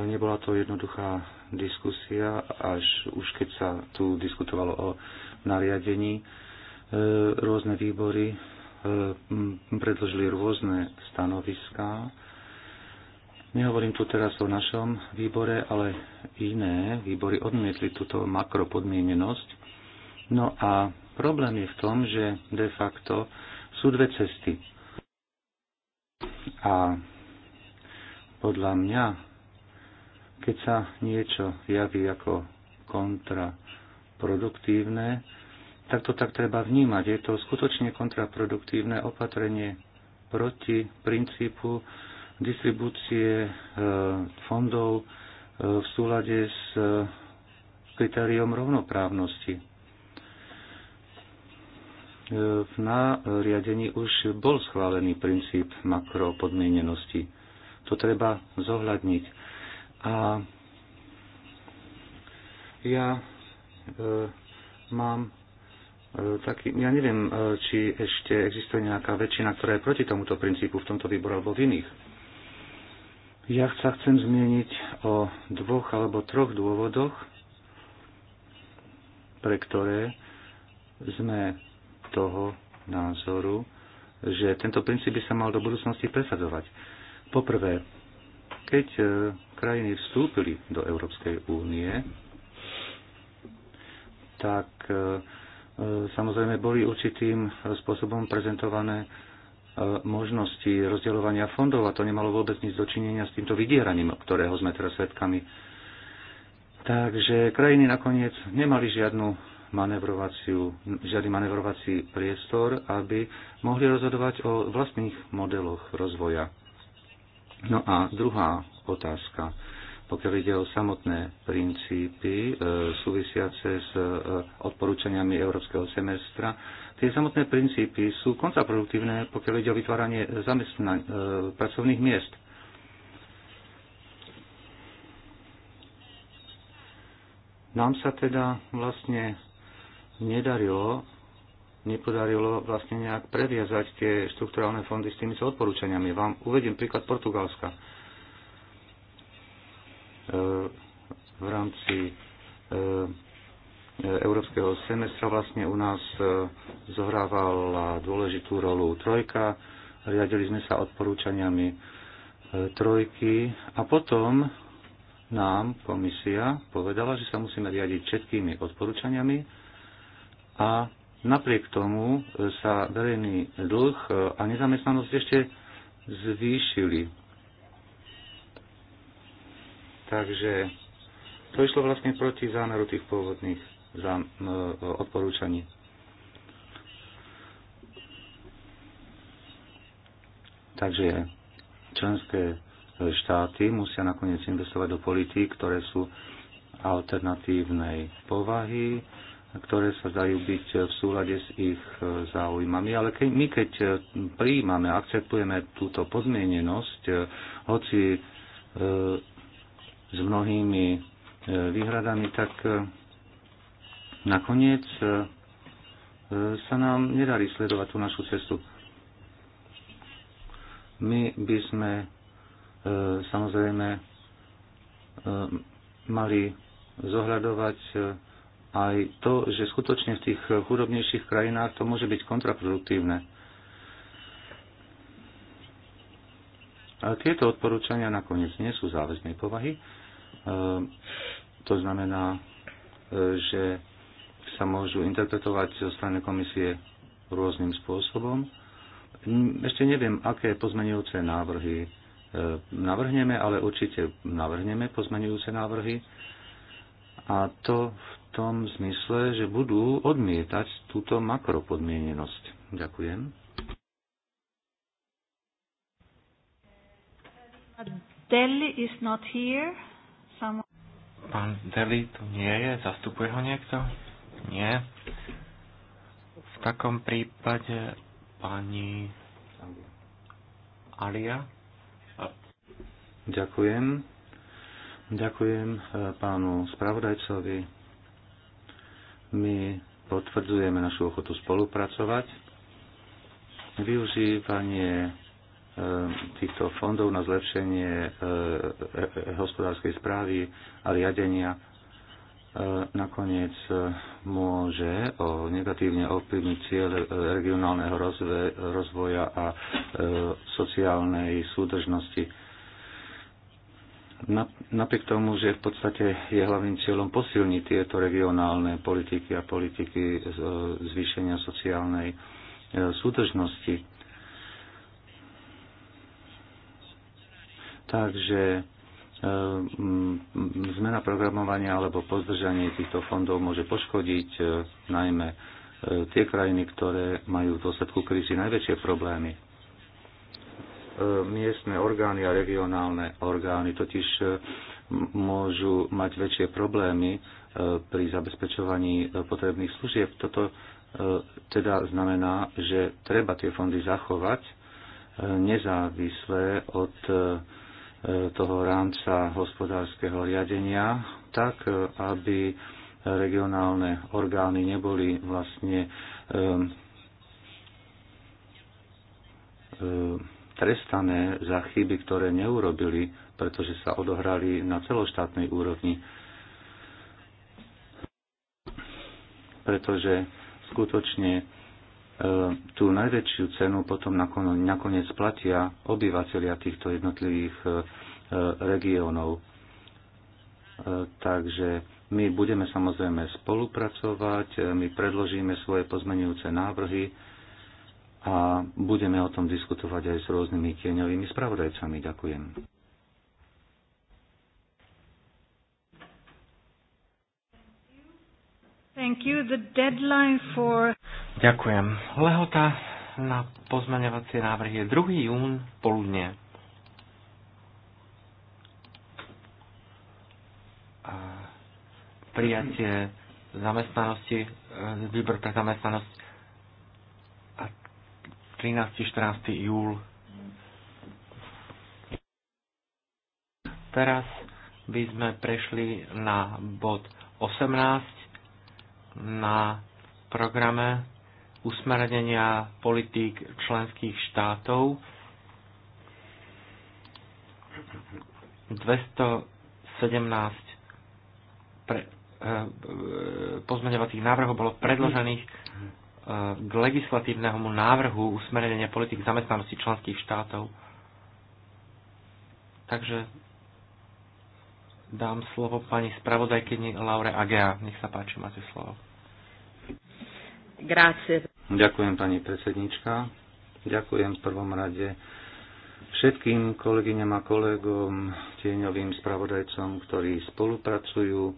nebola to jednoduchá diskusia, až už keď sa tu diskutovalo o nariadení. E, rôzne výbory e, predložili rôzne stanoviská. Nehovorím tu teraz o našom výbore, ale iné výbory odmietli túto makropodmienenosť. No a problém je v tom, že de facto sú dve cesty. A podľa mňa, keď sa niečo javí ako kontraproduktívne, tak to tak treba vnímať. Je to skutočne kontraproduktívne opatrenie proti princípu distribúcie e, fondov e, v súlade s e, kritériom rovnoprávnosti. V nariadení už bol schválený princíp makropodmienenosti to treba zohľadniť. A ja e, mám e, taký, ja neviem, e, či ešte existuje nejaká väčšina, ktorá je proti tomuto princípu v tomto výbore alebo v iných. Ja sa chcem zmieniť o dvoch alebo troch dôvodoch, pre ktoré sme toho názoru, že tento princíp by sa mal do budúcnosti presadzovať. Poprvé, keď e, krajiny vstúpili do Európskej únie, tak e, e, samozrejme boli určitým spôsobom prezentované možnosti rozdeľovania fondov a to nemalo vôbec nič dočinenia s týmto vydieraním, ktorého sme teraz svetkami. Takže krajiny nakoniec nemali žiadnu manevrovaciu, žiadny manevrovací priestor, aby mohli rozhodovať o vlastných modeloch rozvoja. No a druhá otázka, pokiaľ ide o samotné princípy e, súvisiace s e, odporúčaniami európskeho semestra, tie samotné princípy sú kontraproduktívne, pokiaľ ide o vytváranie e, pracovných miest. Nám sa teda vlastne nedarilo nepodarilo vlastne nejak previazať tie štrukturálne fondy s týmito odporúčaniami. Vám uvediem príklad Portugalska. E, v rámci e, európskeho semestra vlastne u nás e, zohrávala dôležitú rolu trojka, riadili sme sa odporúčaniami trojky a potom nám komisia povedala, že sa musíme riadiť všetkými odporúčaniami a Napriek tomu sa verejný dlh a nezamestnanosť ešte zvýšili. Takže to išlo vlastne proti zámeru tých pôvodných odporúčaní. Takže členské štáty musia nakoniec investovať do politík, ktoré sú alternatívnej povahy, ktoré sa zdajú byť v súlade s ich e, záujmami. Ale keď, my keď e, prijímame, akceptujeme túto pozmienenosť, e, hoci e, s mnohými e, výhradami, tak e, nakoniec e, sa nám nedarí sledovať tú našu cestu. My by sme e, samozrejme e, mali zohľadovať e, aj to, že skutočne v tých chudobnejších krajinách to môže byť kontraproduktívne. A tieto odporúčania nakoniec nie sú záväznej povahy. E, to znamená, e, že sa môžu interpretovať zo strany komisie rôznym spôsobom. Ešte neviem, aké pozmenujúce návrhy e, navrhneme, ale určite navrhneme pozmenujúce návrhy. A to v tom zmysle, že budú odmietať túto makropodmienenosť. Ďakujem. Deli is not here. Someone... Pán Deli tu nie je, zastupuje ho niekto? Nie. V takom prípade pani Alia. Ďakujem. Ďakujem eh, pánu spravodajcovi my potvrdzujeme našu ochotu spolupracovať. Využívanie e, týchto fondov na zlepšenie e, e, hospodárskej správy a riadenia nakoniec môže o negatívne ovplyvniť cieľ regionálneho rozvoja a sociálnej súdržnosti. Napriek tomu, že v podstate je hlavným cieľom posilniť tieto regionálne politiky a politiky e, zvýšenia sociálnej e, súdržnosti. Takže e, zmena programovania alebo pozdržanie týchto fondov môže poškodiť najmä tie krajiny, ktoré majú v dôsledku krízy najväčšie problémy miestne orgány a regionálne orgány totiž e, môžu mať väčšie problémy e, pri zabezpečovaní e, potrebných služieb. Toto teda znamená, že treba tie fondy zachovať nezávisle od toho rámca hospodárskeho riadenia, tak aby regionálne orgány neboli vlastne trestané za chyby, ktoré neurobili, pretože sa odohrali na celoštátnej úrovni. Pretože skutočne e, tú najväčšiu cenu potom nakoniec platia obyvateľia týchto jednotlivých e, regiónov. E, takže my budeme samozrejme spolupracovať, my predložíme svoje pozmenujúce návrhy, a budeme o tom diskutovať aj s rôznymi tieňovými spravodajcami. Ďakujem. Thank you. The deadline for... Ďakujem. Lehota na pozmeňovacie návrhy je 2. jún poludne. A prijatie zamestnanosti, e, výbor pre zamestnanosť 13. 14. júl. Teraz by sme prešli na bod 18 na programe usmernenia politík členských štátov 217 pre, eh, eh, pozmeňovacích návrhov bolo predložených k legislatívnemu návrhu usmerenia politik zamestnanosti členských štátov. Takže dám slovo pani spravodajkyni Laure Agea. Nech sa páči, máte slovo. Grazie. Ďakujem, pani predsednička. Ďakujem v prvom rade všetkým kolegyňam a kolegom, tieňovým spravodajcom, ktorí spolupracujú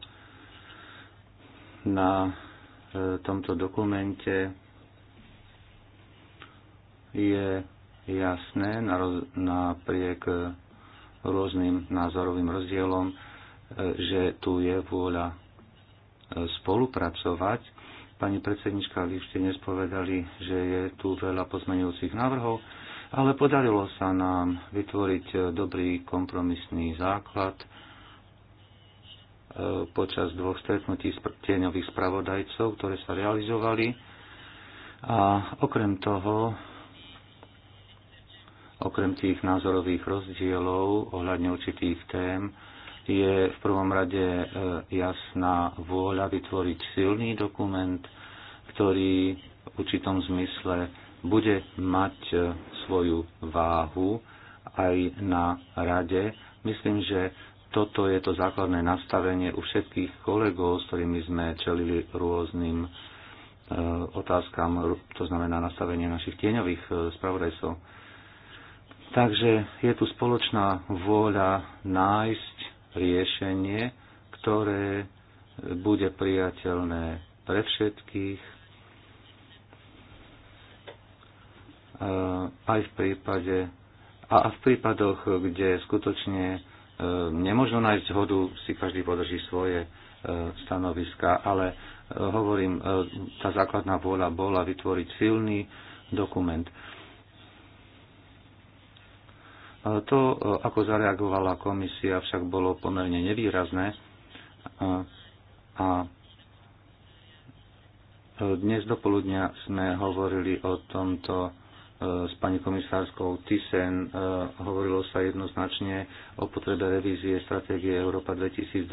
na tomto dokumente je jasné napriek rôznym názorovým rozdielom, e, že tu je vôľa e, spolupracovať. Pani predsednička, vy ste nespovedali, že je tu veľa pozmenujúcich návrhov, ale podarilo sa nám vytvoriť e, dobrý kompromisný základ, E, počas dvoch stretnutí tieňových spravodajcov, ktoré sa realizovali. A okrem toho, okrem tých názorových rozdielov ohľadne určitých tém, je v prvom rade e, jasná vôľa vytvoriť silný dokument, ktorý v určitom zmysle bude mať e, svoju váhu aj na rade. Myslím, že toto je to základné nastavenie u všetkých kolegov, s ktorými sme čelili rôznym e, otázkam, to znamená nastavenie našich tieňových e, spravodajcov. Takže je tu spoločná vôľa nájsť riešenie, ktoré bude priateľné pre všetkých, e, aj v prípade a v prípadoch, kde skutočne E, nemôžno nájsť zhodu, si každý podrží svoje e, stanoviska, ale e, hovorím, tá základná vôľa bola vytvoriť silný dokument. To, ako zareagovala komisia, však bolo pomerne nevýrazné a dnes dopoludnia sme hovorili o tomto s pani komisárskou Thyssen e, hovorilo sa jednoznačne o potrebe revízie stratégie Európa 2020,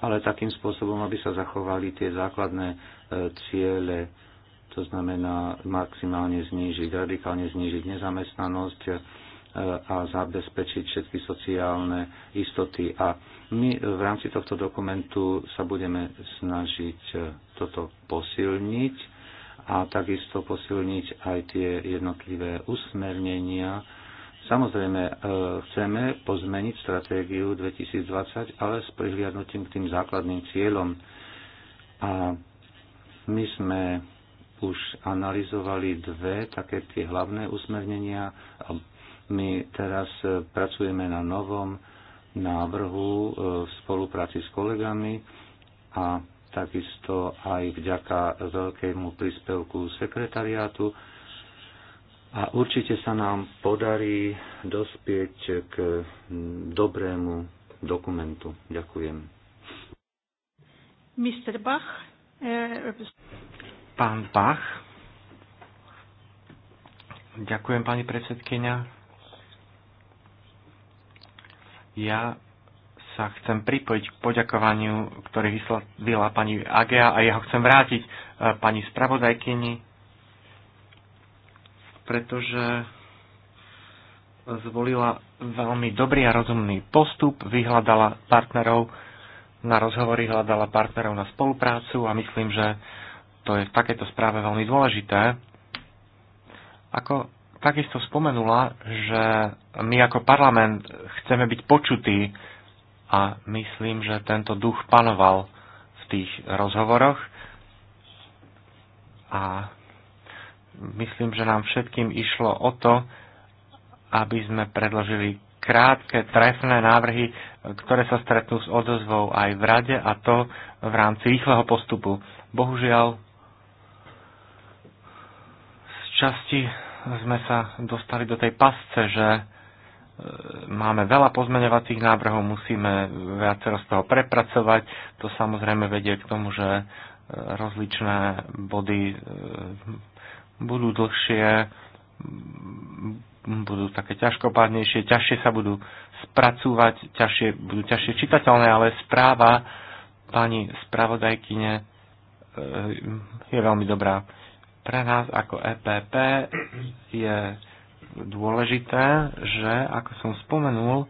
ale takým spôsobom, aby sa zachovali tie základné e, ciele, to znamená maximálne znížiť, radikálne znížiť nezamestnanosť e, a zabezpečiť všetky sociálne istoty. A my v rámci tohto dokumentu sa budeme snažiť toto posilniť a takisto posilniť aj tie jednotlivé usmernenia. Samozrejme, e, chceme pozmeniť stratégiu 2020, ale s prihliadnutím k tým základným cieľom. A my sme už analyzovali dve také tie hlavné usmernenia. My teraz e, pracujeme na novom návrhu e, v spolupráci s kolegami a takisto aj vďaka veľkému príspevku sekretariátu. A určite sa nám podarí dospieť k dobrému dokumentu. Ďakujem. Mr. Bach. Eh, Pán Bach. Ďakujem, pani predsedkynia. Ja sa chcem pripojiť k poďakovaniu, ktoré vyslala pani Agea a ja ho chcem vrátiť e, pani spravodajkyni, pretože zvolila veľmi dobrý a rozumný postup, vyhľadala partnerov na rozhovory, hľadala partnerov na spoluprácu a myslím, že to je v takéto správe veľmi dôležité. Ako takisto spomenula, že my ako parlament chceme byť počutí a myslím, že tento duch panoval v tých rozhovoroch a myslím, že nám všetkým išlo o to, aby sme predložili krátke, trefné návrhy, ktoré sa stretnú s odozvou aj v rade a to v rámci rýchleho postupu. Bohužiaľ, z časti sme sa dostali do tej pasce, že máme veľa pozmeňovacích návrhov, musíme viacero z toho prepracovať. To samozrejme vedie k tomu, že e, rozličné body e, budú dlhšie, budú také ťažkopádnejšie, ťažšie sa budú spracúvať, ťažšie, budú ťažšie čitateľné, ale správa pani spravodajkyne e, je veľmi dobrá. Pre nás ako EPP je dôležité, že, ako som spomenul,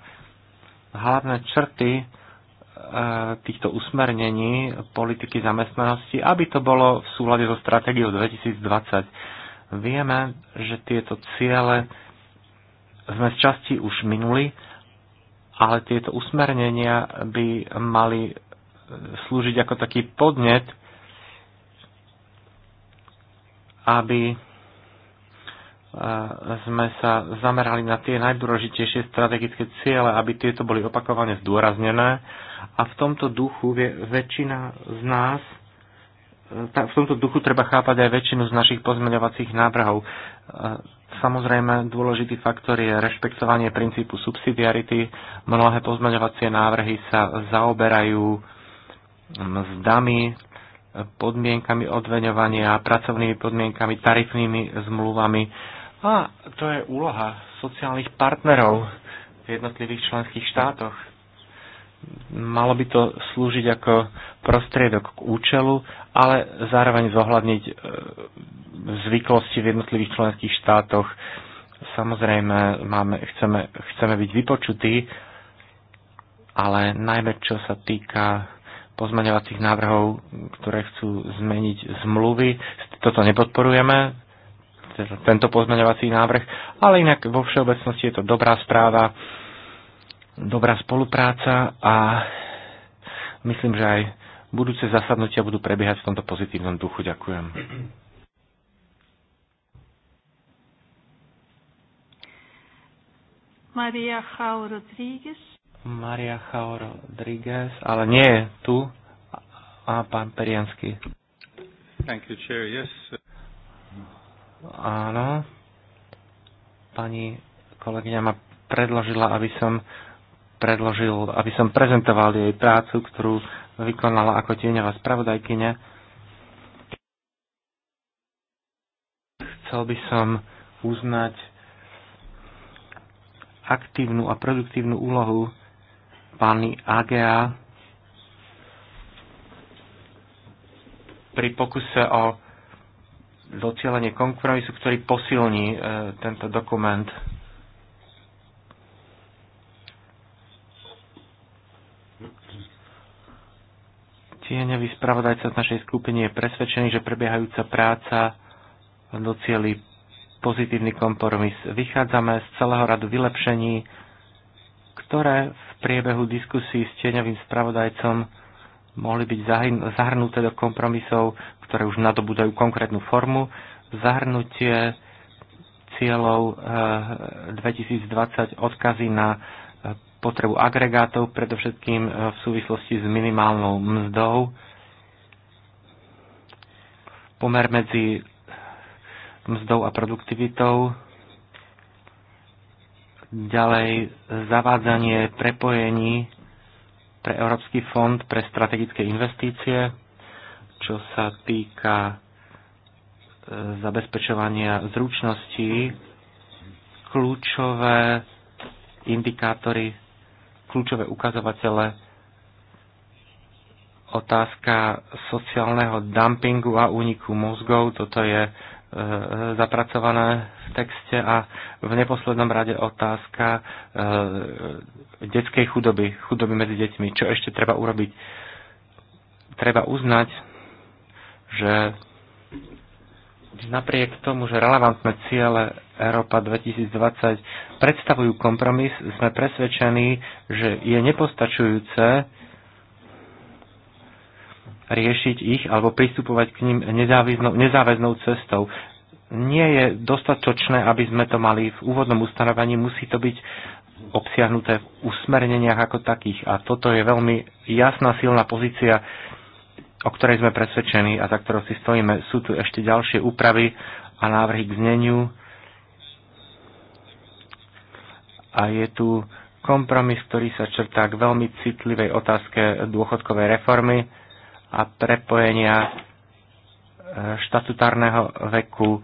hlavné črty e, týchto usmernení politiky zamestnanosti, aby to bolo v súlade so stratégiou 2020. Vieme, že tieto ciele sme z časti už minuli, ale tieto usmernenia by mali slúžiť ako taký podnet, aby sme sa zamerali na tie najdôležitejšie strategické ciele, aby tieto boli opakovane zdôraznené. A v tomto duchu väčšina z nás, e, v tomto duchu treba chápať aj väčšinu z našich pozmeňovacích návrhov. E, samozrejme, dôležitý faktor je rešpektovanie princípu subsidiarity. Mnohé pozmeňovacie návrhy sa zaoberajú mzdami, e, podmienkami odveňovania, pracovnými podmienkami, tarifnými zmluvami a to je úloha sociálnych partnerov v jednotlivých členských štátoch. Malo by to slúžiť ako prostriedok k účelu, ale zároveň zohľadniť e, zvyklosti v jednotlivých členských štátoch. Samozrejme, máme, chceme, chceme byť vypočutí, ale najmä čo sa týka pozmeňovacích návrhov, ktoré chcú zmeniť zmluvy, toto nepodporujeme, tento pozmeňovací návrh, ale inak vo všeobecnosti je to dobrá správa, dobrá spolupráca a myslím, že aj budúce zasadnutia budú prebiehať v tomto pozitívnom duchu. Ďakujem. Maria Chao Rodriguez. Maria Chao Rodriguez, ale nie tu. A pán Periansky. Thank you, Chair. Yes. Sir. Áno. Pani kolegyňa ma predložila, aby som predložil, aby som prezentoval jej prácu, ktorú vykonala ako tieňová spravodajkyňa. Chcel by som uznať aktívnu a produktívnu úlohu pani AGA pri pokuse o docielenie kompromisu, ktorý posilní e, tento dokument. Tieňový spravodajca z našej skupiny je presvedčený, že prebiehajúca práca docieli pozitívny kompromis. Vychádzame z celého radu vylepšení, ktoré v priebehu diskusí s tieňovým spravodajcom mohli byť zahrnuté do kompromisov, ktoré už nadobúdajú konkrétnu formu. Zahrnutie cieľov 2020 eh, odkazy na eh, potrebu agregátov, predovšetkým eh, v súvislosti s minimálnou mzdou. Pomer medzi mzdou a produktivitou. Ďalej zavádzanie prepojení pre Európsky fond pre strategické investície, čo sa týka e, zabezpečovania zručností, kľúčové indikátory, kľúčové ukazovatele, otázka sociálneho dumpingu a úniku mozgov, toto je zapracované v texte a v neposlednom rade otázka e, detskej chudoby, chudoby medzi deťmi. Čo ešte treba urobiť? Treba uznať, že napriek tomu, že relevantné ciele Európa 2020 predstavujú kompromis, sme presvedčení, že je nepostačujúce riešiť ich alebo pristupovať k ním nezáväznou cestou. Nie je dostatočné, aby sme to mali v úvodnom ustanovení, musí to byť obsiahnuté v usmerneniach ako takých. A toto je veľmi jasná, silná pozícia, o ktorej sme presvedčení a za ktorou si stojíme. Sú tu ešte ďalšie úpravy a návrhy k zneniu. A je tu kompromis, ktorý sa črtá k veľmi citlivej otázke dôchodkovej reformy a prepojenia e, štatutárneho veku,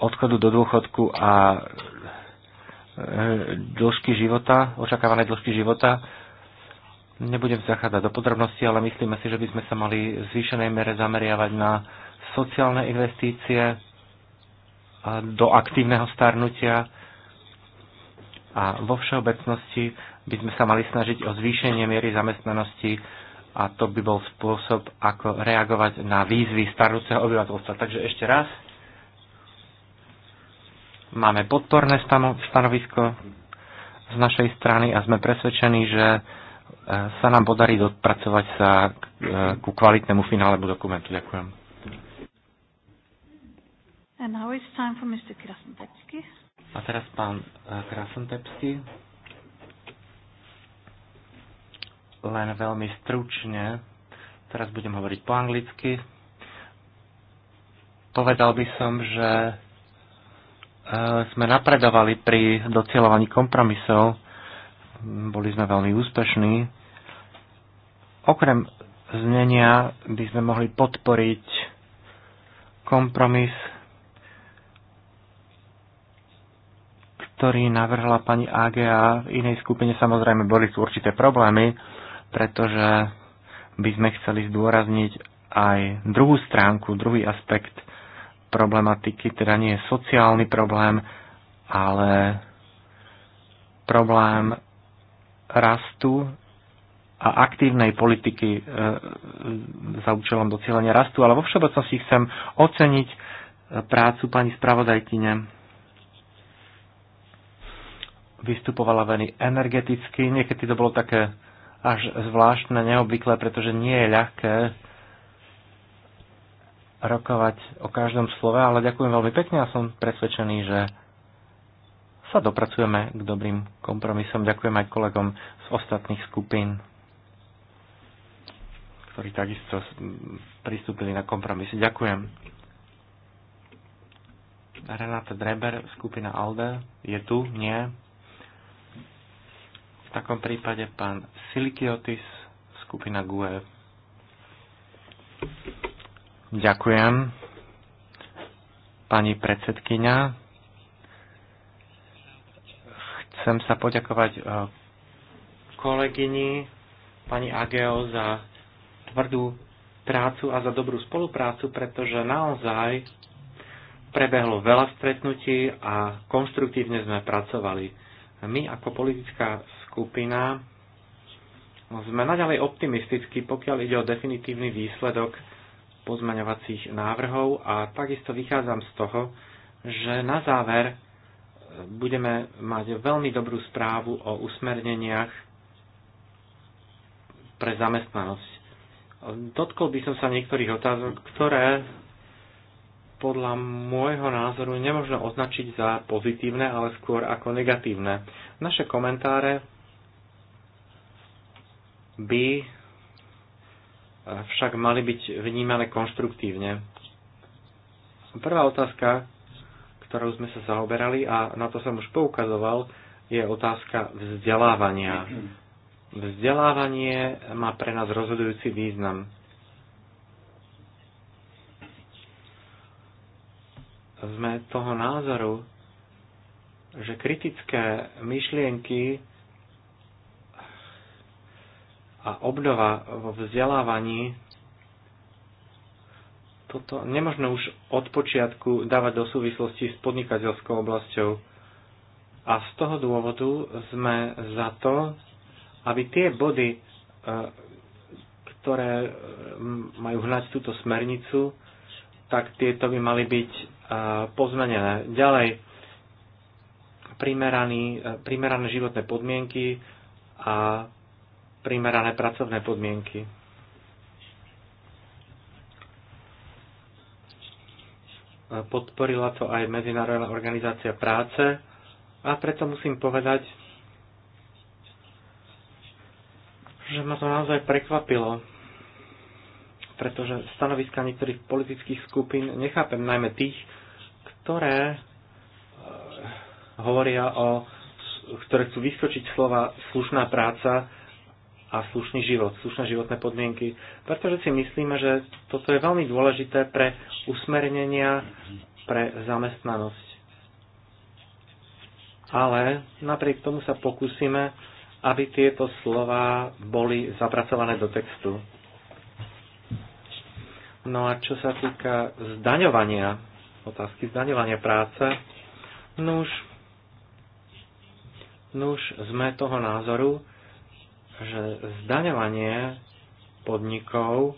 odchodu do dôchodku a e, dĺžky života, očakávané dĺžky života. Nebudem zachádzať do podrobností, ale myslíme si, že by sme sa mali v zvýšenej mere zameriavať na sociálne investície e, do aktívneho starnutia a vo všeobecnosti by sme sa mali snažiť o zvýšenie miery zamestnanosti a to by bol spôsob, ako reagovať na výzvy starúceho obyvateľstva. Takže ešte raz, máme podporné stanovisko z našej strany a sme presvedčení, že e, sa nám podarí dopracovať sa e, ku kvalitnému finálemu dokumentu. Ďakujem. And now it's time for Mr. A teraz pán e, Krasentepsky. len veľmi stručne. Teraz budem hovoriť po anglicky. Povedal by som, že e, sme napredovali pri docielovaní kompromisov. Boli sme veľmi úspešní. Okrem znenia by sme mohli podporiť kompromis, ktorý navrhla pani AGA. V inej skupine samozrejme boli sú určité problémy, pretože by sme chceli zdôrazniť aj druhú stránku, druhý aspekt problematiky, teda nie je sociálny problém, ale problém rastu a aktívnej politiky e, za účelom docielenia rastu, ale vo všeobecnosti chcem oceniť e, prácu pani spravodajkyne. Vystupovala veľmi energeticky, niekedy to bolo také až zvláštne neobvyklé, pretože nie je ľahké rokovať o každom slove, ale ďakujem veľmi pekne a som presvedčený, že sa dopracujeme k dobrým kompromisom. Ďakujem aj kolegom z ostatných skupín, ktorí takisto pristúpili na kompromisy. Ďakujem. Renáta Dreber, skupina ALDE, je tu? Nie? V takom prípade pán Silikiotis, skupina GUE. Ďakujem. Pani predsedkynia, chcem sa poďakovať e, kolegyni pani Ageo za tvrdú prácu a za dobrú spoluprácu, pretože naozaj prebehlo veľa stretnutí a konštruktívne sme pracovali. My ako politická skupina sme naďalej optimistickí, pokiaľ ide o definitívny výsledok pozmaňovacích návrhov a takisto vychádzam z toho, že na záver budeme mať veľmi dobrú správu o usmerneniach pre zamestnanosť. Dotkol by som sa niektorých otázok, ktoré podľa môjho názoru nemôžno označiť za pozitívne, ale skôr ako negatívne. Naše komentáre by však mali byť vnímané konštruktívne. Prvá otázka, ktorou sme sa zaoberali a na to som už poukazoval, je otázka vzdelávania. Vzdelávanie má pre nás rozhodujúci význam. Sme toho názoru, že kritické myšlienky a obnova vo vzdelávaní, toto nemožno už od počiatku dávať do súvislosti s podnikateľskou oblasťou. A z toho dôvodu sme za to, aby tie body, e, ktoré e, majú hnať túto smernicu, tak tieto by mali byť e, pozmenené. Ďalej, primerané životné podmienky a primerané pracovné podmienky. Podporila to aj Medzinárodná organizácia práce a preto musím povedať, že ma to naozaj prekvapilo, pretože stanoviska niektorých politických skupín nechápem, najmä tých, ktoré e, hovoria o, ktoré chcú vyskočiť slova slušná práca a slušný život, slušné životné podmienky, pretože si myslíme, že toto je veľmi dôležité pre usmernenia, pre zamestnanosť. Ale napriek tomu sa pokúsime, aby tieto slova boli zapracované do textu. No a čo sa týka zdaňovania, otázky zdaňovania práce, no už sme toho názoru, že zdaňovanie podnikov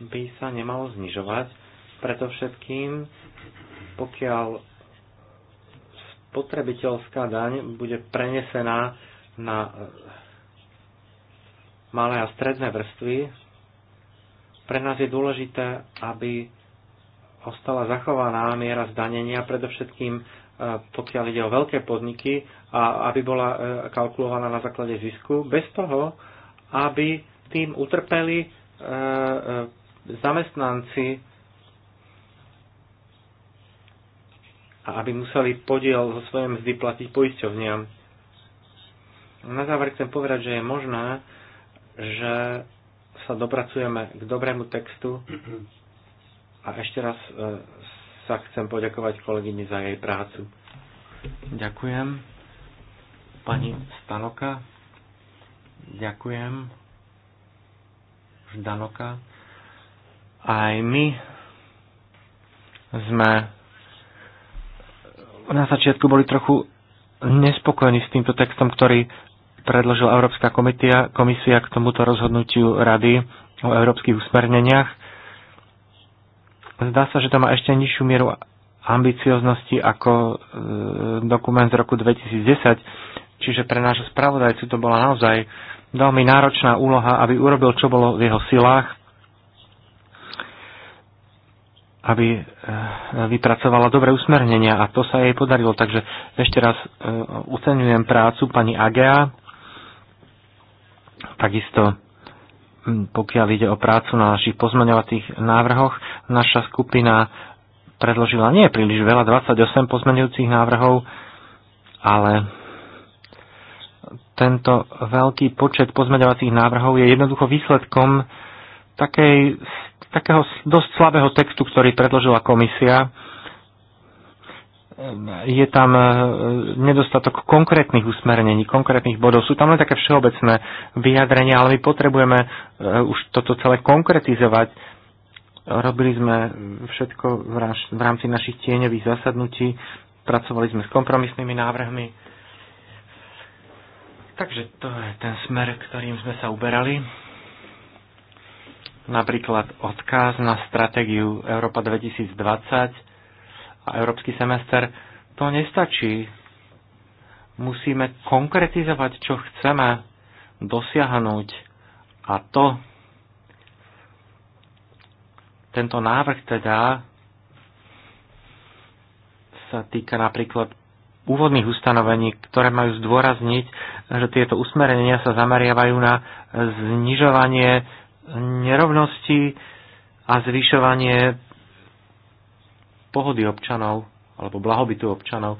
by sa nemalo znižovať, preto všetkým, pokiaľ spotrebiteľská daň bude prenesená na e, malé a stredné vrstvy, pre nás je dôležité, aby ostala zachovaná miera zdanenia, predovšetkým pokiaľ ide o veľké podniky, a aby bola e, kalkulovaná na základe zisku, bez toho, aby tým utrpeli e, e, zamestnanci a aby museli podiel zo svojej mzdy platiť poisťovniam. Na záver chcem povedať, že je možné, že sa dopracujeme k dobrému textu a ešte raz sa chcem poďakovať kolegyni za jej prácu. Ďakujem. Pani Stanoka. Ďakujem. Ždanoka. Aj my sme na začiatku boli trochu nespokojní s týmto textom, ktorý predložila Európska komisia, komisia k tomuto rozhodnutiu Rady o európskych usmerneniach Zdá sa, že to má ešte nižšiu mieru ambicioznosti ako e, dokument z roku 2010, čiže pre nášho spravodajcu to bola naozaj veľmi náročná úloha, aby urobil, čo bolo v jeho silách, aby e, vypracovala dobré usmernenia a to sa jej podarilo. Takže ešte raz e, oceňujem prácu pani Agea, takisto pokiaľ ide o prácu na našich pozmeňovacích návrhoch, naša skupina predložila nie príliš veľa, 28 pozmeňujúcich návrhov, ale tento veľký počet pozmeňovacích návrhov je jednoducho výsledkom takej, takého dosť slabého textu, ktorý predložila komisia je tam e, nedostatok konkrétnych usmernení, konkrétnych bodov. Sú tam len také všeobecné vyjadrenia, ale my potrebujeme e, už toto celé konkretizovať. Robili sme všetko v rámci našich tieňových zasadnutí, pracovali sme s kompromisnými návrhmi. Takže to je ten smer, ktorým sme sa uberali. Napríklad odkaz na stratégiu Európa 2020 a európsky semester, to nestačí. Musíme konkretizovať, čo chceme dosiahnuť a to tento návrh teda sa týka napríklad úvodných ustanovení, ktoré majú zdôrazniť, že tieto usmerenia sa zameriavajú na znižovanie nerovnosti a zvyšovanie pohody občanov alebo blahobytu občanov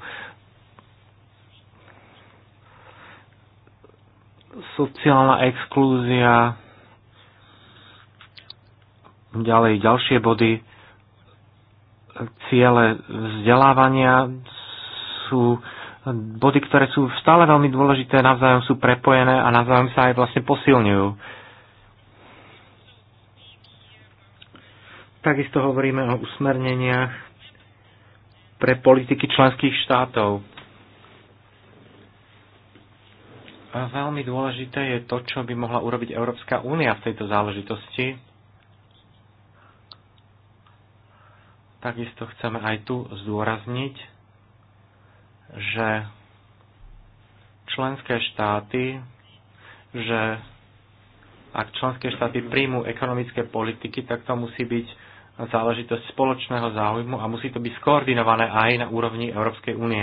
sociálna exklúzia, ďalej ďalšie body, ciele vzdelávania sú body, ktoré sú stále veľmi dôležité, navzájom sú prepojené a navzájom sa aj vlastne posilňujú. Takisto hovoríme o usmerneniach pre politiky členských štátov. A veľmi dôležité je to, čo by mohla urobiť Európska únia v tejto záležitosti. Takisto chceme aj tu zdôrazniť, že členské štáty, že ak členské štáty príjmú ekonomické politiky, tak to musí byť záležitosť spoločného záujmu a musí to byť skoordinované aj na úrovni Európskej únie.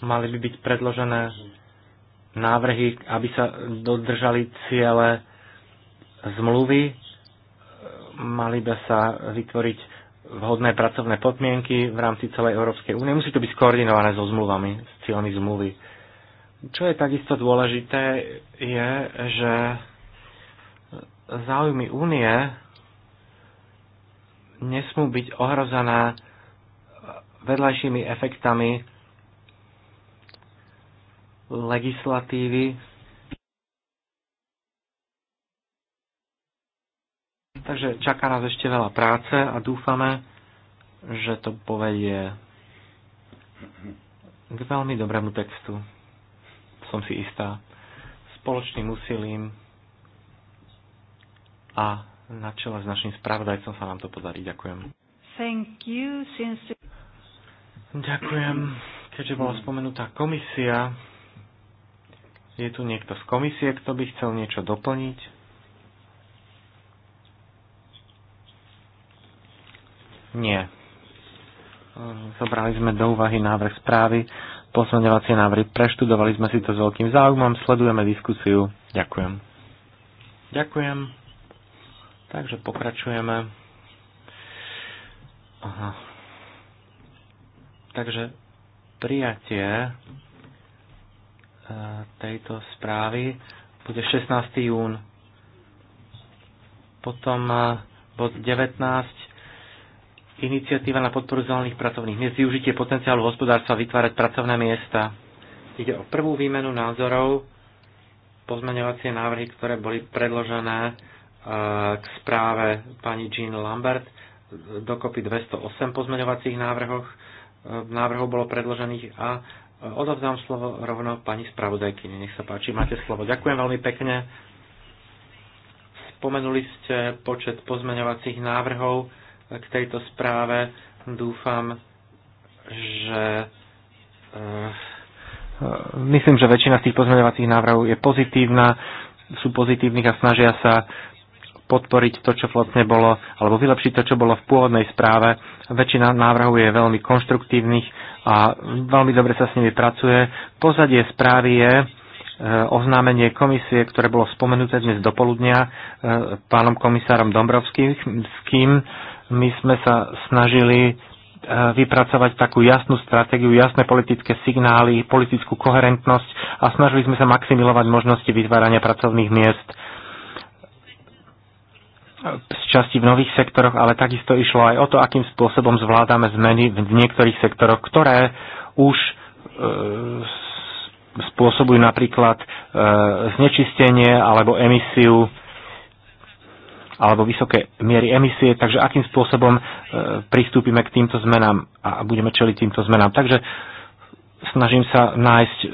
Mali by byť predložené návrhy, aby sa dodržali ciele zmluvy, mali by sa vytvoriť vhodné pracovné podmienky v rámci celej Európskej únie. Musí to byť skoordinované so zmluvami, cielny zmluvy. Čo je takisto dôležité, je, že záujmy únie nesmú byť ohrozené vedľajšími efektami legislatívy. Takže čaká nás ešte veľa práce a dúfame, že to povedie k veľmi dobrému textu. Som si istá. Spoločným úsilím a na čele s našim spravodajcom sa nám to podarí. Ďakujem. Thank you, since... Ďakujem. Keďže bola spomenutá komisia, je tu niekto z komisie, kto by chcel niečo doplniť? Nie. Zobrali sme do úvahy návrh správy, posledňovacie návrhy, preštudovali sme si to s veľkým záujmom, sledujeme diskusiu. Ďakujem. Ďakujem. Takže pokračujeme. Aha. Takže prijatie e, tejto správy bude 16. jún. Potom e, bod 19 Iniciatíva na podporu zelených pracovných miest, využitie potenciálu hospodárstva vytvárať pracovné miesta. Ide o prvú výmenu názorov, pozmeňovacie návrhy, ktoré boli predložené e, k správe pani Jean Lambert. Dokopy 208 pozmeňovacích návrhoch, e, návrhov bolo predložených a e, odovzdám slovo rovno pani spravodajkyni. Nech sa páči, máte slovo. Ďakujem veľmi pekne. Spomenuli ste počet pozmeňovacích návrhov k tejto správe. Dúfam, že eh, myslím, že väčšina z tých pozmeňovacích návrhov je pozitívna, sú pozitívnych a snažia sa podporiť to, čo vlastne bolo, alebo vylepšiť to, čo bolo v pôvodnej správe. Väčšina návrhov je veľmi konštruktívnych a veľmi dobre sa s nimi pracuje. Pozadie správy je eh, oznámenie komisie, ktoré bolo spomenuté dnes poludnia eh, pánom komisárom Dombrovským, s kým my sme sa snažili e, vypracovať takú jasnú stratégiu, jasné politické signály, politickú koherentnosť a snažili sme sa maximilovať možnosti vytvárania pracovných miest z časti v nových sektoroch, ale takisto išlo aj o to, akým spôsobom zvládame zmeny v niektorých sektoroch, ktoré už e, spôsobujú napríklad e, znečistenie alebo emisiu alebo vysoké miery emisie, takže akým spôsobom e, pristúpime k týmto zmenám a budeme čeliť týmto zmenám. Takže snažím sa nájsť e,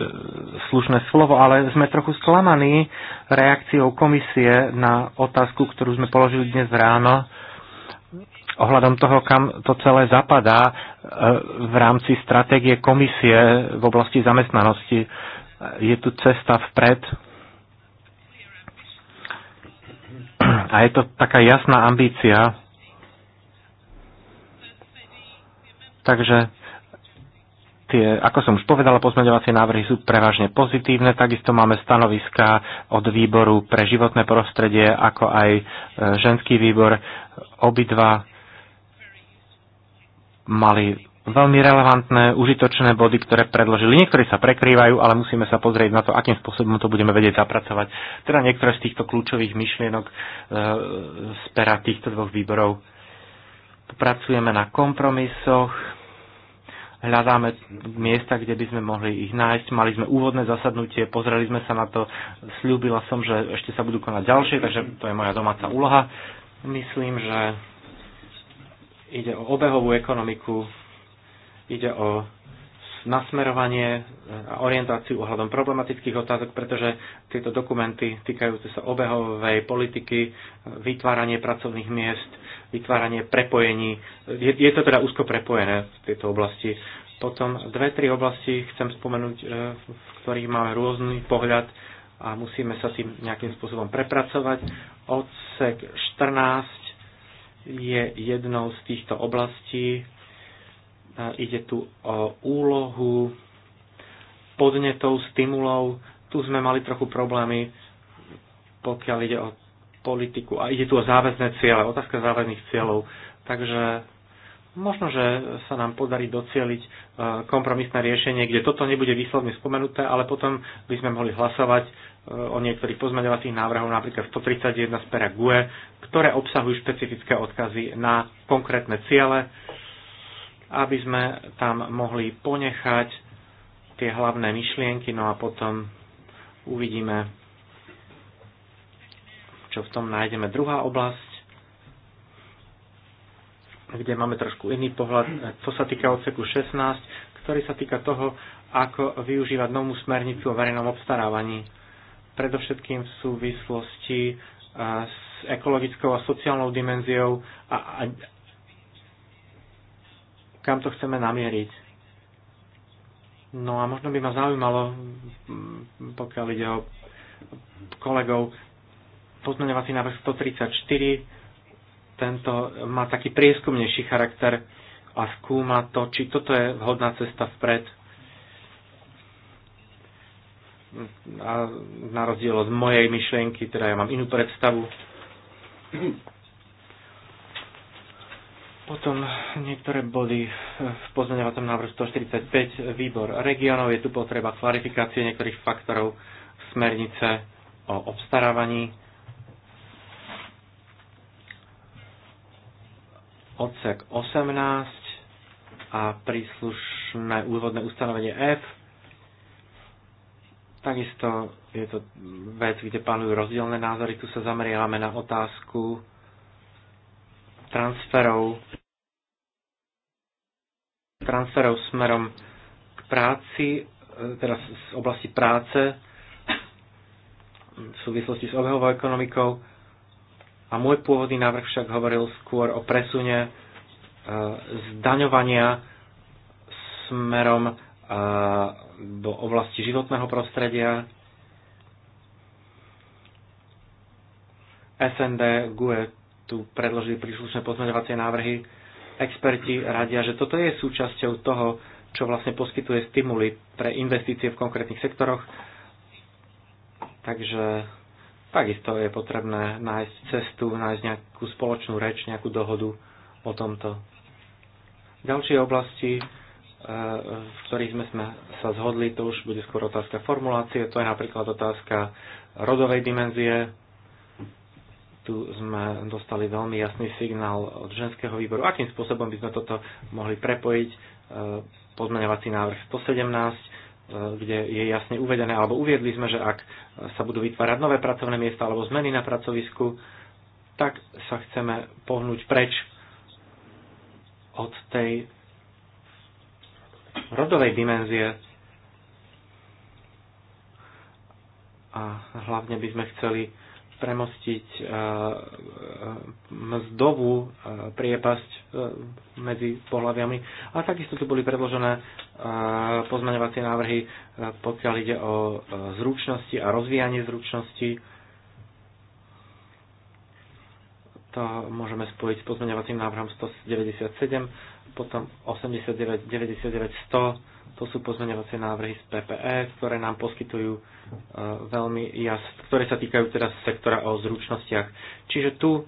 slušné slovo, ale sme trochu sklamaní reakciou komisie na otázku, ktorú sme položili dnes ráno ohľadom toho, kam to celé zapadá e, v rámci stratégie komisie v oblasti zamestnanosti. Je tu cesta vpred, A je to taká jasná ambícia. Takže tie, ako som už povedala, pozmeňovacie návrhy sú prevažne pozitívne. Takisto máme stanoviska od výboru pre životné prostredie, ako aj e, ženský výbor. Obidva mali veľmi relevantné, užitočné body, ktoré predložili. Niektorí sa prekrývajú, ale musíme sa pozrieť na to, akým spôsobom to budeme vedieť zapracovať. Teda niektoré z týchto kľúčových myšlienok e, z pera týchto dvoch výborov. Pracujeme na kompromisoch, hľadáme miesta, kde by sme mohli ich nájsť. Mali sme úvodné zasadnutie, pozreli sme sa na to, slúbila som, že ešte sa budú konať ďalšie, takže to je moja domáca úloha. Myslím, že ide o obehovú ekonomiku, Ide o nasmerovanie a orientáciu ohľadom problematických otázok, pretože tieto dokumenty týkajúce sa obehovej politiky, vytváranie pracovných miest, vytváranie prepojení, je, je to teda úzko prepojené v tejto oblasti. Potom dve, tri oblasti chcem spomenúť, e, v ktorých máme rôzny pohľad a musíme sa tým nejakým spôsobom prepracovať. Odsek 14 je jednou z týchto oblastí, Ide tu o úlohu podnetov, stimulov. Tu sme mali trochu problémy, pokiaľ ide o politiku. A ide tu o záväzné ciele, otázka záväzných cieľov. Takže možno, že sa nám podarí docieliť e, kompromisné riešenie, kde toto nebude výslovne spomenuté, ale potom by sme mohli hlasovať e, o niektorých pozmeňovacích návrhov, napríklad 131 z pera GUE, ktoré obsahujú špecifické odkazy na konkrétne ciele aby sme tam mohli ponechať tie hlavné myšlienky, no a potom uvidíme, čo v tom nájdeme. Druhá oblasť, kde máme trošku iný pohľad, to sa týka odseku 16, ktorý sa týka toho, ako využívať novú smernicu o verejnom obstarávaní. Predovšetkým v súvislosti eh, s ekologickou a sociálnou dimenziou a, a, kam to chceme namieriť. No a možno by ma zaujímalo, pokiaľ ide o kolegov, pozmeňovací návrh 134, tento má taký prieskumnejší charakter a skúma to, či toto je vhodná cesta vpred a na rozdiel od mojej myšlienky, teda ja mám inú predstavu. Potom niektoré body v pozmeňovacom návrhu 145 výbor regionov. Je tu potreba klarifikácie niektorých faktorov smernice o obstarávaní. Odsek 18 a príslušné úvodné ustanovenie F. Takisto je to vec, kde panujú rozdielne názory. Tu sa zameriavame na otázku transferov, transferov smerom k práci, e, teda z oblasti práce v súvislosti s obehovou ekonomikou. A môj pôvodný návrh však hovoril skôr o presune e, zdaňovania smerom e, do oblasti životného prostredia, SND, GUE, tu predložili príslušné pozmeňovacie návrhy. Experti radia, že toto je súčasťou toho, čo vlastne poskytuje stimuly pre investície v konkrétnych sektoroch. Takže takisto je potrebné nájsť cestu, nájsť nejakú spoločnú reč, nejakú dohodu o tomto. Ďalšie oblasti, e, v ktorých sme, sme sa zhodli, to už bude skôr otázka formulácie, to je napríklad otázka rodovej dimenzie, tu sme dostali veľmi jasný signál od ženského výboru, akým spôsobom by sme toto mohli prepojiť. E, pozmeňovací návrh 117, e, kde je jasne uvedené, alebo uviedli sme, že ak sa budú vytvárať nové pracovné miesta alebo zmeny na pracovisku, tak sa chceme pohnúť preč od tej rodovej dimenzie a hlavne by sme chceli premostiť e, e, mzdovú e, priepasť medzi pohľaviami. A takisto tu boli predložené pozmaňovacie návrhy, pokiaľ ide o zručnosti a rozvíjanie zručnosti. To môžeme spojiť s pozmaňovacím návrhom 197 potom 89, 99, 100, to sú pozmeňovacie návrhy z PPE, ktoré nám poskytujú e, veľmi jas, ktoré sa týkajú teraz sektora o zručnostiach. Čiže tu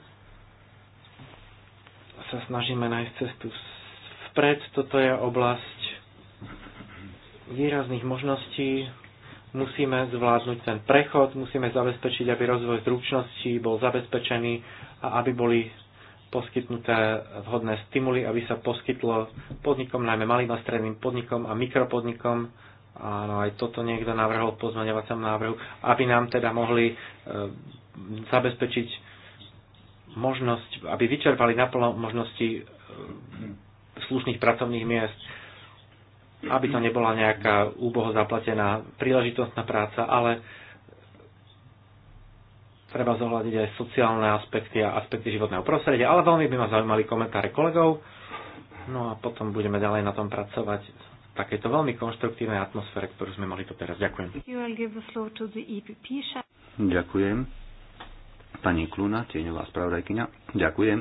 sa snažíme nájsť cestu vpred. Toto je oblasť výrazných možností. Musíme zvládnuť ten prechod, musíme zabezpečiť, aby rozvoj zručností bol zabezpečený a aby boli poskytnuté vhodné stimuly, aby sa poskytlo podnikom, najmä malým a stredným podnikom a mikropodnikom, áno, aj toto niekto navrhol v pozmaňovacom návrhu, aby nám teda mohli e, zabezpečiť možnosť, aby vyčerpali naplno možnosti e, slušných pracovných miest, aby to nebola nejaká úboho zaplatená príležitostná práca, ale Treba zohľadiť aj sociálne aspekty a aspekty životného prostredia, ale veľmi by ma zaujímali komentáre kolegov. No a potom budeme ďalej na tom pracovať v takejto veľmi konštruktívnej atmosfére, ktorú sme mali tu teraz. Ďakujem. E ďakujem. Pani Kluna, tieňová spravodajkyňa. Ďakujem.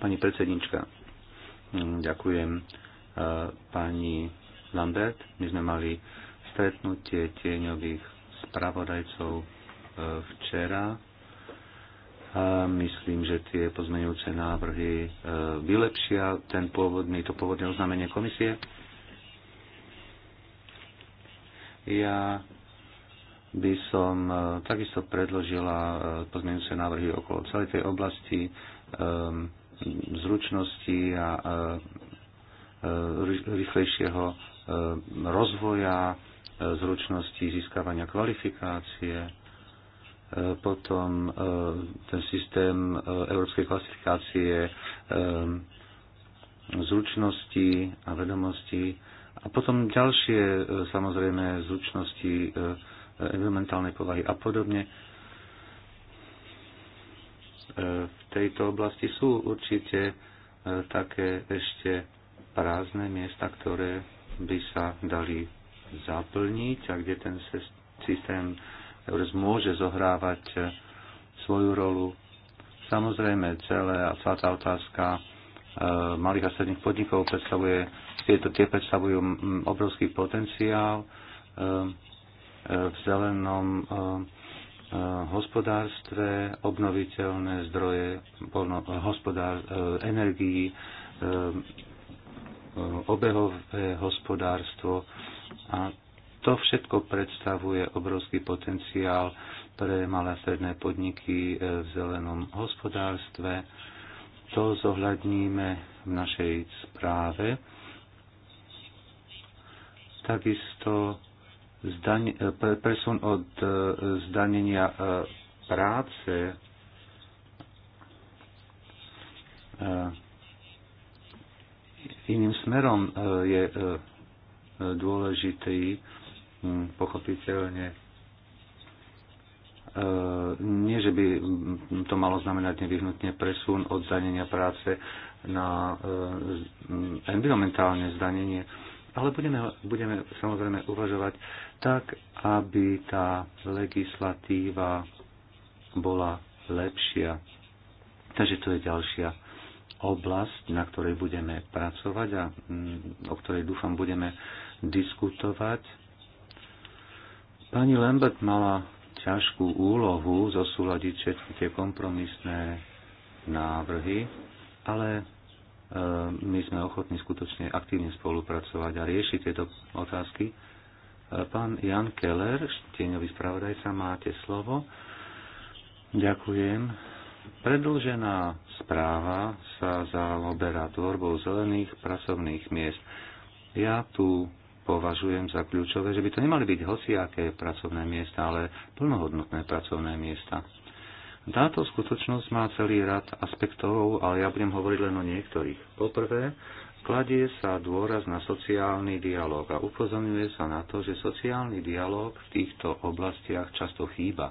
Pani predsednička, mm, ďakujem. E, pani Lambert, my sme mali stretnutie tieňových spravodajcov včera. A myslím, že tie pozmeňujúce návrhy e, vylepšia ten pôvodný, to pôvodné oznámenie komisie. Ja by som e, takisto predložila e, pozmeňujúce návrhy okolo celej tej oblasti zručnosti a rýchlejšieho rozvoja, zručnosti získavania kvalifikácie E, potom e, ten systém e, európskej klasifikácie zručnosti a vedomostí a potom ďalšie samozrejme zručnosti environmentálnej povahy a podobne. V tejto oblasti sú určite také ešte prázdne miesta, ktoré by sa dali zaplniť a kde ten systém Eures môže zohrávať eh, svoju rolu. Samozrejme, celé, celá tá otázka eh, malých a stredných podnikov predstavuje, tieto tie predstavujú mm, mm, obrovský potenciál eh, v zelenom hospodárstve, obnoviteľné zdroje hospodár, energii, obehové hospodárstvo a to všetko predstavuje obrovský potenciál pre malé a stredné podniky e, v zelenom hospodárstve. To zohľadníme v našej správe. Takisto zdaň, e, presun od e, zdanenia práce iným smerom je dôležitý Hm, pochopiteľne e, nie, že by to malo znamenať nevyhnutne presun od zdanenia práce na e, environmentálne zdanenie, ale budeme, budeme samozrejme uvažovať tak, aby tá legislatíva bola lepšia. Takže to je ďalšia oblasť, na ktorej budeme pracovať a mm, o ktorej dúfam budeme diskutovať Pani Lambert mala ťažkú úlohu zosúľadiť všetky tie kompromisné návrhy, ale e, my sme ochotní skutočne aktívne spolupracovať a riešiť tieto otázky. E, pán Jan Keller, tieňový spravodajca, máte slovo. Ďakujem. Predlžená správa sa zaoberá tvorbou zelených pracovných miest. Ja tu považujem za kľúčové, že by to nemali byť hociaké pracovné miesta, ale plnohodnotné pracovné miesta. Táto skutočnosť má celý rad aspektov, ale ja budem hovoriť len o niektorých. Poprvé, kladie sa dôraz na sociálny dialog a upozorňuje sa na to, že sociálny dialog v týchto oblastiach často chýba.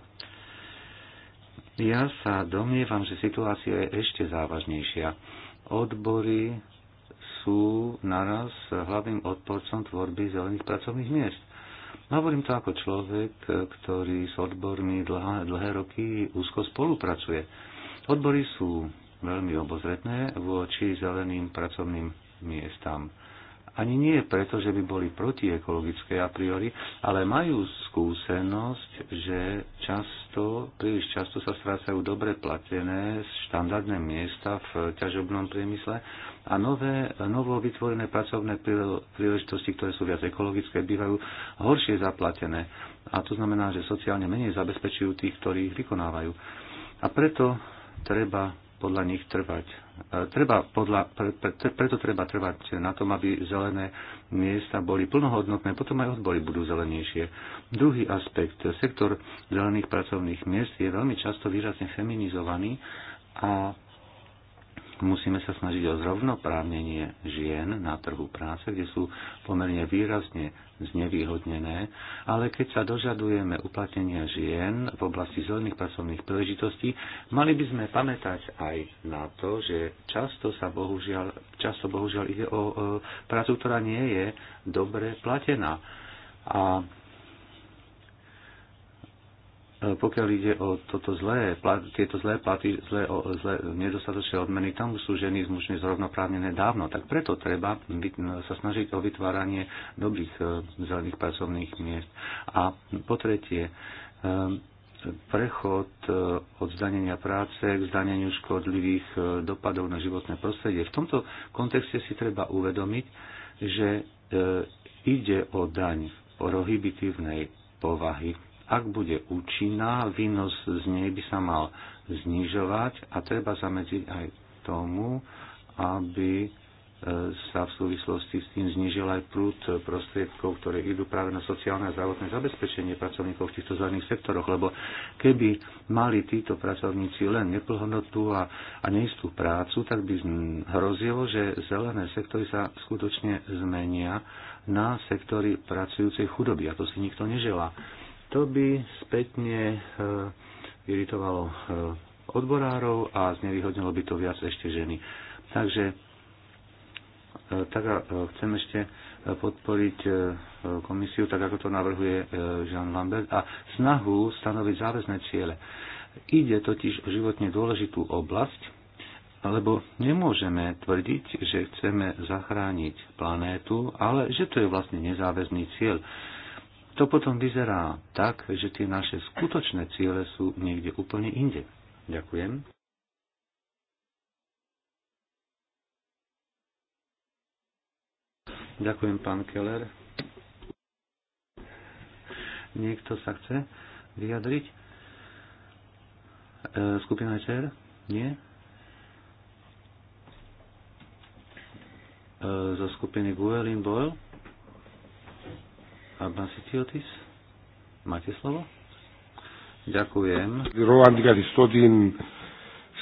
Ja sa domnievam, že situácia je ešte závažnejšia. Odbory sú naraz hlavným odporcom tvorby zelených pracovných miest. Hovorím to ako človek, ktorý s odbormi dlhé, dlhé roky úzko spolupracuje. Odbory sú veľmi obozretné voči zeleným pracovným miestam ani nie preto, že by boli protiekologické a priori, ale majú skúsenosť, že často, príliš často sa strácajú dobre platené štandardné miesta v ťažobnom priemysle a nové, novo vytvorené pracovné príležitosti, ktoré sú viac ekologické, bývajú horšie zaplatené. A to znamená, že sociálne menej zabezpečujú tých, ktorí ich vykonávajú. A preto treba podľa nich trvať. E, treba podľa, pre, pre, preto treba trvať na tom, aby zelené miesta boli plnohodnotné, potom aj odbory budú zelenejšie. Druhý aspekt, sektor zelených pracovných miest je veľmi často výrazne feminizovaný a Musíme sa snažiť o zrovnoprávnenie žien na trhu práce, kde sú pomerne výrazne znevýhodnené, ale keď sa dožadujeme uplatnenia žien v oblasti zelených pracovných príležitostí, mali by sme pamätať aj na to, že často sa bohužiaľ, často bohužiaľ ide o prácu, ktorá nie je dobre platená. A E, pokiaľ ide o toto zlé, tieto zlé platy, zlé, zlé nedostatočné odmeny, tam sú ženy s mužmi zrovnoprávnené dávno. Tak preto treba sa snažiť o vytváranie dobrých e, zelených pracovných miest. A po tretie, e, prechod od zdanenia práce k zdaneniu škodlivých dopadov na životné prostredie. V tomto kontexte si treba uvedomiť, že ide o daň prohibitívnej povahy ak bude účinná, výnos z nej by sa mal znižovať a treba zamedziť aj tomu, aby e, sa v súvislosti s tým znižil aj prúd prostriedkov, ktoré idú práve na sociálne a zdravotné zabezpečenie pracovníkov v týchto zelených sektoroch, lebo keby mali títo pracovníci len neplhodnotu a, a neistú prácu, tak by hrozilo, že zelené sektory sa skutočne zmenia na sektory pracujúcej chudoby a to si nikto neželá. To by spätne e, iritovalo e, odborárov a znevýhodnilo by to viac ešte ženy. Takže e, tak chcem ešte podporiť komisiu, tak ako to navrhuje Jean Lambert, a snahu stanoviť záväzné ciele. Ide totiž o životne dôležitú oblasť, lebo nemôžeme tvrdiť, že chceme zachrániť planétu, ale že to je vlastne nezáväzný cieľ to potom vyzerá tak, že tie naše skutočné ciele sú niekde úplne inde. Ďakujem. Ďakujem, pán Keller. Niekto sa chce vyjadriť? E, skupina ECR? Nie? E, zo skupiny Guelin Boyle? Abnasikiotis, máte slovo? Ďakujem. Roland Kalistotin,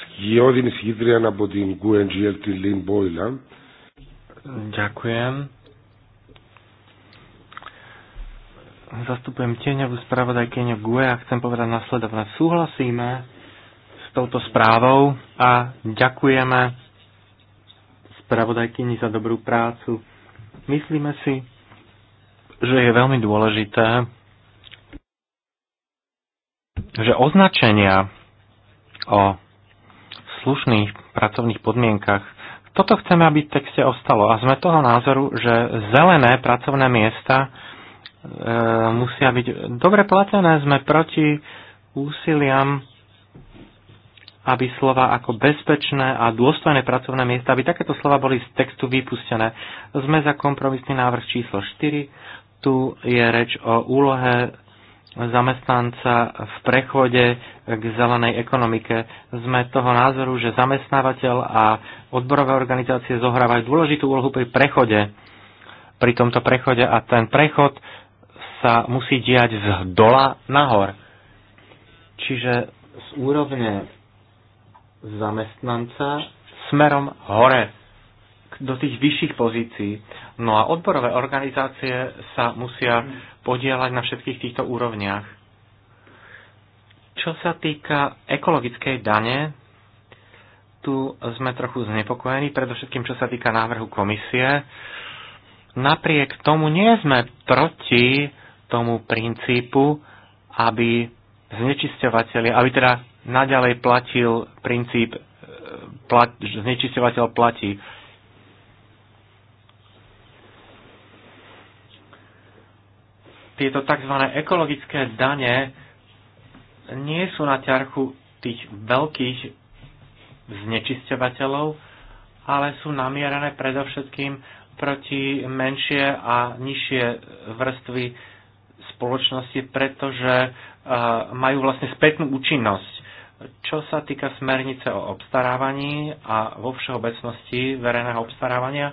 Skiotin Sidrian από την QNGL την Lynn Boylan. Ďakujem. Zastupujem tieňovú spravodajkyňu GUE a chcem povedať nasledovne. Súhlasíme s touto správou a ďakujeme spravodajkyni za dobrú prácu. Myslíme si, že je veľmi dôležité, že označenia o slušných pracovných podmienkach, toto chceme, aby v texte ostalo. A sme toho názoru, že zelené pracovné miesta e, musia byť dobre platené. Sme proti úsiliam, aby slova ako bezpečné a dôstojné pracovné miesta, aby takéto slova boli z textu vypustené. Sme za kompromisný návrh číslo 4, tu je reč o úlohe zamestnanca v prechode k zelenej ekonomike. Sme toho názoru, že zamestnávateľ a odborové organizácie zohrávajú dôležitú úlohu pri prechode, pri tomto prechode a ten prechod sa musí diať z dola nahor. Čiže z úrovne zamestnanca smerom hore do tých vyšších pozícií. No a odborové organizácie sa musia podielať na všetkých týchto úrovniach. Čo sa týka ekologickej dane, tu sme trochu znepokojení, predovšetkým čo sa týka návrhu komisie. Napriek tomu nie sme proti tomu princípu, aby znečisťovateľi, aby teda naďalej platil princíp e, plat, znečisťovateľ platí. tieto tzv. ekologické dane nie sú na ťarchu tých veľkých znečisťovateľov, ale sú namierané predovšetkým proti menšie a nižšie vrstvy spoločnosti, pretože e, majú vlastne spätnú účinnosť. Čo sa týka smernice o obstarávaní a vo všeobecnosti verejného obstarávania,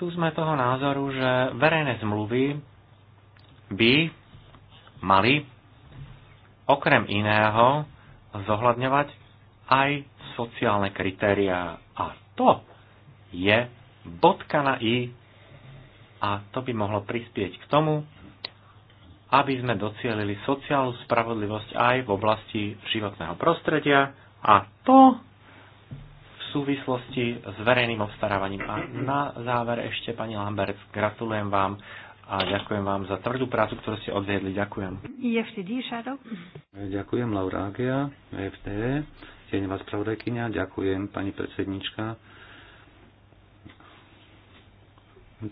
tu sme toho názoru, že verejné zmluvy by mali okrem iného zohľadňovať aj sociálne kritériá. A to je bodka na i a to by mohlo prispieť k tomu, aby sme docielili sociálnu spravodlivosť aj v oblasti životného prostredia a to v súvislosti s verejným obstarávaním. A na záver ešte, pani Lambert, gratulujem vám a ďakujem vám za tvrdú prácu, ktorú ste odviedli. Ďakujem. EFTD, Shadow. Ďakujem Laura Agia, EFTD, vás pravdajkynia. Ďakujem pani predsednička.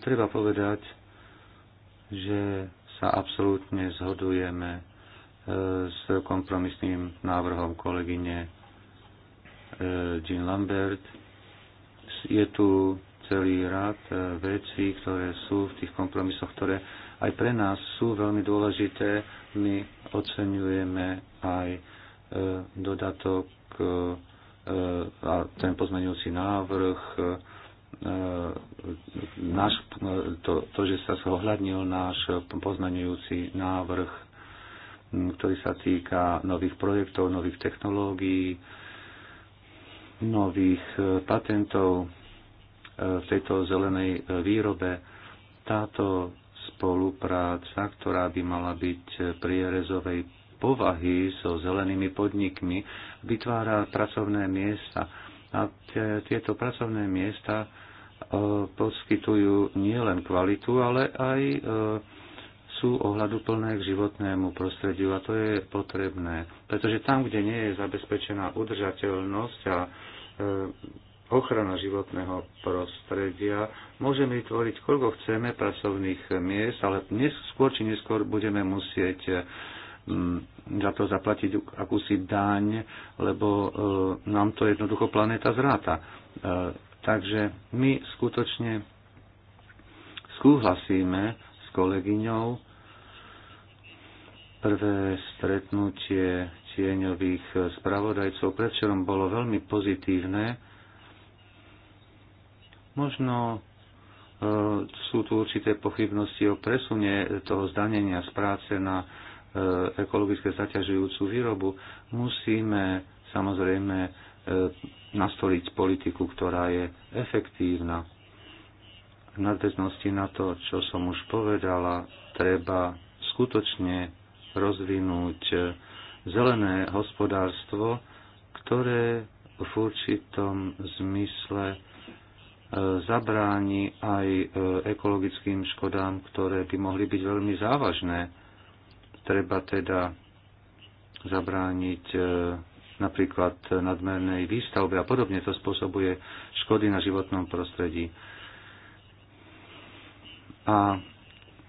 Treba povedať, že sa absolútne zhodujeme e, s kompromisným návrhom kolegyne e, Jean Lambert. Je tu celý rád e, vecí, ktoré sú v tých kompromisoch, ktoré aj pre nás sú veľmi dôležité. My oceňujeme aj e, dodatok e, a ten pozmenujúci návrh, náš, to, to, že sa zohľadnil náš pozmenujúci návrh, ktorý sa týka nových projektov, nových technológií, nových patentov, v tejto zelenej e, výrobe. Táto spolupráca, ktorá by mala byť prierezovej povahy so zelenými podnikmi, vytvára pracovné miesta. A tieto pracovné miesta e, poskytujú nielen kvalitu, ale aj e, sú ohľaduplné k životnému prostrediu a to je potrebné. Pretože tam, kde nie je zabezpečená udržateľnosť a ochrana životného prostredia. Môžeme vytvoriť, koľko chceme pracovných miest, ale dnes skôr či neskôr budeme musieť mm, za to zaplatiť akúsi daň, lebo e, nám to jednoducho planéta zráta. E, takže my skutočne súhlasíme s kolegyňou. Prvé stretnutie tieňových spravodajcov predvčerom bolo veľmi pozitívne Možno e, sú tu určité pochybnosti o presune toho zdanenia z práce na e, ekologické zaťažujúcu výrobu. Musíme samozrejme e, nastoliť politiku, ktorá je efektívna. V nadväznosti na to, čo som už povedala, treba skutočne rozvinúť zelené hospodárstvo, ktoré v určitom zmysle zabráni aj e, ekologickým škodám, ktoré by mohli byť veľmi závažné. Treba teda zabrániť e, napríklad nadmernej výstavbe a podobne. To spôsobuje škody na životnom prostredí. A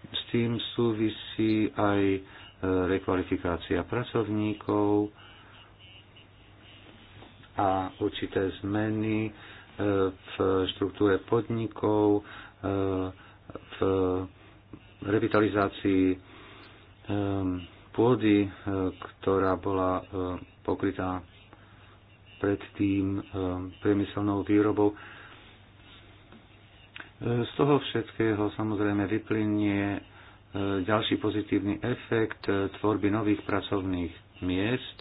s tým súvisí aj e, rekvalifikácia pracovníkov a určité zmeny v štruktúre podnikov, e, v revitalizácii e, pôdy, e, ktorá bola pokrytá predtým priemyselnou výrobou. Z toho všetkého samozrejme vyplynie ďalší pozitívny efekt tvorby nových pracovných miest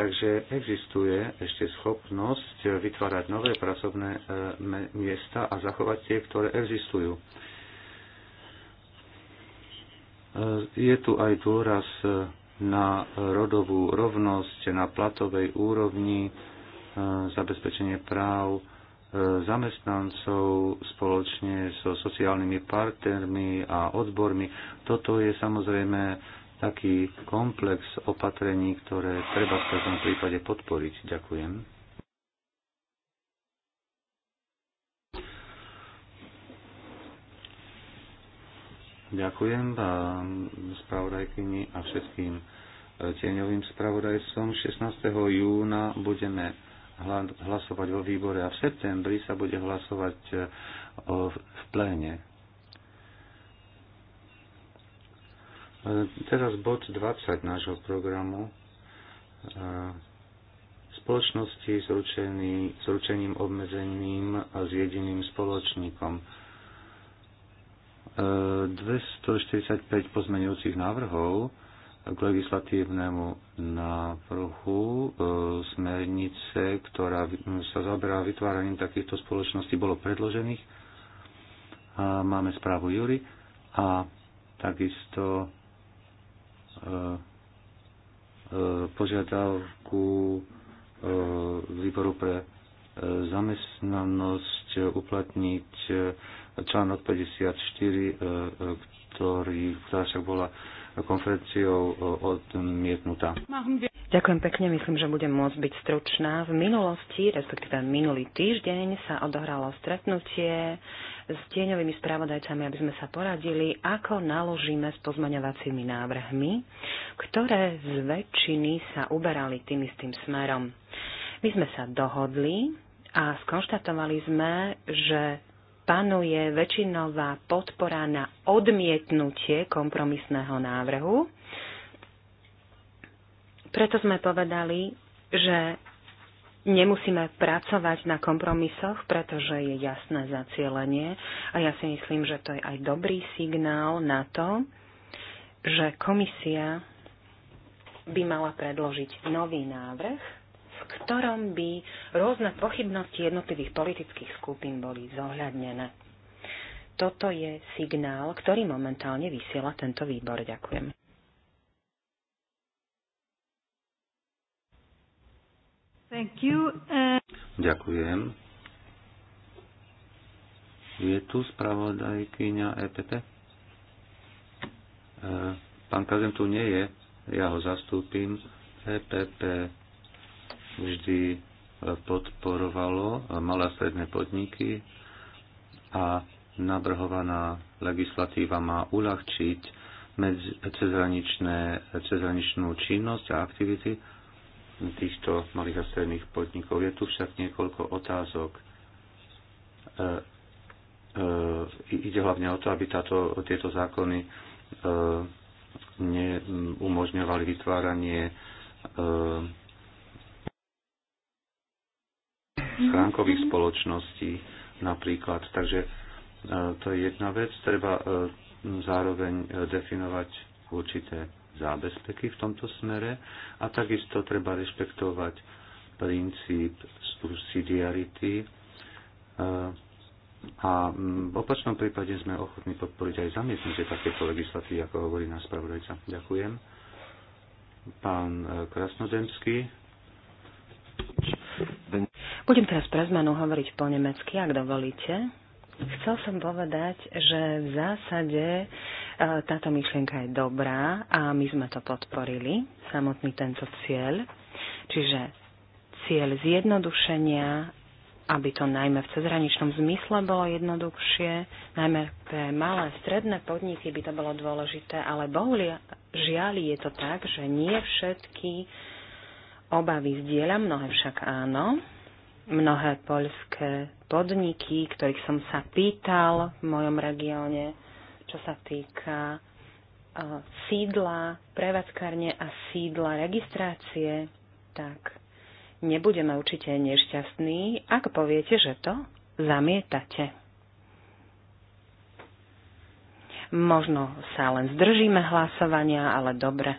Takže existuje ešte schopnosť vytvárať nové pracovné e, miesta a zachovať tie, ktoré existujú. E, je tu aj dôraz na rodovú rovnosť, na platovej úrovni, e, zabezpečenie práv zamestnancov spoločne so sociálnymi partnermi a odbormi. Toto je samozrejme taký komplex opatrení, ktoré treba v každom prípade podporiť. Ďakujem. Ďakujem vám spravodajkyni a všetkým e, tieňovým spravodajcom. 16. júna budeme hlasovať vo výbore a v septembri sa bude hlasovať e, v pléne Teraz bod 20 nášho programu. E, spoločnosti s, ručený, s ručením obmedzeným a s jediným spoločníkom. 245 e, pozmeňujúcich návrhov k legislatívnemu návrhu e, smernice, ktorá sa zaberá vytváraním takýchto spoločností, bolo predložených. Máme správu Júri a takisto E, e, požiadavku e, výboru pre zamestnanosť uplatniť článok 54, ktorý, ktorá však bola konferenciou e, odmietnutá. Ďakujem pekne, myslím, že budem môcť byť stručná. V minulosti, respektíve minulý týždeň, sa odohralo stretnutie s tieňovými správodajcami, aby sme sa poradili, ako naložíme s pozmaňovacími návrhmi, ktoré z väčšiny sa uberali tým istým smerom. My sme sa dohodli a skonštatovali sme, že panuje väčšinová podpora na odmietnutie kompromisného návrhu. Preto sme povedali, že nemusíme pracovať na kompromisoch, pretože je jasné zacielenie a ja si myslím, že to je aj dobrý signál na to, že komisia by mala predložiť nový návrh v ktorom by rôzne pochybnosti jednotlivých politických skupín boli zohľadnené. Toto je signál, ktorý momentálne vysiela tento výbor. Ďakujem. Thank you. Uh, Ďakujem. Je tu spravodajkyňa EPP? Uh, pán Kazem tu nie je, ja ho zastúpim. EPP vždy e, podporovalo e, malé a stredné podniky a navrhovaná legislatíva má uľahčiť cezhraničnú činnosť a aktivity týchto malých a stredných podnikov. Je tu však niekoľko otázok. E, e, ide hlavne o to, aby táto, tieto zákony e, neumožňovali vytváranie e, schránkových spoločností napríklad. Takže e, to je jedna vec. Treba e, zároveň e, definovať určité zábezpeky v tomto smere a takisto treba rešpektovať princíp subsidiarity a mm, v opačnom prípade sme ochotní podporiť aj zamietnutie takéto legislatívy, ako hovorí náš spravodajca. Ďakujem. Pán Krasnodemský. Budem teraz pre zmenu hovoriť po nemecky, ak dovolíte. Chcel som povedať, že v zásade e, táto myšlienka je dobrá a my sme to podporili, samotný tento cieľ. Čiže cieľ zjednodušenia, aby to najmä v cezhraničnom zmysle bolo jednoduchšie, najmä pre malé stredné podniky by to bolo dôležité, ale bohužiaľ žiaľ je to tak, že nie všetky obavy zdieľa, mnohé však áno mnohé poľské podniky, ktorých som sa pýtal v mojom regióne, čo sa týka e, sídla, prevádzkarne a sídla registrácie, tak nebudeme určite nešťastní, ak poviete, že to zamietate. Možno sa len zdržíme hlasovania, ale dobre.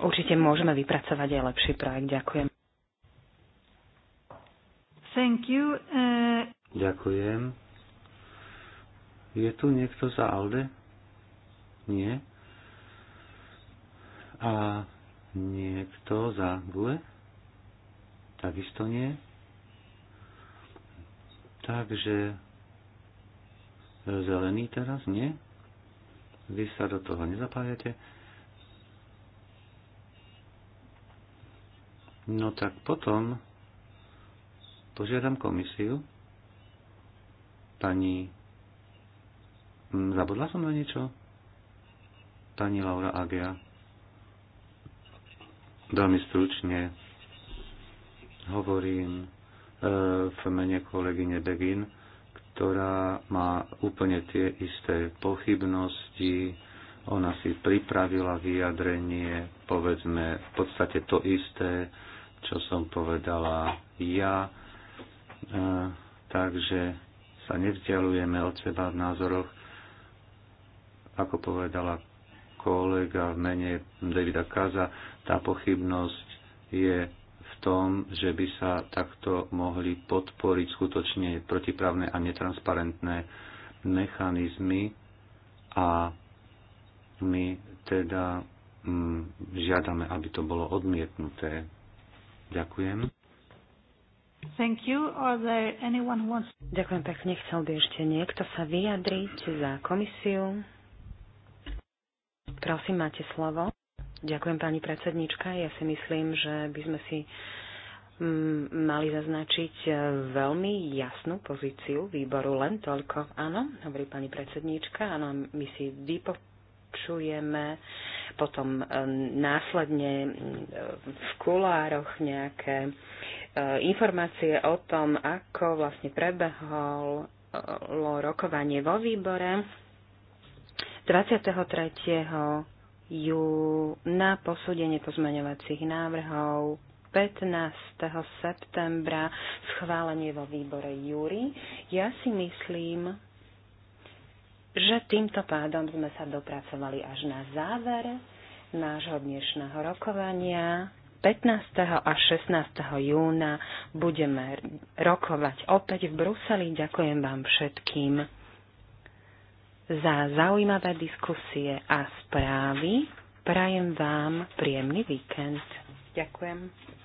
Určite môžeme vypracovať aj lepší projekt. Ďakujem. Thank you. Uh... Ďakujem. Je tu niekto za Alde? Nie. A niekto za GUE? Takisto nie. Takže zelený teraz, nie? Vy sa do toho nezapájate. No tak potom Požiadam komisiu. Pani... Hm, zabudla som na niečo? Pani Laura Agia. Veľmi stručne hovorím e, v mene kolegyne Begin, ktorá má úplne tie isté pochybnosti. Ona si pripravila vyjadrenie, povedzme v podstate to isté, čo som povedala ja takže sa nevzdialujeme od seba v názoroch. Ako povedala kolega v mene Davida Kaza, tá pochybnosť je v tom, že by sa takto mohli podporiť skutočne protiprávne a netransparentné mechanizmy a my teda mm, žiadame, aby to bolo odmietnuté. Ďakujem. Thank you. Are there anyone who wants... Ďakujem pekne. Chcel by ešte niekto sa vyjadriť za komisiu. Prosím, máte slovo. Ďakujem pani predsednička. Ja si myslím, že by sme si mm, mali zaznačiť e, veľmi jasnú pozíciu výboru len toľko. Áno, hovorí pani predsedníčka, áno, my si vypo- zlepšujeme, potom e, následne e, v kulároch nejaké e, informácie o tom, ako vlastne prebehol rokovanie vo výbore 23. júna posúdenie pozmeňovacích návrhov 15. septembra schválenie vo výbore Júri. Ja si myslím, že týmto pádom sme sa dopracovali až na záver nášho dnešného rokovania. 15. a 16. júna budeme rokovať opäť v Bruseli. Ďakujem vám všetkým za zaujímavé diskusie a správy. Prajem vám príjemný víkend. Ďakujem.